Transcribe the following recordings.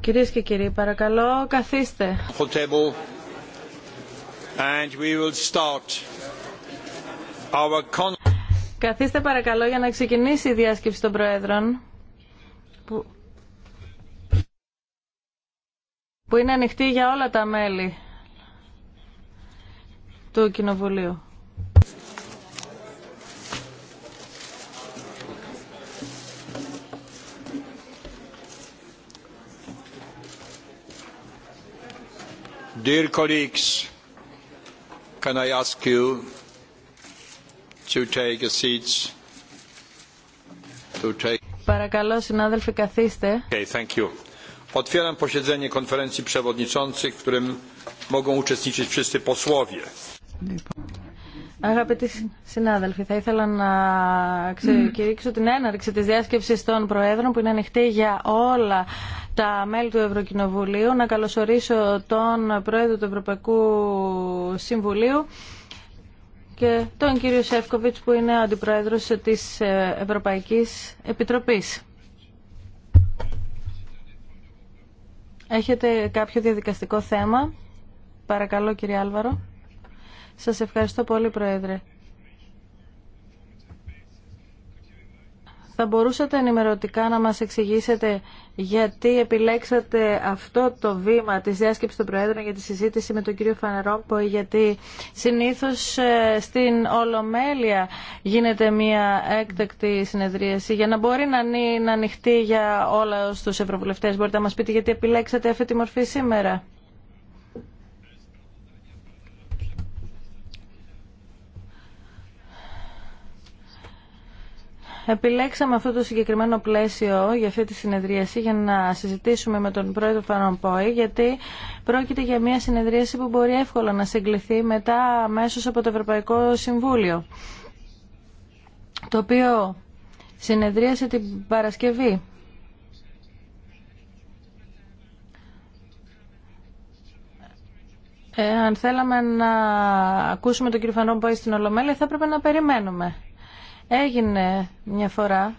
Κυρίε και κύριοι, παρακαλώ, καθίστε. Καθίστε παρακαλώ για να ξεκινήσει η διάσκεψη των Προέδρων που είναι ανοιχτή για όλα τα μέλη του Κοινοβουλίου. Dear colleagues, can I ask you to take a seat? To take... Παρακαλώ, συνάδελφοι, καθίστε. Okay, thank you. Otwieram posiedzenie konferencji przewodniczących, w którym mogą uczestniczyć wszyscy posłowie. Αγαπητοί συνάδελφοι, θα ήθελα να ξεκηρύξω την έναρξη της διάσκεψης των Προέδρων που είναι ανοιχτή για όλα τα μέλη του Ευρωκοινοβουλίου. Να καλωσορίσω τον Πρόεδρο του Ευρωπαϊκού Συμβουλίου και τον κύριο Σεύκοβιτς που είναι ο Αντιπρόεδρος της Ευρωπαϊκής Επιτροπής. Έχετε κάποιο διαδικαστικό θέμα. Παρακαλώ κύριε Άλβαρο. Σας ευχαριστώ πολύ, Πρόεδρε. Θα μπορούσατε ενημερωτικά να μας εξηγήσετε γιατί επιλέξατε αυτό το βήμα της διάσκεψης των Προέδρων για τη συζήτηση με τον κύριο Φανερόμπο, γιατί συνήθως ε, στην Ολομέλεια γίνεται μια έκτακτη συνεδρίαση για να μπορεί να είναι για όλα τους ευρωβουλευτές. Μπορείτε να μας πείτε γιατί επιλέξατε αυτή τη μορφή σήμερα. Επιλέξαμε αυτό το συγκεκριμένο πλαίσιο για αυτή τη συνεδρίαση για να συζητήσουμε με τον πρόεδρο Πόη γιατί πρόκειται για μια συνεδρίαση που μπορεί εύκολα να συγκληθεί μετά αμέσω από το Ευρωπαϊκό Συμβούλιο το οποίο συνεδρίασε την Παρασκευή. Ε, αν θέλαμε να ακούσουμε τον κύριο Φανόμπο στην Ολομέλεια θα έπρεπε να περιμένουμε. Έγινε μια φορά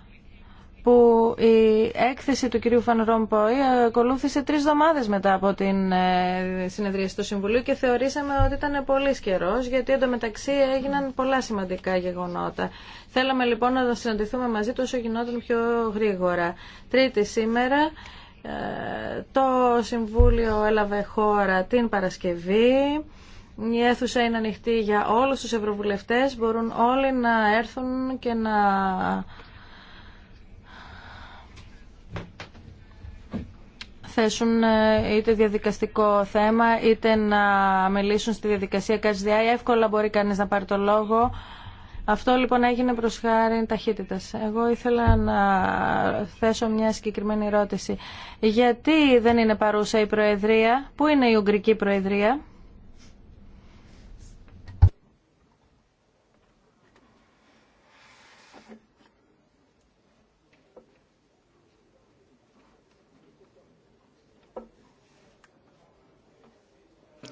που η έκθεση του κυρίου Φαν Ρομποϊ ακολούθησε τρεις εβδομάδες μετά από την ε, συνεδρίαση του Συμβουλίου και θεωρήσαμε ότι ήταν πολύ καιρό, γιατί εντωμεταξύ έγιναν πολλά σημαντικά γεγονότα. Θέλαμε λοιπόν να συναντηθούμε μαζί του όσο γινόταν πιο γρήγορα. Τρίτη σήμερα ε, το Συμβούλιο έλαβε χώρα την Παρασκευή. Η αίθουσα είναι ανοιχτή για όλους τους ευρωβουλευτές. Μπορούν όλοι να έρθουν και να... θέσουν ε, είτε διαδικαστικό θέμα, είτε να μιλήσουν στη διαδικασία ΚΑΣΔΙΑΙ. Εύκολα μπορεί κανείς να πάρει το λόγο. Αυτό λοιπόν έγινε προς χάρη ταχύτητας. Εγώ ήθελα να θέσω μια συγκεκριμένη ερώτηση. Γιατί δεν είναι παρούσα η Προεδρία, πού είναι η Ουγγρική Προεδρία,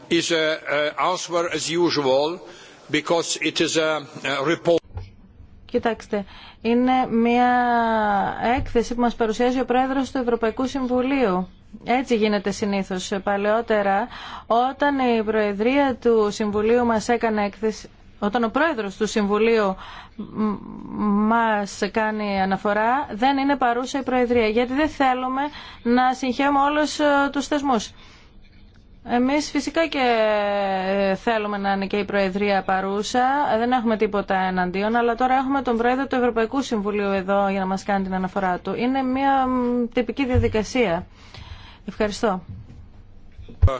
is uh, uh, as usual because it is Κοιτάξτε, είναι μια έκθεση που μας παρουσιάζει ο Πρόεδρος του Ευρωπαϊκού Συμβουλίου. Έτσι γίνεται συνήθως. Παλαιότερα, όταν η Προεδρία του Συμβουλίου μας έκανε έκθεση, όταν ο πρόεδρος του Συμβουλίου μας κάνει αναφορά, δεν είναι παρούσα η Προεδρία, γιατί δεν θέλουμε να συγχαίουμε όλους ε, τους θεσμούς. Εμείς φυσικά και ε, θέλουμε να είναι και η Προεδρία παρούσα. Δεν έχουμε τίποτα εναντίον, αλλά τώρα έχουμε τον Πρόεδρο του Ευρωπαϊκού Συμβουλίου εδώ για να μας κάνει την αναφορά του. Είναι μια τυπική διαδικασία. Ευχαριστώ. Uh,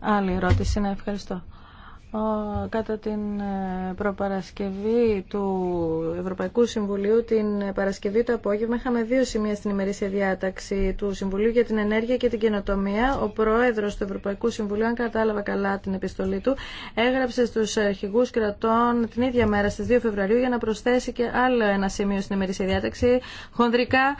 Άλλη ερώτηση, ναι, ευχαριστώ κατά την ε, προπαρασκευή του Ευρωπαϊκού Συμβουλίου την Παρασκευή το απόγευμα είχαμε δύο σημεία στην ημερήσια διάταξη του Συμβουλίου για την ενέργεια και την καινοτομία. Ο πρόεδρος του Ευρωπαϊκού Συμβουλίου, αν κατάλαβα καλά την επιστολή του, έγραψε στους αρχηγούς κρατών την ίδια μέρα στις 2 Φεβρουαρίου για να προσθέσει και άλλο ένα σημείο στην ημερήσια διάταξη χονδρικά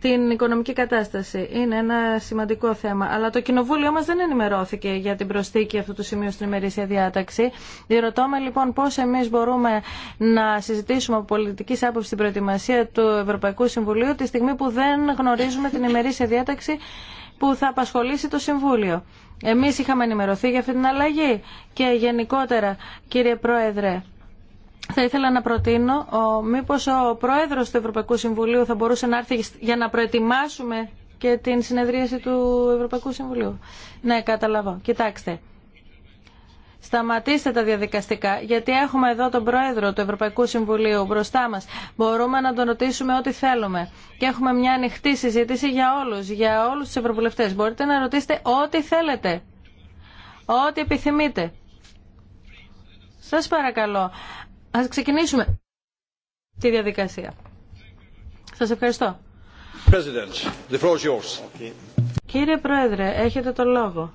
την οικονομική κατάσταση. Είναι ένα σημαντικό θέμα. Αλλά το Κοινοβούλιο μα δεν ενημερώθηκε για την προσθήκη αυτού του σημείου στην ημερήσια διάταξη. Διερωτώμε λοιπόν πώ εμεί μπορούμε να συζητήσουμε από πολιτική άποψη την προετοιμασία του Ευρωπαϊκού Συμβουλίου τη στιγμή που δεν γνωρίζουμε την ημερήσια διάταξη που θα απασχολήσει το Συμβούλιο. Εμείς είχαμε ενημερωθεί για αυτή την αλλαγή και γενικότερα κύριε Πρόεδρε θα ήθελα να προτείνω ο, μήπως ο Πρόεδρος του Ευρωπαϊκού Συμβουλίου θα μπορούσε να έρθει για να προετοιμάσουμε και την συνεδρίαση του Ευρωπαϊκού Συμβουλίου. Ναι, καταλαβώ. Κοιτάξτε. Σταματήστε τα διαδικαστικά, γιατί έχουμε εδώ τον Πρόεδρο του Ευρωπαϊκού Συμβουλίου μπροστά μα. Μπορούμε να τον ρωτήσουμε ό,τι θέλουμε. Και έχουμε μια ανοιχτή συζήτηση για όλου, για όλου του Ευρωβουλευτέ. Μπορείτε να ρωτήσετε ό,τι θέλετε, ό,τι επιθυμείτε. Σας παρακαλώ, Ας ξεκινήσουμε τη διαδικασία. Σας ευχαριστώ. Κύριε Πρόεδρε, έχετε το λόγο.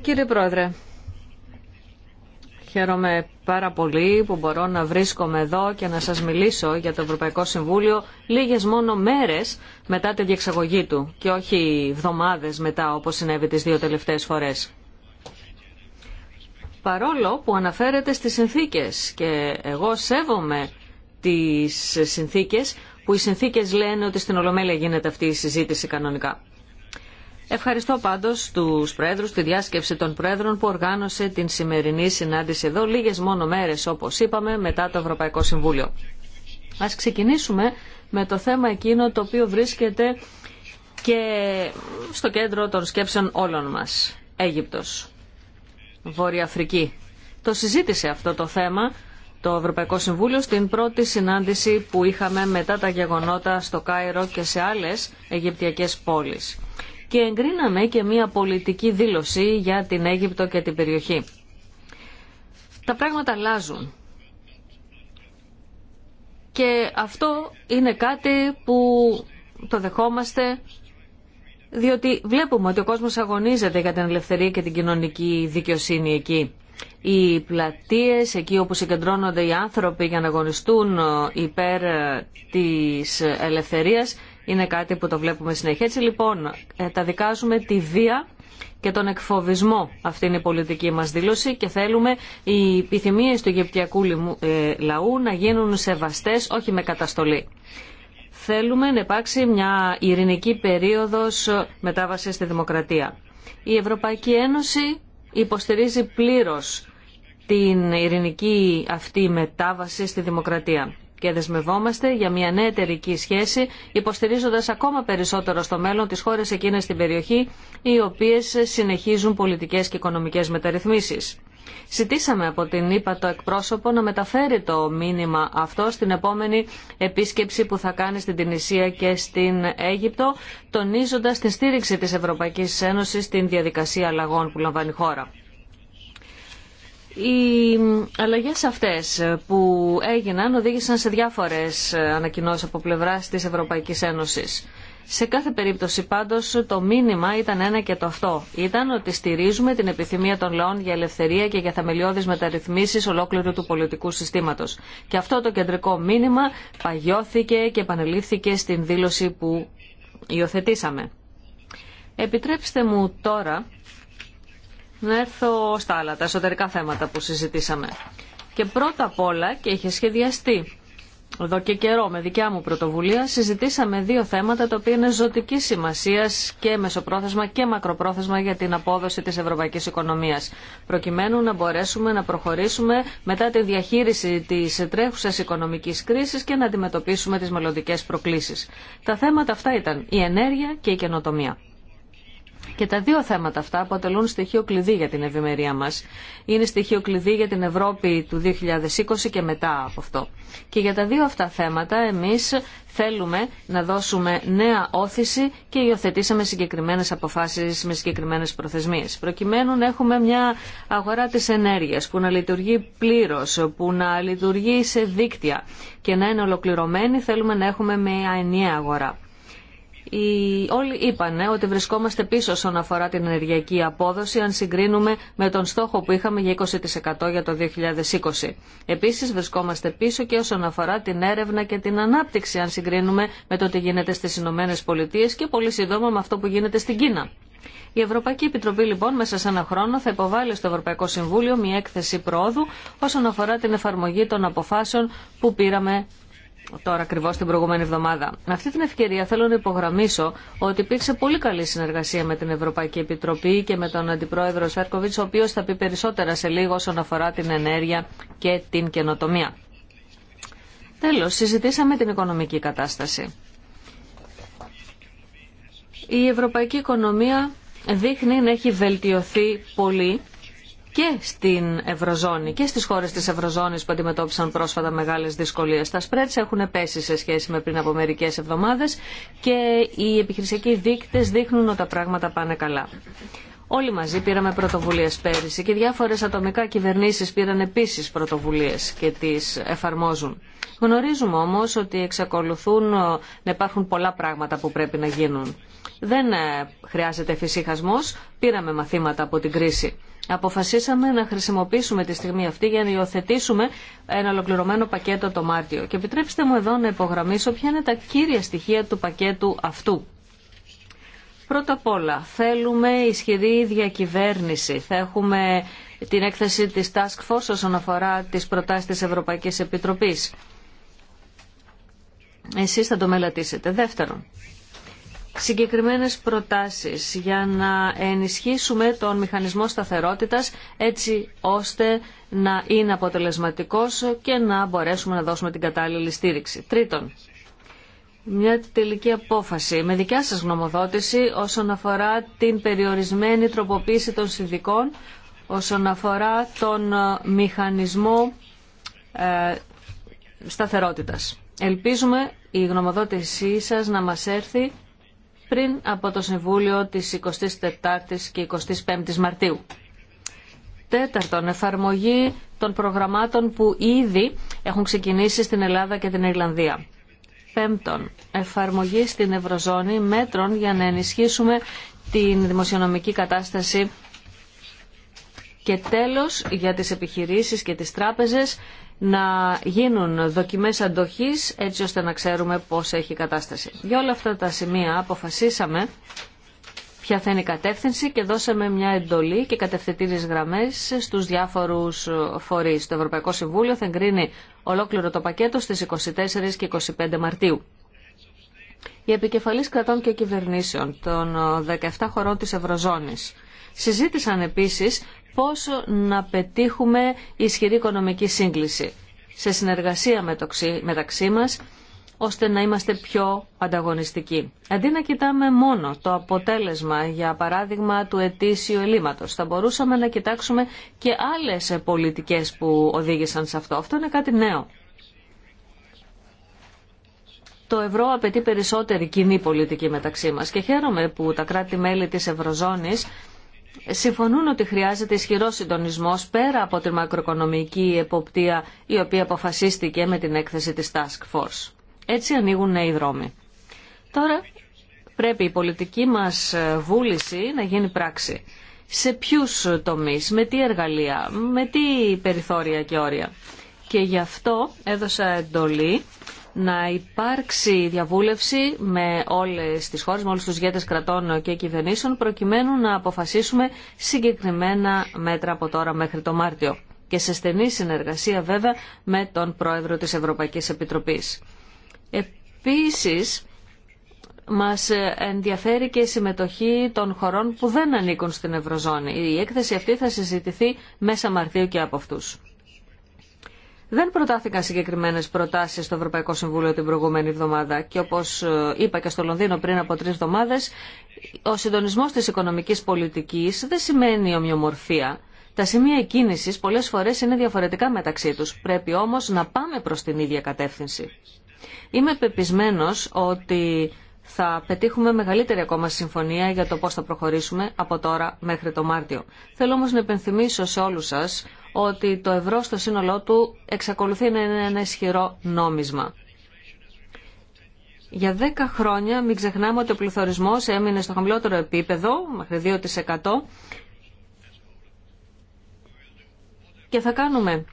Κύριε Πρόεδρε, χαίρομαι πάρα πολύ που μπορώ να βρίσκομαι εδώ και να σας μιλήσω για το Ευρωπαϊκό Συμβούλιο λίγες μόνο μέρες μετά τη διεξαγωγή του και όχι εβδομάδες μετά όπως συνέβη τις δύο τελευταίες φορές παρόλο που αναφέρεται στις συνθήκες και εγώ σέβομαι τις συνθήκες που οι συνθήκες λένε ότι στην Ολομέλεια γίνεται αυτή η συζήτηση κανονικά. Ευχαριστώ πάντως τους Πρόεδρους, τη διάσκεψη των Πρόεδρων που οργάνωσε την σημερινή συνάντηση εδώ λίγες μόνο μέρες όπως είπαμε μετά το Ευρωπαϊκό Συμβούλιο. Ας ξεκινήσουμε με το θέμα εκείνο το οποίο βρίσκεται και στο κέντρο των σκέψεων όλων μας. Αίγυπτος. Βόρεια Αφρική. Το συζήτησε αυτό το θέμα το Ευρωπαϊκό Συμβούλιο στην πρώτη συνάντηση που είχαμε μετά τα γεγονότα στο Κάιρο και σε άλλες Αιγυπτιακές πόλεις. Και εγκρίναμε και μια πολιτική δήλωση για την Αίγυπτο και την περιοχή. Τα πράγματα αλλάζουν. Και αυτό είναι κάτι που το δεχόμαστε διότι βλέπουμε ότι ο κόσμος αγωνίζεται για την ελευθερία και την κοινωνική δικαιοσύνη εκεί. Οι πλατείες, εκεί όπου συγκεντρώνονται οι άνθρωποι για να αγωνιστούν ε, υπέρ ε, της ελευθερίας, είναι κάτι που το βλέπουμε συνέχεια. Έτσι λοιπόν, ε, τα δικάζουμε τη βία και τον εκφοβισμό. Αυτή είναι η πολιτική μας δήλωση και θέλουμε οι επιθυμίες του Αιγυπτιακού λαού να γίνουν σεβαστές, όχι με καταστολή. Θέλουμε να υπάρξει μια ειρηνική περίοδος μετάβασης στη δημοκρατία. Η Ευρωπαϊκή Ένωση υποστηρίζει πλήρως την ειρηνική αυτή μετάβαση στη δημοκρατία και δεσμευόμαστε για μια νέα εταιρική σχέση, υποστηρίζοντας ακόμα περισσότερο στο μέλλον τις χώρες εκείνες στην περιοχή, οι οποίες συνεχίζουν πολιτικές και οικονομικές μεταρρυθμίσεις. Ζητήσαμε από την ΕΠΑ το εκπρόσωπο να μεταφέρει το μήνυμα αυτό στην επόμενη επίσκεψη που θα κάνει στην Τινησία και στην Αίγυπτο, τονίζοντας τη στήριξη της Ευρωπαϊκής Ένωσης στην διαδικασία αλλαγών που λαμβάνει η χώρα. Οι αλλαγές αυτές που έγιναν οδήγησαν σε διάφορες ανακοινώσεις από πλευράς της Ευρωπαϊκής Ένωσης. Σε κάθε περίπτωση πάντως το μήνυμα ήταν ένα και το αυτό. Ήταν ότι στηρίζουμε την επιθυμία των λαών για ελευθερία και για θεμελιώδεις μεταρρυθμίσεις ολόκληρου του πολιτικού συστήματος. Και αυτό το κεντρικό μήνυμα παγιώθηκε και επανελήφθηκε στην δήλωση που υιοθετήσαμε. Επιτρέψτε μου τώρα να έρθω στα άλλα, τα εσωτερικά θέματα που συζητήσαμε. Και πρώτα απ' όλα, και είχε σχεδιαστεί, εδώ και καιρό με δικιά μου πρωτοβουλία συζητήσαμε δύο θέματα τα οποία είναι ζωτική σημασία και μεσοπρόθεσμα και μακροπρόθεσμα για την απόδοση τη ευρωπαϊκή οικονομία. Προκειμένου να μπορέσουμε να προχωρήσουμε μετά τη διαχείριση τη τρέχουσα οικονομική κρίση και να αντιμετωπίσουμε τι μελλοντικέ προκλήσει. Τα θέματα αυτά ήταν η ενέργεια και η καινοτομία. Και τα δύο θέματα αυτά αποτελούν στοιχείο κλειδί για την ευημερία μας. Είναι στοιχείο κλειδί για την Ευρώπη του 2020 και μετά από αυτό. Και για τα δύο αυτά θέματα εμείς θέλουμε να δώσουμε νέα όθηση και υιοθετήσαμε συγκεκριμένες αποφάσεις με συγκεκριμένες προθεσμίες. Προκειμένου να έχουμε μια αγορά της ενέργειας που να λειτουργεί πλήρως, που να λειτουργεί σε δίκτυα και να είναι ολοκληρωμένη θέλουμε να έχουμε μια ενιαία αγορά οι, όλοι είπαν ότι βρισκόμαστε πίσω όσον αφορά την ενεργειακή απόδοση αν συγκρίνουμε με τον στόχο που είχαμε για 20% για το 2020. Επίσης βρισκόμαστε πίσω και όσον αφορά την έρευνα και την ανάπτυξη αν συγκρίνουμε με το τι γίνεται στις Ηνωμένε Πολιτείε και πολύ σύντομα με αυτό που γίνεται στην Κίνα. Η Ευρωπαϊκή Επιτροπή λοιπόν μέσα σε ένα χρόνο θα υποβάλει στο Ευρωπαϊκό Συμβούλιο μια έκθεση πρόοδου όσον αφορά την εφαρμογή των αποφάσεων που πήραμε τώρα ακριβώ την προηγούμενη εβδομάδα. Με αυτή την ευκαιρία θέλω να υπογραμμίσω ότι υπήρξε πολύ καλή συνεργασία με την Ευρωπαϊκή Επιτροπή και με τον Αντιπρόεδρο Σέρκοβιτ, ο οποίο θα πει περισσότερα σε λίγο όσον αφορά την ενέργεια και την καινοτομία. Τέλο, συζητήσαμε την οικονομική κατάσταση. Η ευρωπαϊκή οικονομία δείχνει να έχει βελτιωθεί πολύ και στην Ευρωζώνη και στις χώρες της Ευρωζώνης που αντιμετώπισαν πρόσφατα μεγάλες δυσκολίες. Τα σπρέτς έχουν πέσει σε σχέση με πριν από μερικές εβδομάδες και οι επιχειρησιακοί δείκτες δείχνουν ότι τα πράγματα πάνε καλά. Όλοι μαζί πήραμε πρωτοβουλίε πέρυσι και διάφορε ατομικά κυβερνήσει πήραν επίση πρωτοβουλίε και τι εφαρμόζουν. Γνωρίζουμε όμω ότι εξακολουθούν να υπάρχουν πολλά πράγματα που πρέπει να γίνουν. Δεν ε, χρειάζεται φυσίχασμό. πήραμε μαθήματα από την κρίση αποφασίσαμε να χρησιμοποιήσουμε τη στιγμή αυτή για να υιοθετήσουμε ένα ολοκληρωμένο πακέτο το Μάρτιο. Και επιτρέψτε μου εδώ να υπογραμμίσω ποια είναι τα κύρια στοιχεία του πακέτου αυτού. Πρώτα απ' όλα, θέλουμε ισχυρή διακυβέρνηση. Θα έχουμε την έκθεση της Task Force όσον αφορά τις προτάσεις της Ευρωπαϊκής Επιτροπής. Εσείς θα το μελατήσετε. Δεύτερον, συγκεκριμένες προτάσεις για να ενισχύσουμε τον μηχανισμό σταθερότητας έτσι ώστε να είναι αποτελεσματικός και να μπορέσουμε να δώσουμε την κατάλληλη στήριξη. Τρίτον, μια τελική απόφαση με δικιά σας γνωμοδότηση όσον αφορά την περιορισμένη τροποποίηση των συνδικών όσον αφορά τον ε, μηχανισμό ε, σταθερότητας. Ελπίζουμε η γνωμοδότησή σας να μας έρθει πριν από το Συμβούλιο της 24ης και 25ης Μαρτίου. Τέταρτον, εφαρμογή των προγραμμάτων που ήδη έχουν ξεκινήσει στην Ελλάδα και την Ιρλανδία. Πέμπτον, εφαρμογή στην Ευρωζώνη μέτρων για να ενισχύσουμε την δημοσιονομική κατάσταση και τέλος για τις επιχειρήσεις και τις τράπεζες να γίνουν δοκιμές αντοχής έτσι ώστε να ξέρουμε πώς έχει η κατάσταση. Για όλα αυτά τα σημεία αποφασίσαμε ποια θα είναι η κατεύθυνση και δώσαμε μια εντολή και κατευθυντήριες γραμμές στους διάφορους φορείς. Το Ευρωπαϊκό Συμβούλιο θα εγκρίνει ολόκληρο το πακέτο στις 24 και 25 Μαρτίου. Οι επικεφαλής κρατών και κυβερνήσεων των 17 χωρών της Ευρωζώνης συζήτησαν επίσης πόσο να πετύχουμε ισχυρή οικονομική σύγκληση σε συνεργασία μεταξύ μας, ώστε να είμαστε πιο ανταγωνιστικοί. Αντί να κοιτάμε μόνο το αποτέλεσμα, για παράδειγμα, του ετήσιου ελλείμματος, θα μπορούσαμε να κοιτάξουμε και άλλες πολιτικές που οδήγησαν σε αυτό. Αυτό είναι κάτι νέο. Το ευρώ απαιτεί περισσότερη κοινή πολιτική μεταξύ μας και χαίρομαι που τα κράτη-μέλη της Ευρωζώνης συμφωνούν ότι χρειάζεται ισχυρό συντονισμό πέρα από τη μακροοικονομική εποπτεία η οποία αποφασίστηκε με την έκθεση της Task Force. Έτσι ανοίγουν νέοι δρόμοι. Τώρα πρέπει η πολιτική μας βούληση να γίνει πράξη. Σε ποιους τομείς, με τι εργαλεία, με τι περιθώρια και όρια. Και γι' αυτό έδωσα εντολή να υπάρξει διαβούλευση με όλες τις χώρες, με όλους τους γέτες κρατών και κυβερνήσεων, προκειμένου να αποφασίσουμε συγκεκριμένα μέτρα από τώρα μέχρι το Μάρτιο και σε στενή συνεργασία βέβαια με τον Πρόεδρο της Ευρωπαϊκής Επιτροπής. Επίσης, μας ενδιαφέρει και η συμμετοχή των χωρών που δεν ανήκουν στην Ευρωζώνη. Η έκθεση αυτή θα συζητηθεί μέσα Μαρτίου και από αυτούς. Δεν προτάθηκαν συγκεκριμένε προτάσει στο Ευρωπαϊκό Συμβούλιο την προηγούμενη εβδομάδα και όπω ε, είπα και στο Λονδίνο πριν από τρει εβδομάδε, ο συντονισμό τη οικονομική πολιτική δεν σημαίνει ομοιομορφία. Τα σημεία κίνηση πολλέ φορέ είναι διαφορετικά μεταξύ του. Πρέπει όμω να πάμε προ την ίδια κατεύθυνση. Είμαι πεπισμένο ότι θα πετύχουμε μεγαλύτερη ακόμα συμφωνία για το πώ θα προχωρήσουμε από τώρα μέχρι το Μάρτιο. Θέλω όμω να υπενθυμίσω σε όλου σα ότι το ευρώ στο σύνολό του εξακολουθεί να είναι ένα ισχυρό νόμισμα. Για 10 χρόνια μην ξεχνάμε ότι ο πληθωρισμός έμεινε στο χαμηλότερο επίπεδο, μέχρι 2%. Και θα κάνουμε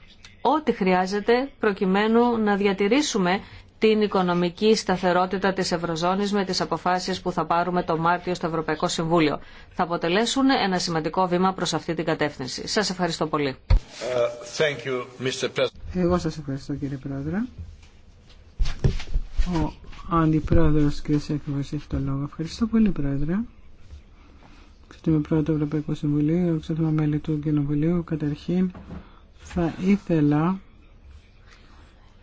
ό,τι χρειάζεται προκειμένου να διατηρήσουμε την οικονομική σταθερότητα της Ευρωζώνης με τις αποφάσεις που θα πάρουμε το Μάρτιο στο Ευρωπαϊκό Συμβούλιο. Θα αποτελέσουν ένα σημαντικό βήμα προς αυτή την κατεύθυνση. Σας ευχαριστώ πολύ. Ε, εγώ σας ευχαριστώ κύριε Πρόεδρε. Ο Αντιπρόεδρος κ. έχει το λόγο. Ευχαριστώ πολύ Πρόεδρε. πρώτα του Ευρωπαϊκό Συμβουλίο, ξεκινούμε μέλη του Κοινοβουλίου, καταρχήν θα ήθελα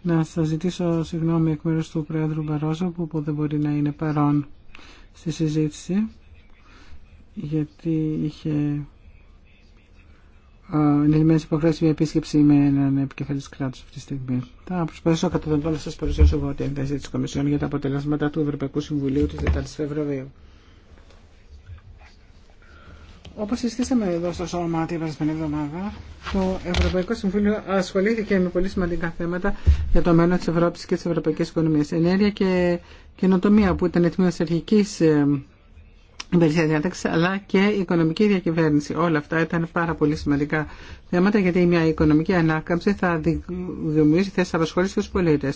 να σα ζητήσω συγγνώμη εκ μέρους του Πρόεδρου Μπαρόζο που δεν μπορεί να είναι παρόν στη συζήτηση γιατί είχε ενηλυμένες υποχρέωση μια επίσκεψη με έναν επικεφαλής κράτους αυτή τη στιγμή. Θα προσπαθήσω κατά τον να σας παρουσιάσω εγώ την θέση της Κομισιόν για τα αποτελέσματα του Ευρωπαϊκού Συμβουλίου της 10 Φεβρουαρίου. Όπω συστήσαμε εδώ στο σώμα την περασμένη εβδομάδα, το Ευρωπαϊκό Συμβούλιο ασχολήθηκε με πολύ σημαντικά θέματα για το μέλλον τη Ευρώπη και τη Ευρωπαϊκή Οικονομία, Ενέργεια και καινοτομία που ήταν τμήμα τη αρχική υπηρεσία ε, διάταξη, αλλά και η οικονομική διακυβέρνηση. Όλα αυτά ήταν πάρα πολύ σημαντικά θέματα, γιατί μια οικονομική ανάκαμψη θα δημιουργήσει θέσει απασχόληση στου πολίτε.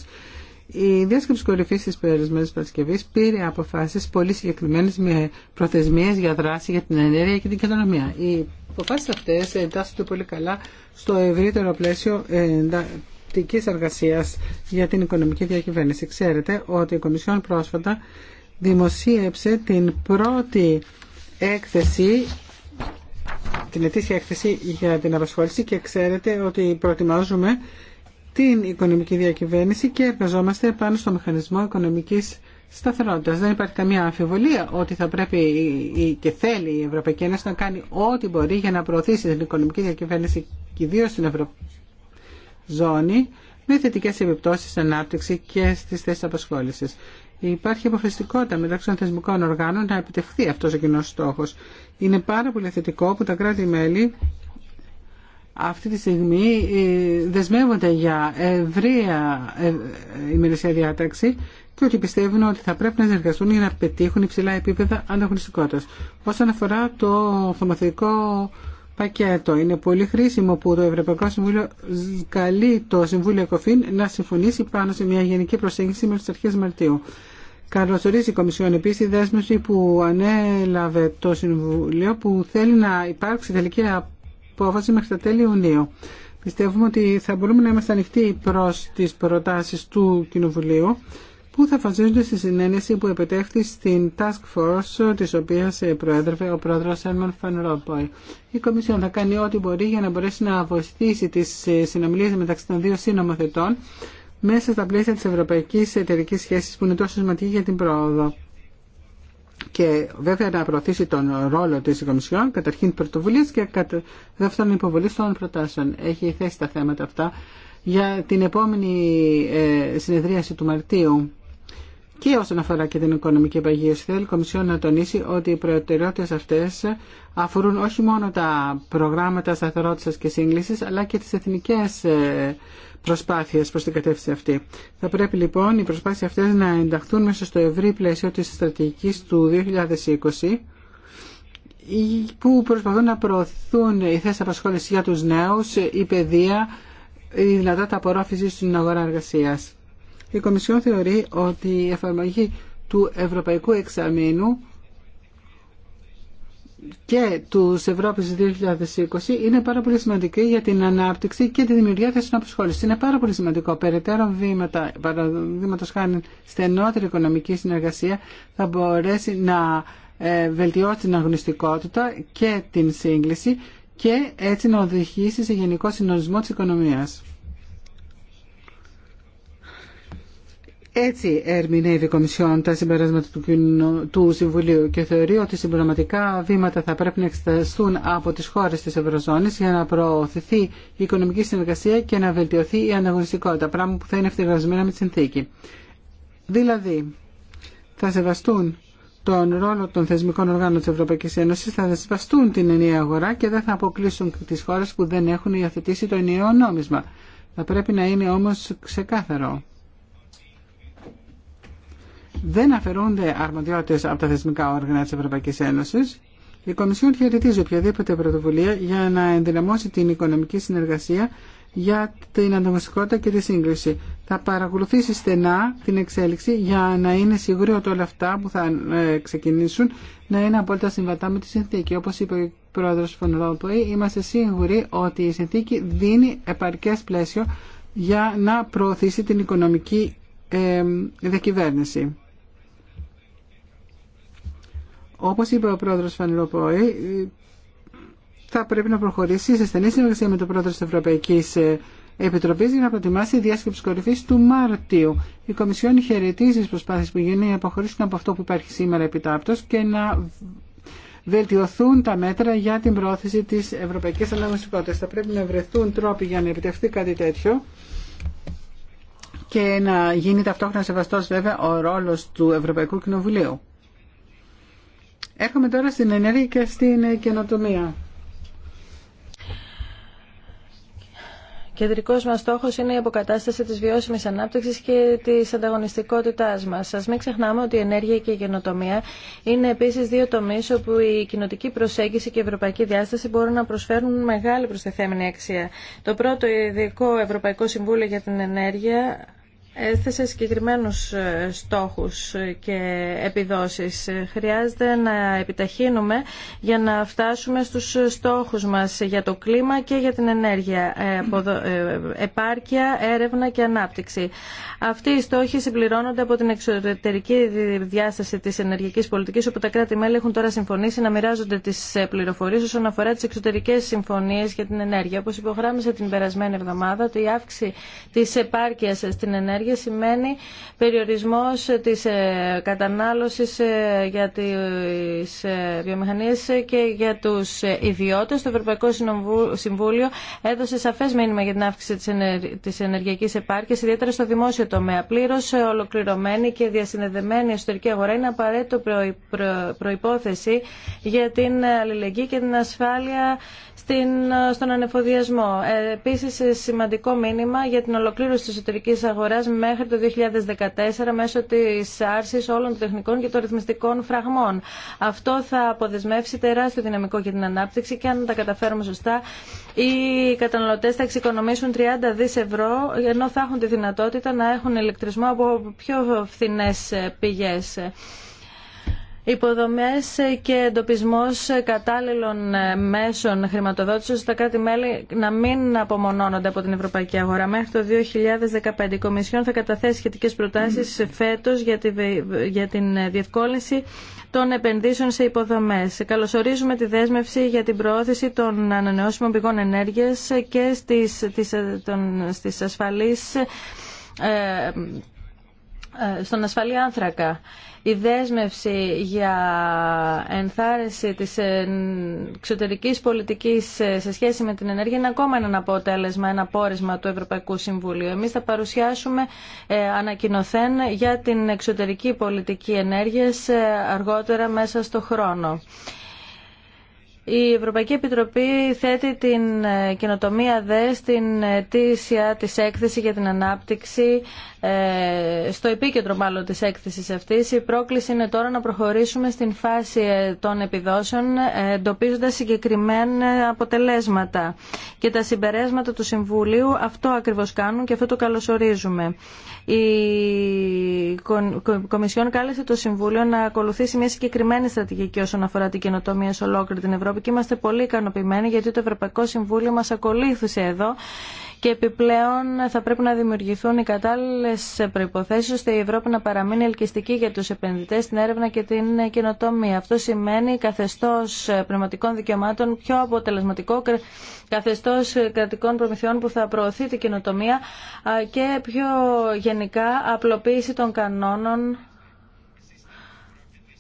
Η διάσκεψη κορυφή τη περασμένη Παρασκευή πήρε αποφάσει πολύ συγκεκριμένε με προθεσμίε για δράση για την ενέργεια και την κοινωνία. Οι αποφάσει αυτέ εντάσσονται πολύ καλά στο ευρύτερο πλαίσιο εντατική εργασία για την οικονομική διακυβέρνηση. Ξέρετε ότι η Κομισιόν πρόσφατα δημοσίευσε την πρώτη έκθεση την ετήσια έκθεση για την απασχόληση και ξέρετε ότι προετοιμάζουμε την οικονομική διακυβέρνηση και εργαζόμαστε πάνω στο μηχανισμό οικονομικής σταθερότητας. Δεν υπάρχει καμία αμφιβολία ότι θα πρέπει και θέλει η Ευρωπαϊκή Ένωση να κάνει ό,τι μπορεί για να προωθήσει την οικονομική διακυβέρνηση και ιδίω στην Ευρωζώνη με θετικές επιπτώσεις στην ανάπτυξη και στις θέσεις απασχόλησης. Υπάρχει αποφασιστικότητα μεταξύ των θεσμικών οργάνων να επιτευχθεί αυτός ο κοινός στόχος. Είναι πάρα πολύ θετικό που τα κράτη-μέλη αυτή τη στιγμή ε, δεσμεύονται για ευρεία ε, ημερησία διάταξη και ότι πιστεύουν ότι θα πρέπει να συνεργαστούν για να πετύχουν υψηλά επίπεδα ανταγωνιστικότητας. Όσον αφορά το νομοθετικό πακέτο, είναι πολύ χρήσιμο που το Ευρωπαϊκό Συμβούλιο καλεί το Συμβούλιο Εκοφήν να συμφωνήσει πάνω σε μια γενική προσέγγιση με τι αρχέ Μαρτίου. Καλωσορίζει η Κομισιόν επίση τη δέσμευση που ανέλαβε το Συμβούλιο που θέλει να υπάρξει τελική απόφαση μέχρι τα τέλη Ιουνίου. Πιστεύουμε ότι θα μπορούμε να είμαστε ανοιχτοί προ τι προτάσει του Κοινοβουλίου που θα βασίζονται στη συνένεση που επετέχθη στην Task Force τη οποία προέδρευε ο πρόεδρο Έρμαν Φαν Η Κομισιόν θα κάνει ό,τι μπορεί για να μπορέσει να βοηθήσει τι συνομιλίε μεταξύ των δύο συνομοθετών μέσα στα πλαίσια τη Ευρωπαϊκή Εταιρική σχέση, που είναι τόσο σημαντική για την πρόοδο και βέβαια να προωθήσει τον ρόλο της Κομισιόν, καταρχήν πρωτοβουλίας και κατά δεύτερον υποβολή των προτάσεων. Έχει θέσει τα θέματα αυτά για την επόμενη ε, συνεδρίαση του Μαρτίου. Και όσον αφορά και την οικονομική επαγίωση, θέλει η Κομισιόν να τονίσει ότι οι προτεραιότητε αυτέ αφορούν όχι μόνο τα προγράμματα σταθερότητα και σύγκληση, αλλά και τι εθνικέ ε, προσπάθειες προς την κατεύθυνση αυτή. Θα πρέπει λοιπόν οι προσπάθειες αυτές να ενταχθούν μέσα στο ευρύ πλαίσιο της στρατηγικής του 2020 που προσπαθούν να προωθούν οι θέσεις απασχόλησης για τους νέους, η παιδεία, η δυνατότητα απορρόφηση στην αγορά εργασίας. Η Κομισιόν θεωρεί ότι η εφαρμογή του Ευρωπαϊκού Εξαμήνου και του Ευρώπης 2020 είναι πάρα πολύ σημαντική για την ανάπτυξη και τη δημιουργία θέσεων απασχόληση. Είναι πάρα πολύ σημαντικό. Περαιτέρω βήματα, παραδείγματο χάρη στενότερη οικονομική συνεργασία, θα μπορέσει να ε, βελτιώσει την αγνωστικότητα και την σύγκληση και έτσι να οδηγήσει σε γενικό συνορισμό της οικονομίας. Έτσι ερμηνεύει η Κομισιόν τα συμπεράσματα του, του Συμβουλίου και θεωρεί ότι συμπληρωματικά βήματα θα πρέπει να εξεταστούν από τις χώρες της Ευρωζώνης για να προωθηθεί η οικονομική συνεργασία και να βελτιωθεί η ανταγωνιστικότητα, πράγμα που θα είναι ευθυγρασμένα με τη συνθήκη. Δηλαδή, θα σεβαστούν τον ρόλο των θεσμικών οργάνων της Ευρωπαϊκής Ένωσης, θα σεβαστούν την ενιαία αγορά και δεν θα αποκλείσουν τις χώρες που δεν έχουν υιοθετήσει το ενιαίο νόμισμα. Θα πρέπει να είναι όμως ξεκάθαρο δεν αφαιρούνται αρμοδιότητες από τα θεσμικά όργανα τη Ευρωπαϊκή Ένωση, Η Κομισιόν χαιρετίζει οποιαδήποτε πρωτοβουλία για να ενδυναμώσει την οικονομική συνεργασία για την ανταγωνιστικότητα και τη σύγκριση. Θα παρακολουθήσει στενά την εξέλιξη για να είναι σίγουροι ότι όλα αυτά που θα ε, ξεκινήσουν να είναι απόλυτα συμβατά με τη συνθήκη. Όπω είπε ο πρόεδρο Φων Ρόλποη, είμαστε σίγουροι ότι η συνθήκη δίνει επαρκέ πλαίσιο για να προωθήσει την οικονομική ε, διακυβέρνηση. Όπως είπε ο πρόεδρος Φανιλοπόη, θα πρέπει να προχωρήσει σε στενή συνεργασία με τον πρόεδρο της Ευρωπαϊκής ε, Επιτροπής για να προετοιμάσει η διάσκεψη κορυφή του Μαρτίου. Η Κομισιόν χαιρετίζει τι προσπάθειες που γίνουν να αποχωρήσουν από αυτό που υπάρχει σήμερα επιτάπτω και να βελτιωθούν τα μέτρα για την πρόθεση τη ευρωπαϊκή αναγνωστικότητα. Θα πρέπει να βρεθούν τρόποι για να επιτευχθεί κάτι τέτοιο και να γίνει ταυτόχρονα σεβαστός βέβαια ο ρόλος του Ευρωπαϊκού Κοινοβουλίου. Έρχομαι τώρα στην ενέργεια και στην καινοτομία. Κεντρικό μα στόχο είναι η αποκατάσταση τη βιώσιμη ανάπτυξη και τη ανταγωνιστικότητά μα. Α μην ξεχνάμε ότι η ενέργεια και η καινοτομία είναι επίση δύο τομεί όπου η κοινοτική προσέγγιση και η ευρωπαϊκή διάσταση μπορούν να προσφέρουν μεγάλη προστιθέμενη αξία. Το πρώτο ειδικό Ευρωπαϊκό Συμβούλιο για την Ενέργεια έθεσε συγκεκριμένου ε, στόχους και επιδόσεις. Χρειάζεται να επιταχύνουμε για να φτάσουμε στους στόχους μας για το κλίμα και για την ενέργεια, ε, ε, επάρκεια, έρευνα και ανάπτυξη. Αυτοί οι στόχοι συμπληρώνονται από την εξωτερική διάσταση τη ενεργειακής πολιτική, όπου τα κράτη-μέλη έχουν τώρα συμφωνήσει να μοιράζονται τι πληροφορίε όσον αφορά τι εξωτερικέ συμφωνίε για την ενέργεια. Όπω υπογράμμισε την περασμένη εβδομάδα, ότι η αύξηση τη επάρκεια στην ενέργεια σημαίνει περιορισμός της ε, κατανάλωσης ε, για τις ε, βιομηχανίες και για τους ιδιώτες. Το Ευρωπαϊκό Συμβούλιο έδωσε σαφές μήνυμα για την αύξηση της ενεργειακής επάρκειας, ιδιαίτερα στο δημόσιο τομέα. Πλήρως ολοκληρωμένη και διασυνδεδεμένη εσωτερική αγορά είναι απαραίτητο προϋπόθεση για την αλληλεγγύη και την ασφάλεια στην, στον ανεφοδιασμό. Επίσης, σημαντικό μήνυμα για την ολοκλήρωση της εσωτερικής αγοράς μέχρι το 2014 μέσω της άρσης όλων των τεχνικών και των ρυθμιστικών φραγμών. Αυτό θα αποδεσμεύσει τεράστιο δυναμικό για την ανάπτυξη και αν τα καταφέρουμε σωστά οι καταναλωτέ θα εξοικονομήσουν 30 δις ευρώ ενώ θα έχουν τη δυνατότητα να έχουν ηλεκτρισμό από πιο φθηνές πηγές. Υποδομές και εντοπισμός κατάλληλων μέσων χρηματοδότησης στα τα κράτη-μέλη να μην απομονώνονται από την ευρωπαϊκή αγορά. Μέχρι το 2015 η Κομισιόν θα καταθέσει σχετικές προτάσεις φέτος για την διευκόλυνση των επενδύσεων σε υποδομές. Καλωσορίζουμε τη δέσμευση για την προώθηση των ανανεώσιμων πηγών ενέργειας και στις, στις ασφαλείς, ε, ε, στον ασφαλή άνθρακα η δέσμευση για ενθάρρυνση της εξωτερικής πολιτικής ε, σε σχέση με την ενέργεια είναι ακόμα ένα αποτέλεσμα, ένα πόρισμα του Ευρωπαϊκού Συμβουλίου. Εμείς θα παρουσιάσουμε ε, ανακοινωθέν για την εξωτερική πολιτική ενέργειας ε, αργότερα μέσα στο χρόνο. Η Ευρωπαϊκή Επιτροπή θέτει την ε, καινοτομία ΔΕ στην αιτήσια της έκθεση για την ανάπτυξη, ε, στο επίκεντρο μάλλον της έκθεσης αυτής. Η πρόκληση είναι τώρα να προχωρήσουμε στην φάση ε, των επιδόσεων, εντοπίζοντα συγκεκριμένα αποτελέσματα. Και τα συμπεράσματα του Συμβουλίου αυτό ακριβώς κάνουν και αυτό το καλωσορίζουμε η Κομισιόν κάλεσε το Συμβούλιο να ακολουθήσει μια συγκεκριμένη στρατηγική όσον αφορά την καινοτομία σε ολόκληρη την Ευρώπη και είμαστε πολύ ικανοποιημένοι γιατί το Ευρωπαϊκό Συμβούλιο μα ακολούθησε εδώ και επιπλέον θα πρέπει να δημιουργηθούν οι κατάλληλε προποθέσει ώστε η Ευρώπη να παραμείνει ελκυστική για του επενδυτέ στην έρευνα και την καινοτομία. Αυτό σημαίνει καθεστώ πνευματικών δικαιωμάτων πιο αποτελεσματικό, καθεστώ κρατικών προμηθειών που θα προωθεί την καινοτομία και πιο γενικά απλοποίηση των κανόνων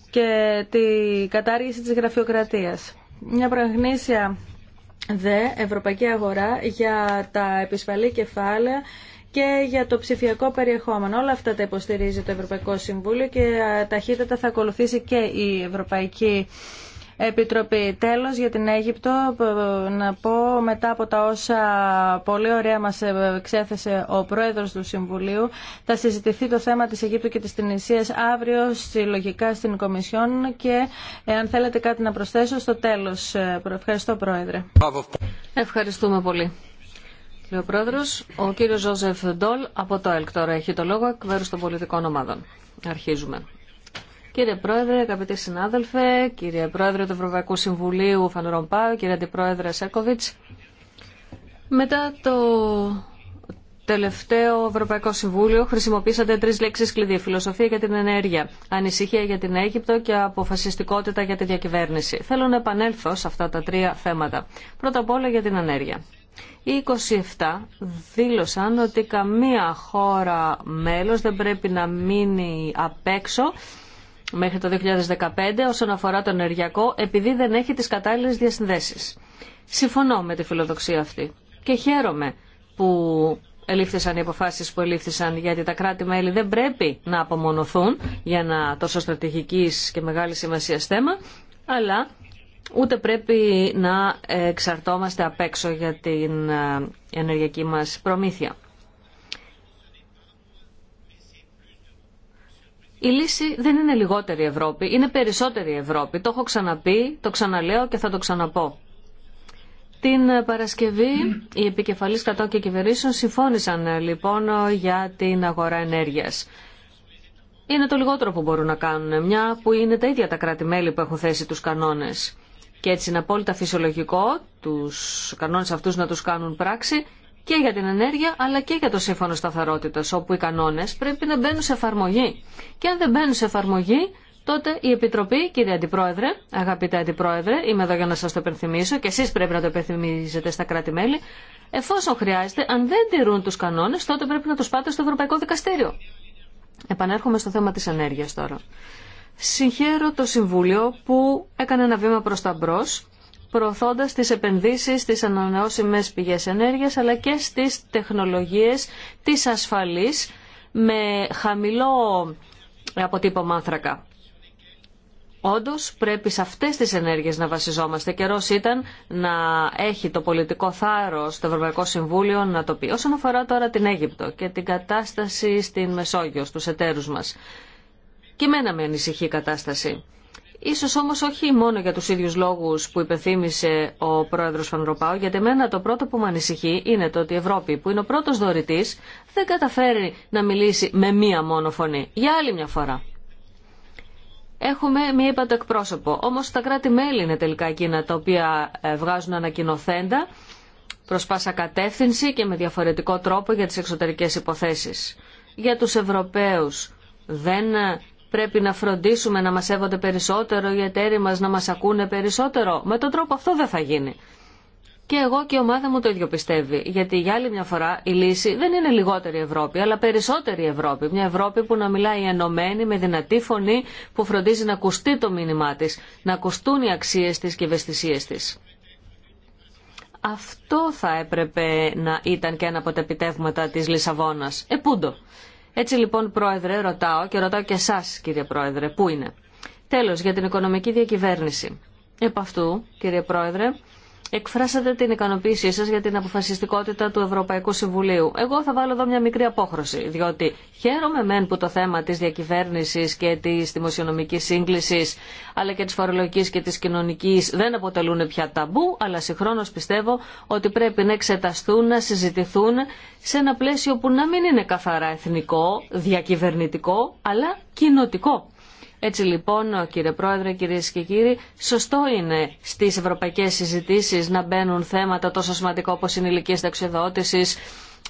και τη κατάργηση της γραφειοκρατίας. Μια προεγνήσια δε ευρωπαϊκή αγορά για τα επισφαλή κεφάλαια και για το ψηφιακό περιεχόμενο. Όλα αυτά τα υποστηρίζει το Ευρωπαϊκό Συμβούλιο και ε, ταχύτατα θα ακολουθήσει και η Ευρωπαϊκή Επιτροπή. Τέλος για την Αίγυπτο να πω μετά από τα όσα πολύ ωραία μας εξέθεσε ο Πρόεδρος του Συμβουλίου θα συζητηθεί το θέμα της Αιγύπτου και της Τινησίας αύριο συλλογικά στην Κομισιόν και αν θέλετε κάτι να προσθέσω στο τέλος. Ε, ευχαριστώ Πρόεδρε. Ευχαριστούμε πολύ. Κύριε Πρόεδρος, ο κύριος Ζωζεφ Ντόλ από το ΕΛΚ τώρα έχει το λόγο εκ των πολιτικών ομάδων. Αρχίζουμε. Κύριε Πρόεδρε, αγαπητοί συνάδελφε, κύριε Πρόεδρε του Ευρωπαϊκού Συμβουλίου Φανερομπάου, κύριε Αντιπρόεδρε Σέρκοβιτς, μετά το τελευταίο Ευρωπαϊκό Συμβούλιο χρησιμοποίησατε τρεις λέξεις κλειδί. Φιλοσοφία για την ενέργεια, ανησυχία για την Αίγυπτο και αποφασιστικότητα για τη διακυβέρνηση. Θέλω να επανέλθω σε αυτά τα τρία θέματα. Πρώτα απ' όλα για την ενέργεια. Οι 27 δήλωσαν ότι καμία χώρα μέλος δεν πρέπει να μείνει απ' έξω μέχρι το 2015 όσον αφορά το ενεργειακό επειδή δεν έχει τις κατάλληλες διασυνδέσεις. Συμφωνώ με τη φιλοδοξία αυτή και χαίρομαι που ελήφθησαν οι αποφάσεις που ελήφθησαν γιατί τα κράτη-μέλη δεν πρέπει να απομονωθούν για ένα τόσο στρατηγικής και μεγάλη σημασία θέμα αλλά ούτε πρέπει να εξαρτώμαστε απ' έξω για την ε, ενεργειακή μας προμήθεια. Η λύση δεν είναι λιγότερη Ευρώπη, είναι περισσότερη Ευρώπη. Το έχω ξαναπεί, το ξαναλέω και θα το ξαναπώ. Την Παρασκευή οι επικεφαλείς κρατόκια και κυβερνήσεων συμφώνησαν ε, λοιπόν ε, για την αγορά ενέργειας. Είναι το λιγότερο που μπορούν να κάνουν, μια που είναι τα ίδια τα κράτη-μέλη που έχουν θέσει τους κανόνες. Και έτσι είναι απόλυτα φυσιολογικό τους κανόνες αυτούς να τους κάνουν πράξη και για την ενέργεια αλλά και για το σύμφωνο σταθερότητας όπου οι κανόνες πρέπει να μπαίνουν σε εφαρμογή. Και αν δεν μπαίνουν σε εφαρμογή τότε η Επιτροπή, κύριε Αντιπρόεδρε, αγαπητέ Αντιπρόεδρε, είμαι εδώ για να σας το υπενθυμίσω και εσείς πρέπει να το υπενθυμίζετε στα κράτη-μέλη, εφόσον χρειάζεται, αν δεν τηρούν τους κανόνες, τότε πρέπει να τους πάτε στο Ευρωπαϊκό Δικαστήριο. Επανέρχομαι στο θέμα της ενέργειας τώρα. Συγχαίρω το Συμβούλιο που έκανε ένα βήμα προς τα μπρος προωθώντας τις επενδύσεις στις ανανεώσιμες πηγές ενέργειας αλλά και στις τεχνολογίες της ασφαλής με χαμηλό αποτύπωμα άνθρακα. Όντω πρέπει σε αυτέ τι ενέργειε να βασιζόμαστε. Καιρό ήταν να έχει το πολιτικό θάρρο το Ευρωπαϊκό Συμβούλιο να το πει. Όσον αφορά τώρα την Αίγυπτο και την κατάσταση στην Μεσόγειο, στου εταίρου μα. Και με ανησυχεί η κατάσταση. Ίσως όμως όχι μόνο για τους ίδιους λόγους που υπενθύμησε ο πρόεδρος Φανροπάου, γιατί εμένα το πρώτο που με ανησυχεί είναι το ότι η Ευρώπη, που είναι ο πρώτος δωρητής, δεν καταφέρει να μιλήσει με μία μόνο φωνή. Για άλλη μια φορά. Έχουμε μία είπατε εκπρόσωπο, όμως τα κράτη-μέλη είναι τελικά εκείνα τα οποία ε, βγάζουν ανακοινοθέντα προς πάσα κατεύθυνση και με διαφορετικό τρόπο για τις εξωτερικές υποθέσεις. Για τους Ευρωπαίους δεν πρέπει να φροντίσουμε να μας σέβονται περισσότερο, οι εταίροι μας να μας ακούνε περισσότερο. Με τον τρόπο αυτό δεν θα γίνει. Και εγώ και η ομάδα μου το ίδιο πιστεύει. Γιατί για άλλη μια φορά η λύση δεν είναι λιγότερη Ευρώπη, αλλά περισσότερη Ευρώπη. Μια Ευρώπη που να μιλάει ενωμένη, με δυνατή φωνή, που φροντίζει να ακουστεί το μήνυμά τη, να ακουστούν οι αξίε τη και ευαισθησίε τη. Αυτό θα έπρεπε να ήταν και ένα από τα επιτεύγματα της Λισαβόνα. Επούντο. Έτσι λοιπόν, Πρόεδρε, ρωτάω και ρωτάω και εσά, κύριε Πρόεδρε, πού είναι. Τέλο, για την οικονομική διακυβέρνηση. Επ' αυτού, κύριε Πρόεδρε, Εκφράσατε την ικανοποίησή σας για την αποφασιστικότητα του Ευρωπαϊκού Συμβουλίου. Εγώ θα βάλω εδώ μια μικρή απόχρωση, διότι χαίρομαι μεν που το θέμα της διακυβέρνησης και της δημοσιονομικής σύγκλησης, αλλά και της φορολογικής και της κοινωνικής δεν αποτελούν πια ταμπού, αλλά συγχρόνως πιστεύω ότι πρέπει να εξεταστούν, να συζητηθούν σε ένα πλαίσιο που να μην είναι καθαρά εθνικό, διακυβερνητικό, αλλά κοινοτικό. Έτσι λοιπόν, κύριε Πρόεδρε, κύριε και κύριοι, σωστό είναι στις ευρωπαϊκές συζητήσεις να μπαίνουν θέματα τόσο σημαντικά όπω είναι η ηλικία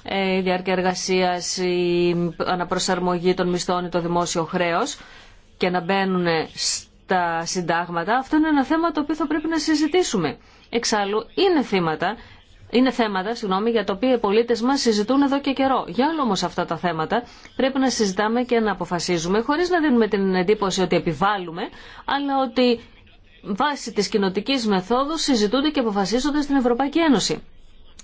ε, η διάρκεια εργασία, η αναπροσαρμογή των μισθών ή το δημόσιο χρέο και να μπαίνουν στα συντάγματα. Αυτό είναι ένα θέμα το οποίο θα πρέπει να συζητήσουμε. Εξάλλου, είναι θύματα είναι θέματα συγγνώμη, για τα οποία οι πολίτε μα συζητούν εδώ και καιρό. Για όλα όμω αυτά τα θέματα πρέπει να συζητάμε και να αποφασίζουμε χωρίς να δίνουμε την εντύπωση ότι επιβάλλουμε, αλλά ότι βάσει της κοινοτική μεθόδου συζητούνται και αποφασίζονται στην Ευρωπαϊκή Ένωση.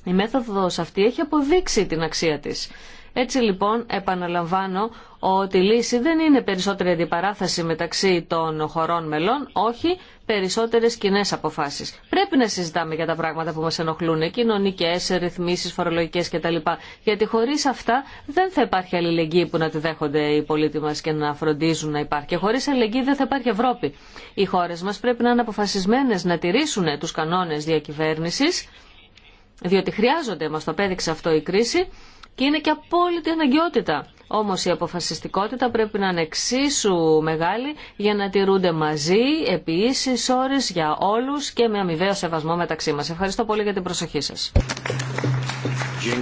Η μέθοδος αυτή έχει αποδείξει την αξία της. Έτσι λοιπόν επαναλαμβάνω ότι η λύση δεν είναι περισσότερη αντιπαράθεση μεταξύ των χωρών μελών, όχι περισσότερες κοινέ αποφάσεις. Πρέπει να συζητάμε για τα πράγματα που μας ενοχλούν, κοινωνικές, ρυθμίσεις, φορολογικές κτλ. Γιατί χωρίς αυτά δεν θα υπάρχει αλληλεγγύη που να τη δέχονται οι πολίτες μας και να φροντίζουν να υπάρχει. Και χωρίς αλληλεγγύη δεν θα υπάρχει Ευρώπη. Οι χώρες μας πρέπει να είναι αποφασισμένες να τηρήσουν τους κανόνες διακυβέρνησης, διότι χρειάζονται, μας το απέδειξε αυτό η κρίση, και είναι και απόλυτη αναγκαιότητα όμως η αποφασιστικότητα πρέπει να είναι εξίσου μεγάλη για να τηρούνται μαζί επίσης ώρες για όλους και με αμοιβαίο σεβασμό μεταξύ μας. Ευχαριστώ πολύ για την προσοχή σας.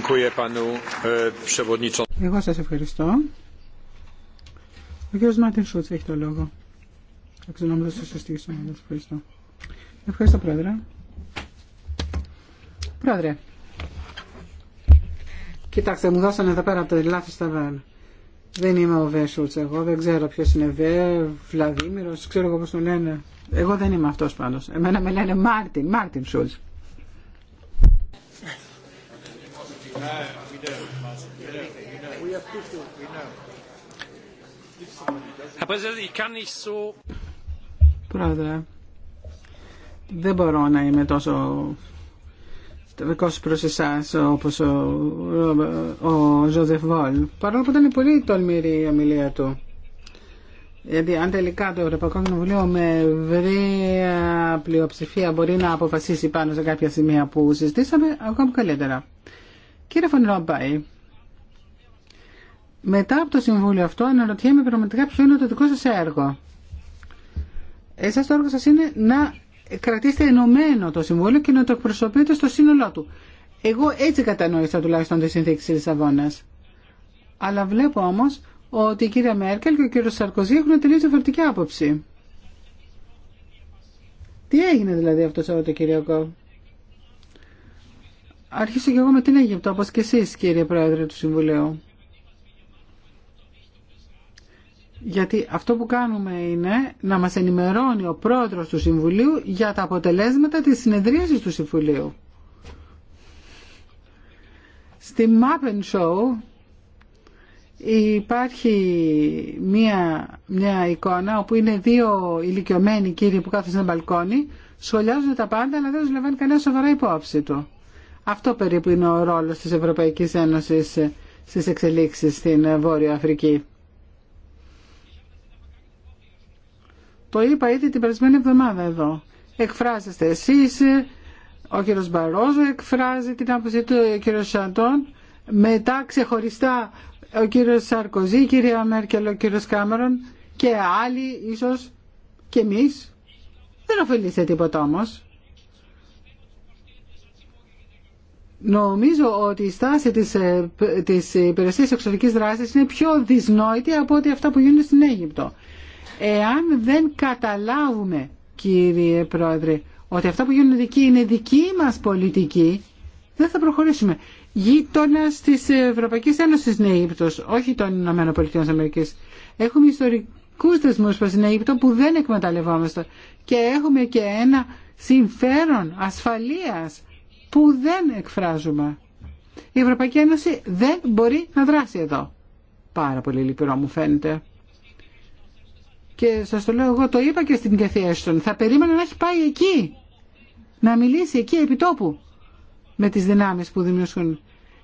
E, Εγώ σας ευχαριστώ. Ο κ. Μάρτιν Σούτς έχει το λόγο. Εξονόματος της σας ομάδας. Ευχαριστώ. Ευχαριστώ, Πρόεδρε. Πρόεδρε. Κοιτάξτε, μου δώσανε εδώ πέρα από το λάθος ταβέρνα. Δεν είμαι ο Βέσουρτ εγώ, δεν ξέρω ποιο είναι Βέ, Βλαδίμηρο, ξέρω εγώ πώ τον λένε. Εγώ δεν είμαι αυτό πάντω. Εμένα με λένε Μάρτιν, Μάρτιν Σούλτ. Uh, Πρόεδρε, δεν μπορώ να είμαι τόσο το προς εσάς όπως ο, ο, ο Ζωζεφ Βόλ παρόλο που ήταν πολύ τολμηρή η ομιλία του γιατί αν τελικά το Ευρωπαϊκό Κοινοβουλίο με ευρεία πλειοψηφία μπορεί να αποφασίσει πάνω σε κάποια σημεία που συζητήσαμε, ακόμα καλύτερα. Κύριε Ρομπάη, μετά από το Συμβούλιο αυτό αναρωτιέμαι πραγματικά ποιο είναι το δικό σας έργο. Εσάς το έργο σας είναι να κρατήστε ενωμένο το Συμβούλιο και να το εκπροσωπείτε στο σύνολό του. Εγώ έτσι κατανόησα τουλάχιστον τη συνθήκη τη Λισαβόνα. Αλλά βλέπω όμω ότι η κυρία Μέρκελ και ο κύριο Σαρκοζή έχουν τελείω διαφορετική άποψη. Τι έγινε δηλαδή αυτό το Σαββατοκύριακο. Αρχίσω και εγώ με την Αίγυπτο, όπω και εσεί κύριε Πρόεδρε του Συμβουλίου. γιατί αυτό που κάνουμε είναι να μας ενημερώνει ο πρόεδρος του Συμβουλίου για τα αποτελέσματα της συνεδρίασης του Συμβουλίου. Στη Mappen Show υπάρχει μια, μια εικόνα όπου είναι δύο ηλικιωμένοι κύριοι που κάθονται στο μπαλκόνι, σχολιάζουν τα πάντα αλλά δεν τους λαμβάνει κανένα σοβαρά υπόψη του. Αυτό περίπου είναι ο ρόλος της Ευρωπαϊκής Ένωσης στις εξελίξεις στην Βόρεια Αφρική. Το είπα ήδη την περασμένη εβδομάδα εδώ. Εκφράζεστε εσεί, ο κύριος Μπαρόζο εκφράζει την άποψή του, ο κύριος Σαντών, μετά ξεχωριστά ο κύριος Σαρκοζή, η κυρία Μέρκελ, ο κύριος Κάμερον και άλλοι ίσως και εμείς. Δεν ωφελείστε τίποτα όμω. Νομίζω ότι η στάση της, ε, της υπηρεσίας εξωτερικής δράσης είναι πιο δυσνόητη από ότι αυτά που γίνονται στην Αίγυπτο εάν δεν καταλάβουμε κύριε Πρόεδρε ότι αυτά που γίνονται εκεί είναι δική μας πολιτική δεν θα προχωρήσουμε. Γείτονα τη Ευρωπαϊκή Ένωση είναι όχι των Ηνωμένων Πολιτειών Αμερική. Έχουμε ιστορικού δεσμού προ την Αίγυπτο που δεν εκμεταλλευόμαστε. Και έχουμε και ένα συμφέρον ασφαλεία που δεν εκφράζουμε. Η Ευρωπαϊκή Ένωση δεν μπορεί να δράσει εδώ. Πάρα πολύ λυπηρό μου φαίνεται. Και σας το λέω εγώ, το είπα και στην Καθιέστον Θα περίμενα να έχει πάει εκεί. Να μιλήσει εκεί επί τόπου με τις δυνάμεις που δημιουργούν.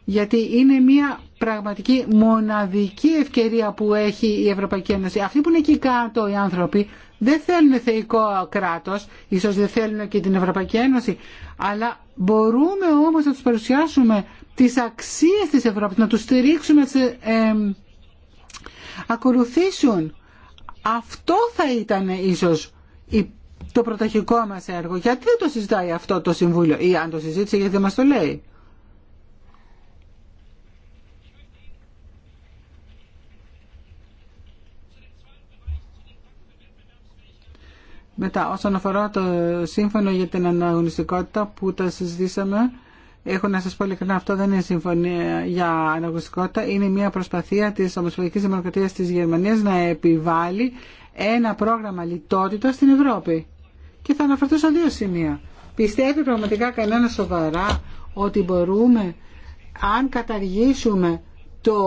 Γιατί είναι μια πραγματική μοναδική ευκαιρία που έχει η Ευρωπαϊκή Ένωση. Αυτοί που είναι εκεί κάτω οι άνθρωποι δεν θέλουν θεϊκό κράτος, ίσως δεν θέλουν και την Ευρωπαϊκή Ένωση, αλλά μπορούμε όμως να τους παρουσιάσουμε τις αξίες της Ευρώπης, να τους στηρίξουμε, να ε, ε, ακολουθήσουν. Αυτό θα ήταν ίσως το πρωταρχικό μας έργο. Γιατί το συζητάει αυτό το Συμβούλιο ή αν το συζήτησε γιατί δεν μας το λέει. Μετά, όσον αφορά το σύμφωνο για την αναγωνιστικότητα που τα συζητήσαμε, Έχω να σας πω ειλικρινά, αυτό δεν είναι συμφωνία για αναγνωστικότητα. Είναι μια προσπαθία της Ομοσπονδικής Δημοκρατία της Γερμανίας να επιβάλλει ένα πρόγραμμα λιτότητα στην Ευρώπη. Και θα αναφερθώ σε δύο σημεία. Πιστεύει πραγματικά κανένα σοβαρά ότι μπορούμε, αν καταργήσουμε το,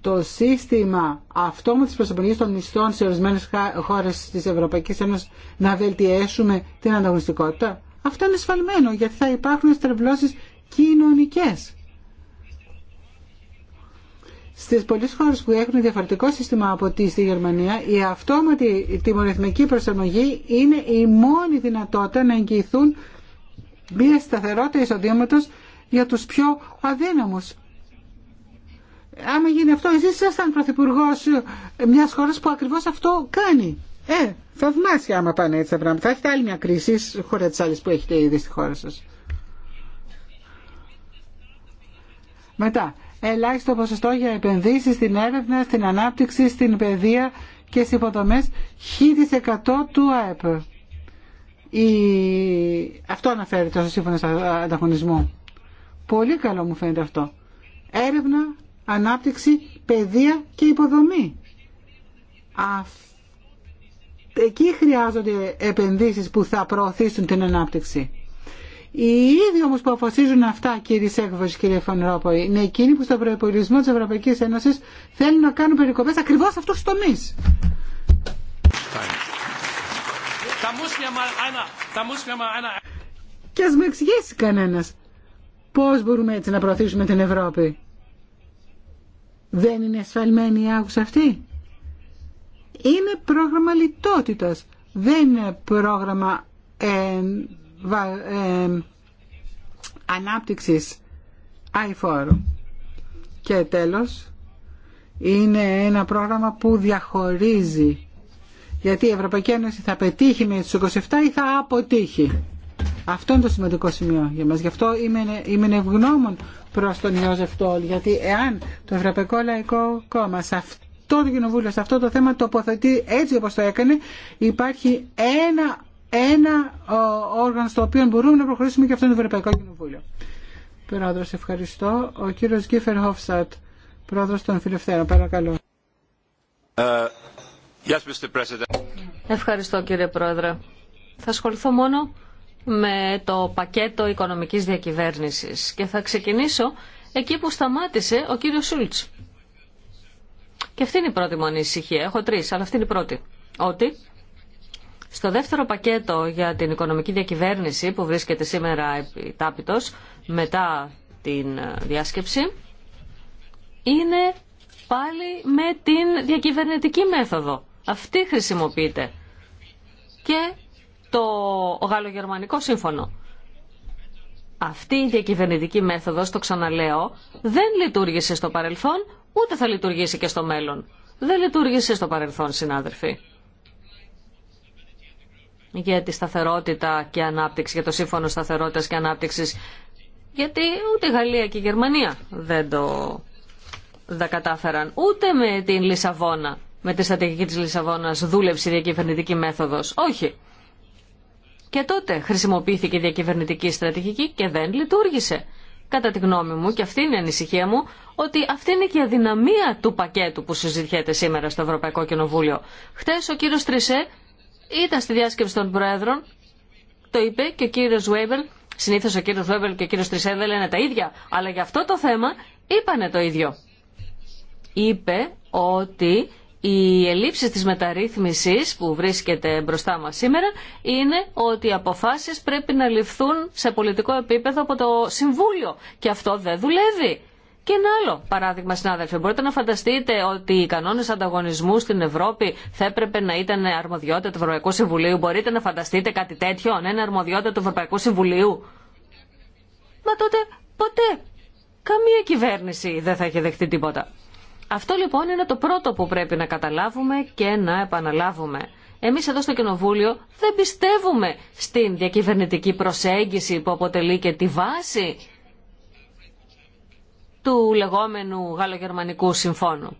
το σύστημα αυτό με τις προσωπικές των μισθών σε ορισμένες χώρες της Ευρωπαϊκής Ένωσης να βελτιέσουμε την ανταγωνιστικότητα. Αυτό είναι σφαλμένο γιατί θα υπάρχουν στρεβλώσεις κοινωνικές. Στι πολλέ χώρε που έχουν διαφορετικό σύστημα από τη στη Γερμανία, η αυτόματη τιμορυθμική προσαρμογή είναι η μόνη δυνατότητα να εγγυηθούν μια σταθερότητα εισοδήματο για του πιο αδύναμου. Άμα γίνει αυτό, εσεί ήσασταν πρωθυπουργό μια χώρα που ακριβώ αυτό κάνει. Ε, θαυμάσια άμα πάνε έτσι τα πράγματα. Θα έχετε άλλη μια κρίση, χωρά τη άλλη που έχετε ήδη στη χώρα σας. Μετά, ελάχιστο ποσοστό για επενδύσεις στην έρευνα, στην ανάπτυξη, στην παιδεία και στις υποδομές εκατό του ΑΕΠ. Η... Αυτό αναφέρεται στο σύμφωνο ανταγωνισμού. Πολύ καλό μου φαίνεται αυτό. Έρευνα, ανάπτυξη, παιδεία και υποδομή. Αυτό εκεί χρειάζονται επενδύσεις που θα προωθήσουν την ανάπτυξη. Οι ίδιοι όμω που αποφασίζουν αυτά, κύριε Σέκβος, κύριε Φανρόποη, είναι εκείνοι που στον προπολογισμό τη Ευρωπαϊκή Ένωση θέλουν να κάνουν περικοπέ ακριβώ αυτού τους τομείς. Και α με εξηγήσει κανένα πώς μπορούμε έτσι να προωθήσουμε την Ευρώπη. Δεν είναι ασφαλμένη η άγουσα αυτή είναι πρόγραμμα λιτότητας. Δεν είναι πρόγραμμα ε, βα, ε, ανάπτυξης αηφόρου. Και τέλος, είναι ένα πρόγραμμα που διαχωρίζει. Γιατί η Ευρωπαϊκή Ένωση θα πετύχει με τους 27 ή θα αποτύχει. Αυτό είναι το σημαντικό σημείο για μας. Γι' αυτό είμαι, είμαι ευγνώμων προς τον Ιώζεφ Τόλ. Γιατί εάν το Ευρωπαϊκό Λαϊκό Κόμμα σε αυτό, αυτό το κοινοβούλιο σε αυτό το θέμα τοποθετεί έτσι όπως το έκανε υπάρχει ένα, ένα όργανο στο οποίο μπορούμε να προχωρήσουμε και αυτό είναι το Ευρωπαϊκό Κοινοβούλιο. Πρόεδρο, ευχαριστώ. Ο κύριος Γκίφερ Χόφσατ, πρόεδρο των Φιλευθέρων, παρακαλώ. Uh, yes, Mr. Ευχαριστώ κύριε Πρόεδρε. Θα ασχοληθώ μόνο με το πακέτο οικονομικής διακυβέρνησης και θα ξεκινήσω εκεί που σταμάτησε ο κύριος Σούλτς. Και αυτή είναι η πρώτη μου ανησυχία. Έχω τρεις, αλλά αυτή είναι η πρώτη. Ότι στο δεύτερο πακέτο για την οικονομική διακυβέρνηση που βρίσκεται σήμερα τάπητος μετά την ε, διάσκεψη είναι πάλι με την διακυβερνητική μέθοδο. Αυτή χρησιμοποιείται. Και το γαλλογερμανικό σύμφωνο. Αυτή η διακυβερνητική μέθοδος, το ξαναλέω, δεν λειτουργήσε στο παρελθόν ούτε θα λειτουργήσει και στο μέλλον. Δεν λειτουργήσε στο παρελθόν, συνάδελφοι. Για τη σταθερότητα και ανάπτυξη, για το σύμφωνο σταθερότητας και ανάπτυξης. Γιατί ούτε η Γαλλία και η Γερμανία δεν το κατάφεραν. Ούτε με την Λισαβόνα, με τη στρατηγική της Λισαβόνας δούλεψε η διακυβερνητική μέθοδος. Όχι. Και τότε χρησιμοποιήθηκε η διακυβερνητική στρατηγική και δεν λειτουργήσε κατά τη γνώμη μου, και αυτή είναι η ανησυχία μου, ότι αυτή είναι και η αδυναμία του πακέτου που συζητιέται σήμερα στο Ευρωπαϊκό Κοινοβούλιο. Χθε ο κύριο Τρισέ ήταν στη διάσκεψη των Προέδρων, το είπε και ο κύριο Βέμπελ. Συνήθω ο κύριο Βέμπελ και ο κύριο Τρισέ δεν λένε τα ίδια, αλλά για αυτό το θέμα είπανε το ίδιο. Είπε ότι οι ελλείψεις της μεταρρύθμισης που βρίσκεται μπροστά μας σήμερα είναι ότι οι αποφάσεις πρέπει να ληφθούν σε πολιτικό επίπεδο από το Συμβούλιο και αυτό δεν δουλεύει. Και ένα άλλο παράδειγμα, συνάδελφοι. Μπορείτε να φανταστείτε ότι οι κανόνε ανταγωνισμού στην Ευρώπη θα έπρεπε να ήταν αρμοδιότητα του Ευρωπαϊκού Συμβουλίου. Μπορείτε να φανταστείτε κάτι τέτοιο, να είναι αρμοδιότητα του Ευρωπαϊκού Συμβουλίου. Μα τότε ποτέ καμία κυβέρνηση δεν θα έχει δεχτεί τίποτα. Αυτό λοιπόν είναι το πρώτο που πρέπει να καταλάβουμε και να επαναλάβουμε. Εμείς εδώ στο Κοινοβούλιο δεν πιστεύουμε στην διακυβερνητική προσέγγιση που αποτελεί και τη βάση του λεγόμενου γαλλογερμανικού συμφώνου.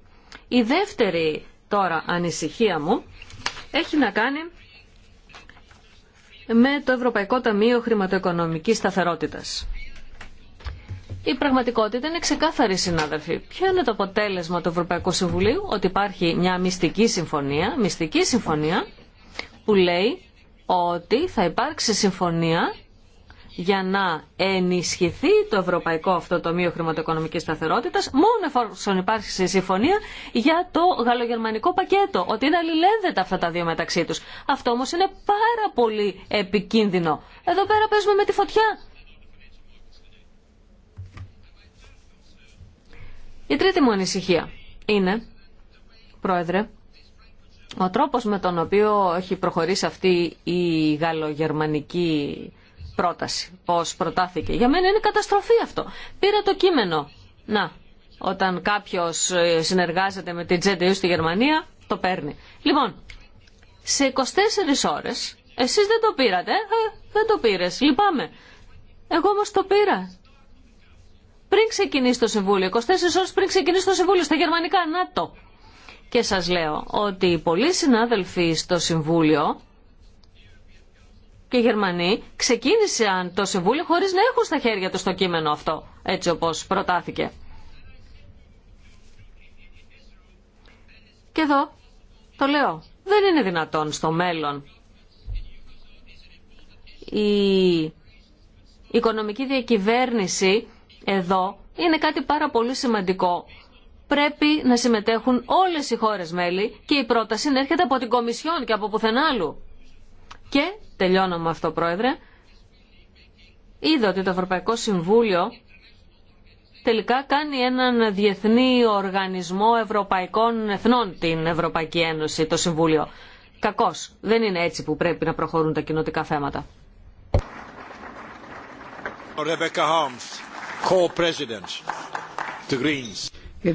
Η δεύτερη τώρα ανησυχία μου έχει να κάνει με το Ευρωπαϊκό Ταμείο Χρηματοοικονομικής Σταθερότητας. Η πραγματικότητα είναι ξεκάθαρη, συνάδελφοι. Ποιο είναι το αποτέλεσμα του Ευρωπαϊκού Συμβουλίου, ότι υπάρχει μια μυστική συμφωνία, μυστική συμφωνία που λέει ότι θα υπάρξει συμφωνία για να ενισχυθεί το Ευρωπαϊκό Αυτό Μείο Χρηματοοικονομικής Σταθερότητας μόνο εφόσον υπάρξει συμφωνία για το γαλλογερμανικό πακέτο, ότι είναι αλληλένδετα αυτά τα δύο μεταξύ του. Αυτό όμω είναι πάρα πολύ επικίνδυνο. Εδώ πέρα παίζουμε με τη φωτιά. Η τρίτη μου ανησυχία είναι, Πρόεδρε, ο τρόπος με τον οποίο έχει προχωρήσει αυτή η γαλλογερμανική πρόταση, πώς προτάθηκε. Για μένα είναι καταστροφή αυτό. Πήρα το κείμενο. Να, όταν κάποιος ε, συνεργάζεται με την GDU στη Γερμανία, το παίρνει. Λοιπόν, σε 24 ώρες, εσείς δεν το πήρατε, ε, δεν το πήρες, λυπάμαι. Εγώ όμως το πήρα πριν ξεκινήσει το Συμβούλιο, 24 ώρες πριν ξεκινήσει το Συμβούλιο, στα γερμανικά, να το. Και σας λέω ότι πολλοί συνάδελφοι στο Συμβούλιο και οι Γερμανοί ξεκίνησαν το Συμβούλιο χωρίς να έχουν στα χέρια τους το κείμενο αυτό, έτσι όπως προτάθηκε. Και εδώ το λέω, δεν είναι δυνατόν στο μέλλον η οικονομική διακυβέρνηση εδώ είναι κάτι πάρα πολύ σημαντικό. Πρέπει να συμμετέχουν όλες οι χώρες μέλη και η πρόταση να έρχεται από την Κομισιόν και από πουθενά άλλου. Και, τελειώνω με αυτό πρόεδρε, είδα ότι το Ευρωπαϊκό Συμβούλιο τελικά κάνει έναν διεθνή οργανισμό Ευρωπαϊκών Εθνών την Ευρωπαϊκή Ένωση, το Συμβούλιο. Κακός. Δεν είναι έτσι που πρέπει να προχωρούν τα κοινοτικά θέματα. Κύριε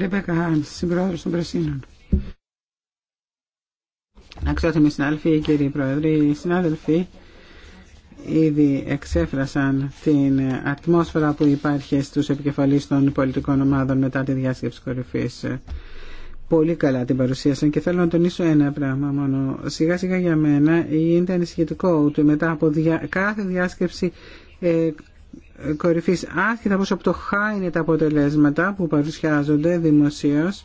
president συμπρόεδρος των Πρεσίνων. Αξιότιμοι συνάδελφοι, κύριοι πρόεδροι, οι συνάδελφοι ήδη εξέφρασαν την ατμόσφαιρα που υπάρχει στους επικεφαλείς των πολιτικών ομάδων μετά τη διάσκεψη κορυφής. Πολύ καλά την παρουσίασαν και θέλω να τονίσω ένα πράγμα μόνο. Σιγά σιγά για μένα είναι ανησυχητικό ότι μετά από δια... κάθε διάσκεψη ε, κορυφής άσχετα πόσο πτωχά είναι τα αποτελέσματα που παρουσιάζονται δημοσίως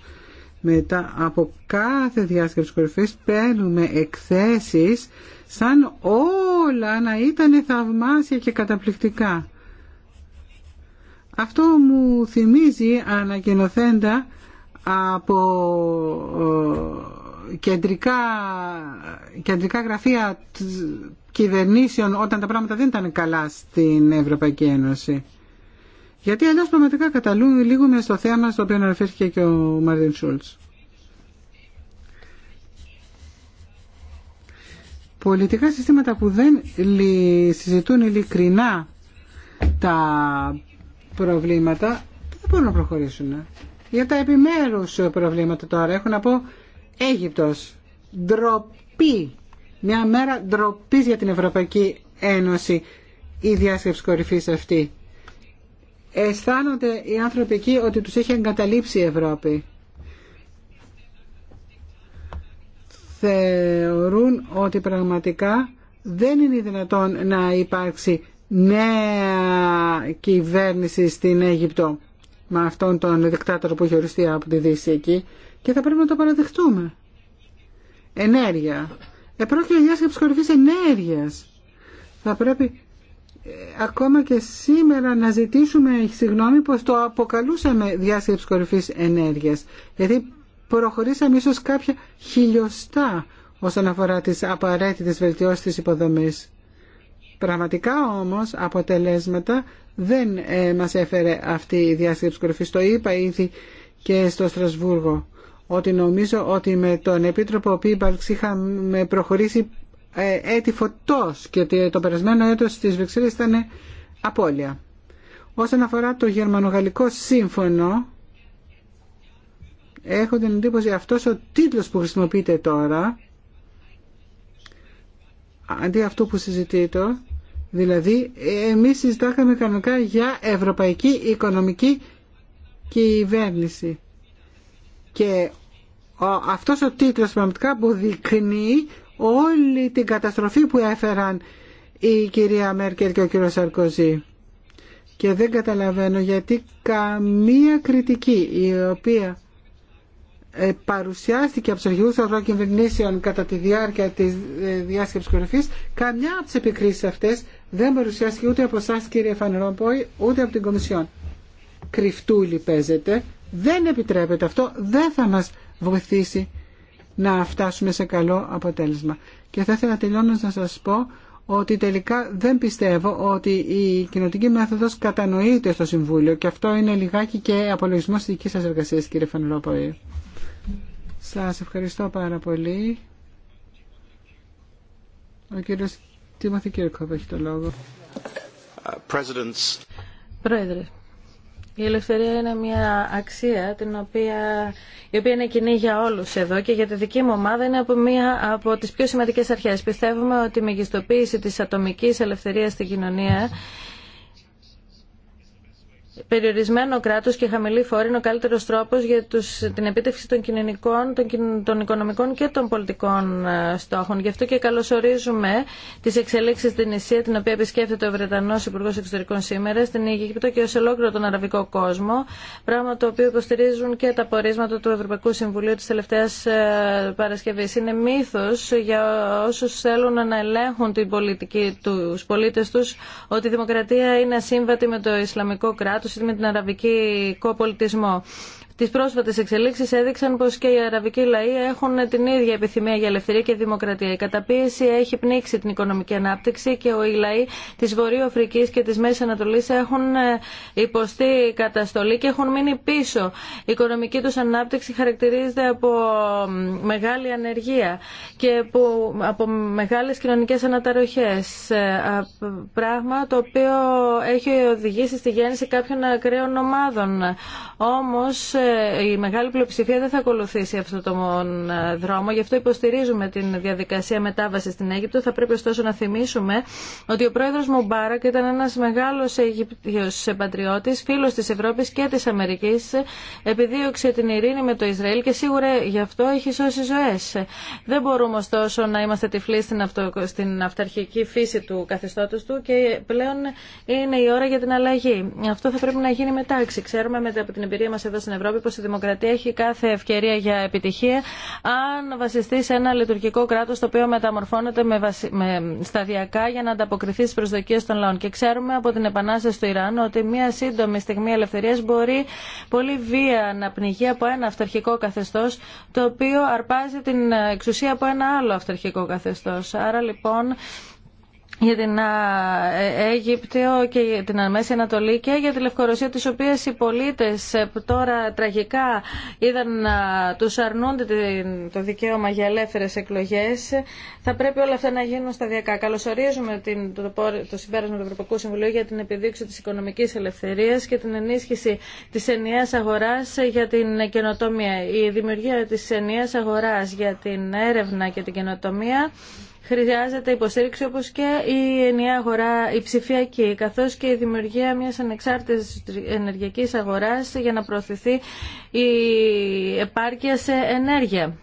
μετά από κάθε διάσκεψη κορυφής παίρνουμε εκθέσεις σαν όλα να ήταν θαυμάσια και καταπληκτικά. Αυτό μου θυμίζει ανακοινωθέντα από ε, κεντρικά, κεντρικά γραφεία κυβερνήσεων όταν τα πράγματα δεν ήταν καλά στην Ευρωπαϊκή Ένωση. Γιατί αλλιώς πραγματικά καταλούν λίγο στο θέμα στο οποίο αναφέρθηκε και ο Μάρτιν Σούλτς. Πολιτικά συστήματα που δεν συζητούν ειλικρινά τα προβλήματα δεν μπορούν να προχωρήσουν. Για τα επιμέρους προβλήματα τώρα έχω να πω Αίγυπτος. Ντροπή. Μια μέρα ντροπή για την Ευρωπαϊκή Ένωση η διάσκεψη κορυφής αυτή. Αισθάνονται οι άνθρωποι εκεί ότι τους έχει εγκαταλείψει η Ευρώπη. Θεωρούν ότι πραγματικά δεν είναι δυνατόν να υπάρξει νέα κυβέρνηση στην Αίγυπτο με αυτόν τον δικτάτορο που έχει οριστεί από τη Δύση εκεί και θα πρέπει να το παραδεχτούμε. Ενέργεια. Επρόκειτο για διάσκεψη κορυφή ενέργεια. Θα πρέπει ε, ακόμα και σήμερα να ζητήσουμε συγγνώμη πως το αποκαλούσαμε διάσκεψη κορυφή ενέργεια. Γιατί προχωρήσαμε ίσω κάποια χιλιοστά όσον αφορά τι απαραίτητε βελτιώσει τη υποδομής. Πραγματικά όμως αποτελέσματα δεν ε, μας έφερε αυτή η διάσκεψη κορυφής. Το είπα ήδη και στο Στρασβούργο ότι νομίζω ότι με τον Επίτροπο Πίμπαλξ είχαμε προχωρήσει ε, έτη φωτός και ότι το περασμένο έτος της Βρυξέλλης ήταν απώλεια. Όσον αφορά το γερμανογαλλικό σύμφωνο, έχω την εντύπωση αυτός ο τίτλος που χρησιμοποιείται τώρα, αντί αυτού που συζητείτε, δηλαδή εμείς συζητάχαμε κανονικά για ευρωπαϊκή οικονομική κυβέρνηση. Και αυτός ο τίτλος πραγματικά που δεικνύει όλη την καταστροφή που έφεραν η κυρία Μέρκελ και ο κύριος Σαρκοζή. Και δεν καταλαβαίνω γιατί καμία κριτική η οποία ε, παρουσιάστηκε από του αρχηγού των κυβερνήσεων κατά τη διάρκεια της ε, διάσκεψη κορυφή, καμιά από τι επικρίσει αυτές δεν παρουσιάστηκε ούτε από εσάς, κύριε Φανερόμποη, ούτε από την Κομισιόν. Κρυφτούλη παίζεται. Δεν επιτρέπεται αυτό. Δεν θα μα βοηθήσει να φτάσουμε σε καλό αποτέλεσμα. Και θα ήθελα τελειώνω να σας πω ότι τελικά δεν πιστεύω ότι η κοινοτική μέθοδος κατανοείται στο Συμβούλιο και αυτό είναι λιγάκι και απολογισμό της δικής σας εργασίας κύριε Φανελόπολη. Σας ευχαριστώ πάρα πολύ. Ο κύριος Τίμωθη Κύρκοβ έχει το λόγο. Uh, Πρόεδρε, η ελευθερία είναι μια αξία την οποία, η οποία είναι κοινή για όλου εδώ και για τη δική μου ομάδα είναι από μια από τις πιο σημαντικές αρχές. Πιστεύουμε ότι η μεγιστοποίηση της ατομικής ελευθερίας στην κοινωνία περιορισμένο κράτος και χαμηλή φόρη είναι ο καλύτερος τρόπος για τους, την επίτευξη των κοινωνικών, των, των οικονομικών και των πολιτικών ε, στόχων. Γι' αυτό και καλωσορίζουμε τις εξελίξεις στην Ισία, την οποία επισκέφτεται ο Βρετανός Υπουργός Εξωτερικών σήμερα, στην Αιγύπτο και ως ολόκληρο τον αραβικό κόσμο, πράγμα το οποίο υποστηρίζουν και τα πορίσματα του Ευρωπαϊκού Συμβουλίου της τελευταίας ε, Παρασκευής. Είναι μύθος για όσους θέλουν να ελέγχουν την πολιτική, τους πολίτες τους, ότι η δημοκρατία είναι ασύμβατη με το Ισλαμικό κράτος, με την αραβική κοπολιτισμό. Τι πρόσφατε εξελίξει έδειξαν πω και οι αραβικοί λαοί έχουν την ίδια επιθυμία για ελευθερία και δημοκρατία. Η καταπίεση έχει πνίξει την οικονομική ανάπτυξη και οι λαοί τη Βορείου και τη Μέση Ανατολή έχουν ε, υποστεί καταστολή και έχουν μείνει πίσω. Η οικονομική του ανάπτυξη χαρακτηρίζεται από μεγάλη ανεργία και από μεγάλε κοινωνικέ αναταροχέ, ε, Πράγμα το οποίο έχει οδηγήσει στη γέννηση κάποιων ακραίων ομάδων. Όμως ε, ε, η μεγάλη πλειοψηφία δεν θα ακολουθήσει αυτό το ε, δρόμο. Γι' αυτό υποστηρίζουμε την διαδικασία μετάβαση στην Αίγυπτο. Θα πρέπει ωστόσο να θυμίσουμε ότι ο πρόεδρος Μουμπάρακ ήταν ένα μεγάλο Αιγυπτιος πατριώτη, φίλος της Ευρώπης και της Αμερικής, επιδίωξε την ειρήνη με το Ισραήλ και σίγουρα γι' αυτό έχει σώσει ζωέ. Δεν μπορούμε ωστόσο να είμαστε τυφλοί στην, αυτο, στην αυταρχική φύση του καθεστώτο του και πλέον είναι η ώρα για την αλλαγή. Αυτό θα πρέπει να γίνει μετάξυ. Ξέρουμε μετά από την εμπειρία μα εδώ στην Ευρώπη πως η δημοκρατία έχει κάθε ευκαιρία για επιτυχία αν βασιστεί σε ένα λειτουργικό κράτος το οποίο μεταμορφώνεται με βασι... με σταδιακά για να ανταποκριθεί στις προσδοκίες των λαών. Και ξέρουμε από την επανάσταση του Ιράν ότι μια σύντομη στιγμή ελευθερίας μπορεί πολύ βία να πνιγεί από ένα αυταρχικό καθεστώς το οποίο αρπάζει την εξουσία από ένα άλλο αυταρχικό καθεστώς. Άρα λοιπόν για την ε, Αίγυπτο και την Μέση Ανατολή και για τη Λευκορωσία τις οποίες οι πολίτες ε, τώρα τραγικά είδαν να τους αρνούνται το δικαίωμα για ελεύθερες εκλογές θα πρέπει όλα αυτά να γίνουν σταδιακά. Καλωσορίζουμε το συμπέρασμα του Ευρωπαϊκού Συμβουλίου για την επιδίωξη της οικονομικής ελευθερίας και την ενίσχυση της ενιαίας αγοράς για την καινοτομία. Η δημιουργία της ενιαίας αγοράς για την έρευνα και την καινοτομία χρειάζεται υποστήριξη όπως και η ενιαία αγορά, η ψηφιακή, καθώς και η δημιουργία μιας ανεξάρτητης ενεργειακής αγοράς για να προωθηθεί η επάρκεια σε ενέργεια.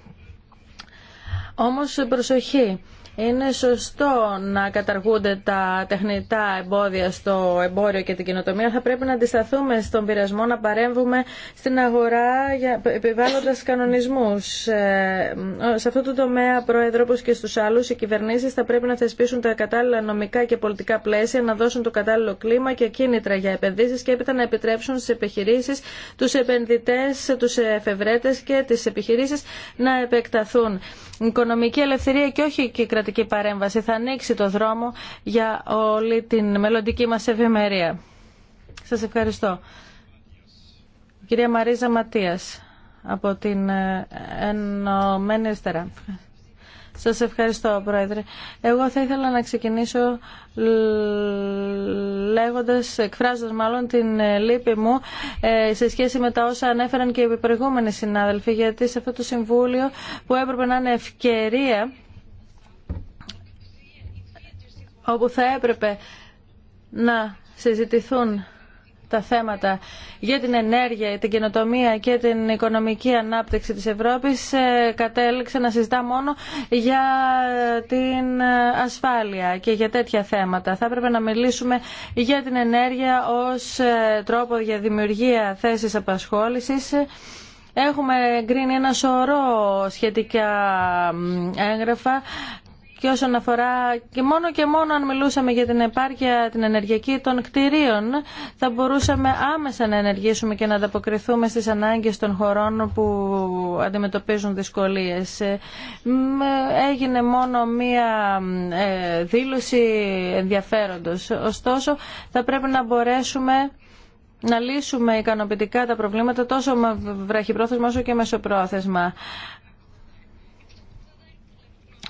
Όμως προσοχή, είναι σωστό να καταργούνται τα τεχνητά εμπόδια στο εμπόριο και την κοινοτομία. Θα πρέπει να αντισταθούμε στον πειρασμό να παρέμβουμε στην αγορά για, κανονισμού. κανονισμούς. Ε, σε αυτό το τομέα, Πρόεδρο, όπω και στου άλλου οι κυβερνήσει θα πρέπει να θεσπίσουν τα κατάλληλα νομικά και πολιτικά πλαίσια, να δώσουν το κατάλληλο κλίμα και κίνητρα για επενδύσει, και έπειτα να επιτρέψουν στι επιχειρήσει, του επενδυτέ του εφευρέτες και τι επιχειρήσει να επεκταθούν. οικονομική ελευθερία και όχι και παρέμβαση θα ανοίξει το δρόμο για όλη την μελλοντική μας ευημερία. Σας ευχαριστώ. κυρία Μαρίζα Ματίας από την ε, Ενωμένη Ιστερά. Σας ευχαριστώ, Πρόεδρε. Εγώ θα ήθελα να ξεκινήσω λέγοντας, εκφράζοντας μάλλον την ε, λύπη μου ε, σε σχέση με τα όσα ανέφεραν και οι προηγούμενοι συνάδελφοι, γιατί σε αυτό το Συμβούλιο που έπρεπε να είναι ευκαιρία όπου θα έπρεπε να συζητηθούν τα θέματα για την ενέργεια, την καινοτομία και την οικονομική ανάπτυξη της Ευρώπης ε, κατέληξε να συζητά μόνο για την ασφάλεια και για τέτοια θέματα. Θα έπρεπε να μιλήσουμε για την ενέργεια ως ε, τρόπο για δημιουργία θέσης απασχόλησης Έχουμε γκρίνει ένα σωρό σχετικά έγγραφα και όσον αφορά και μόνο και μόνο αν μιλούσαμε για την επάρκεια την ενεργειακή των κτηρίων θα μπορούσαμε άμεσα να ενεργήσουμε και να ανταποκριθούμε στις ανάγκες των χωρών που αντιμετωπίζουν δυσκολίες. Έγινε μόνο μία ε, δήλωση ενδιαφέροντος. Ωστόσο θα πρέπει να μπορέσουμε να λύσουμε ικανοποιητικά τα προβλήματα τόσο με βραχυπρόθεσμα όσο και μεσοπρόθεσμα.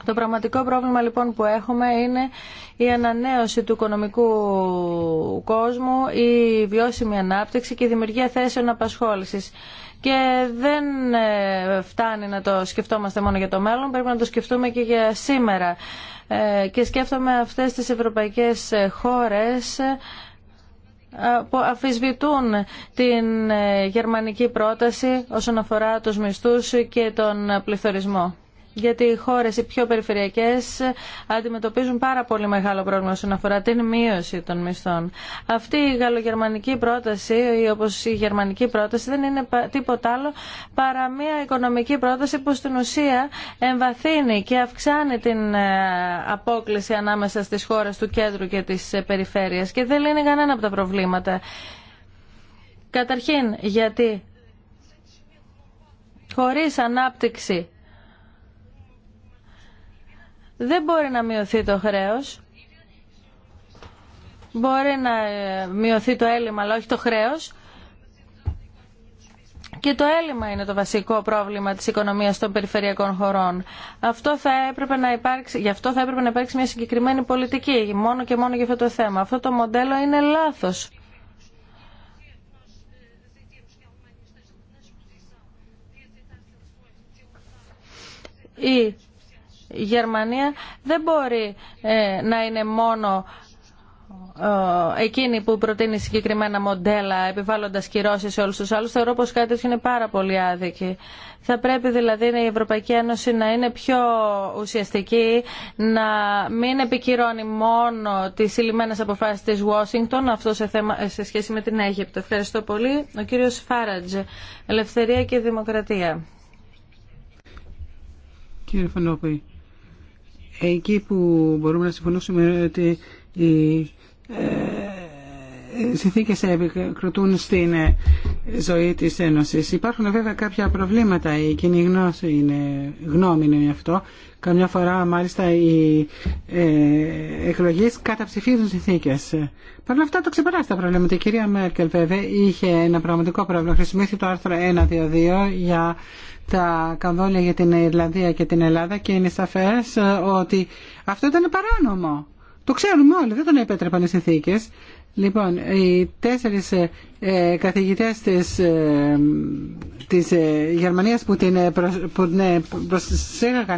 Το πραγματικό πρόβλημα λοιπόν που έχουμε είναι η ανανέωση του οικονομικού κόσμου, η βιώσιμη ανάπτυξη και η δημιουργία θέσεων απασχόλησης. Και δεν ε, φτάνει να το σκεφτόμαστε μόνο για το μέλλον, πρέπει να το σκεφτούμε και για σήμερα. Ε, και σκέφτομαι αυτές τις ευρωπαϊκές ε, χώρες που αφισβητούν την γερμανική πρόταση όσον αφορά τους μισθούς και τον πληθωρισμό γιατί οι χώρες οι πιο περιφερειακές αντιμετωπίζουν πάρα πολύ μεγάλο πρόβλημα όσον αφορά την μείωση των μισθών. Αυτή η γαλλογερμανική πρόταση ή όπως η γερμανική πρόταση δεν είναι τίποτα άλλο παρά μια οικονομική πρόταση που στην ουσία εμβαθύνει και αυξάνει την ε, απόκληση ανάμεσα στις χώρες του κέντρου και της ε, περιφέρειας και δεν λύνει κανένα από τα προβλήματα. Καταρχήν γιατί χωρίς ανάπτυξη δεν μπορεί να μειωθεί το χρέος. Μπορεί να ε, μειωθεί το έλλειμμα, αλλά όχι το χρέος. Και το έλλειμμα είναι το βασικό πρόβλημα της οικονομίας των περιφερειακών χωρών. Αυτό θα έπρεπε να υπάρξει, γι' αυτό θα έπρεπε να υπάρξει μια συγκεκριμένη πολιτική, μόνο και μόνο για αυτό το θέμα. Αυτό το μοντέλο είναι λάθος η Γερμανία δεν μπορεί ε, να είναι μόνο ε, εκείνη που προτείνει συγκεκριμένα μοντέλα επιβάλλοντας κυρώσεις σε όλους τους άλλους θεωρώ πως κάτι είναι πάρα πολύ άδικη θα πρέπει δηλαδή η Ευρωπαϊκή Ένωση να είναι πιο ουσιαστική να μην επικυρώνει μόνο τις συλλημμένες αποφάσεις της Washington αυτό σε, θέμα, σε σχέση με την Αίγυπτο ευχαριστώ πολύ ο κύριος Φάρατζ, Ελευθερία και Δημοκρατία Κύριε Φανόπη εκεί που μπορούμε να συμφωνήσουμε ότι οι ε, συνθήκες επικροτούν στην ε, ζωή της Ένωσης. Υπάρχουν βέβαια κάποια προβλήματα, η κοινή γνώση είναι, γνώμη είναι αυτό. Καμιά φορά μάλιστα οι ε, εκλογές καταψηφίζουν συνθήκες. Παρ' όλα αυτά το ξεπεράσει τα προβλήματα. Η κυρία Μέρκελ βέβαια είχε ένα πραγματικό πρόβλημα. Χρησιμοποιήθηκε το άρθρο 122 για τα καμβόλια για την Ιρλανδία και την Ελλάδα και είναι σαφές ε, ότι αυτό ήταν παράνομο. Το ξέρουμε όλοι, δεν τον επέτρεπαν οι συνθήκε. Λοιπόν, οι τέσσερις ε, ε, καθηγητές της, Γερμανίας που την προ, ναι,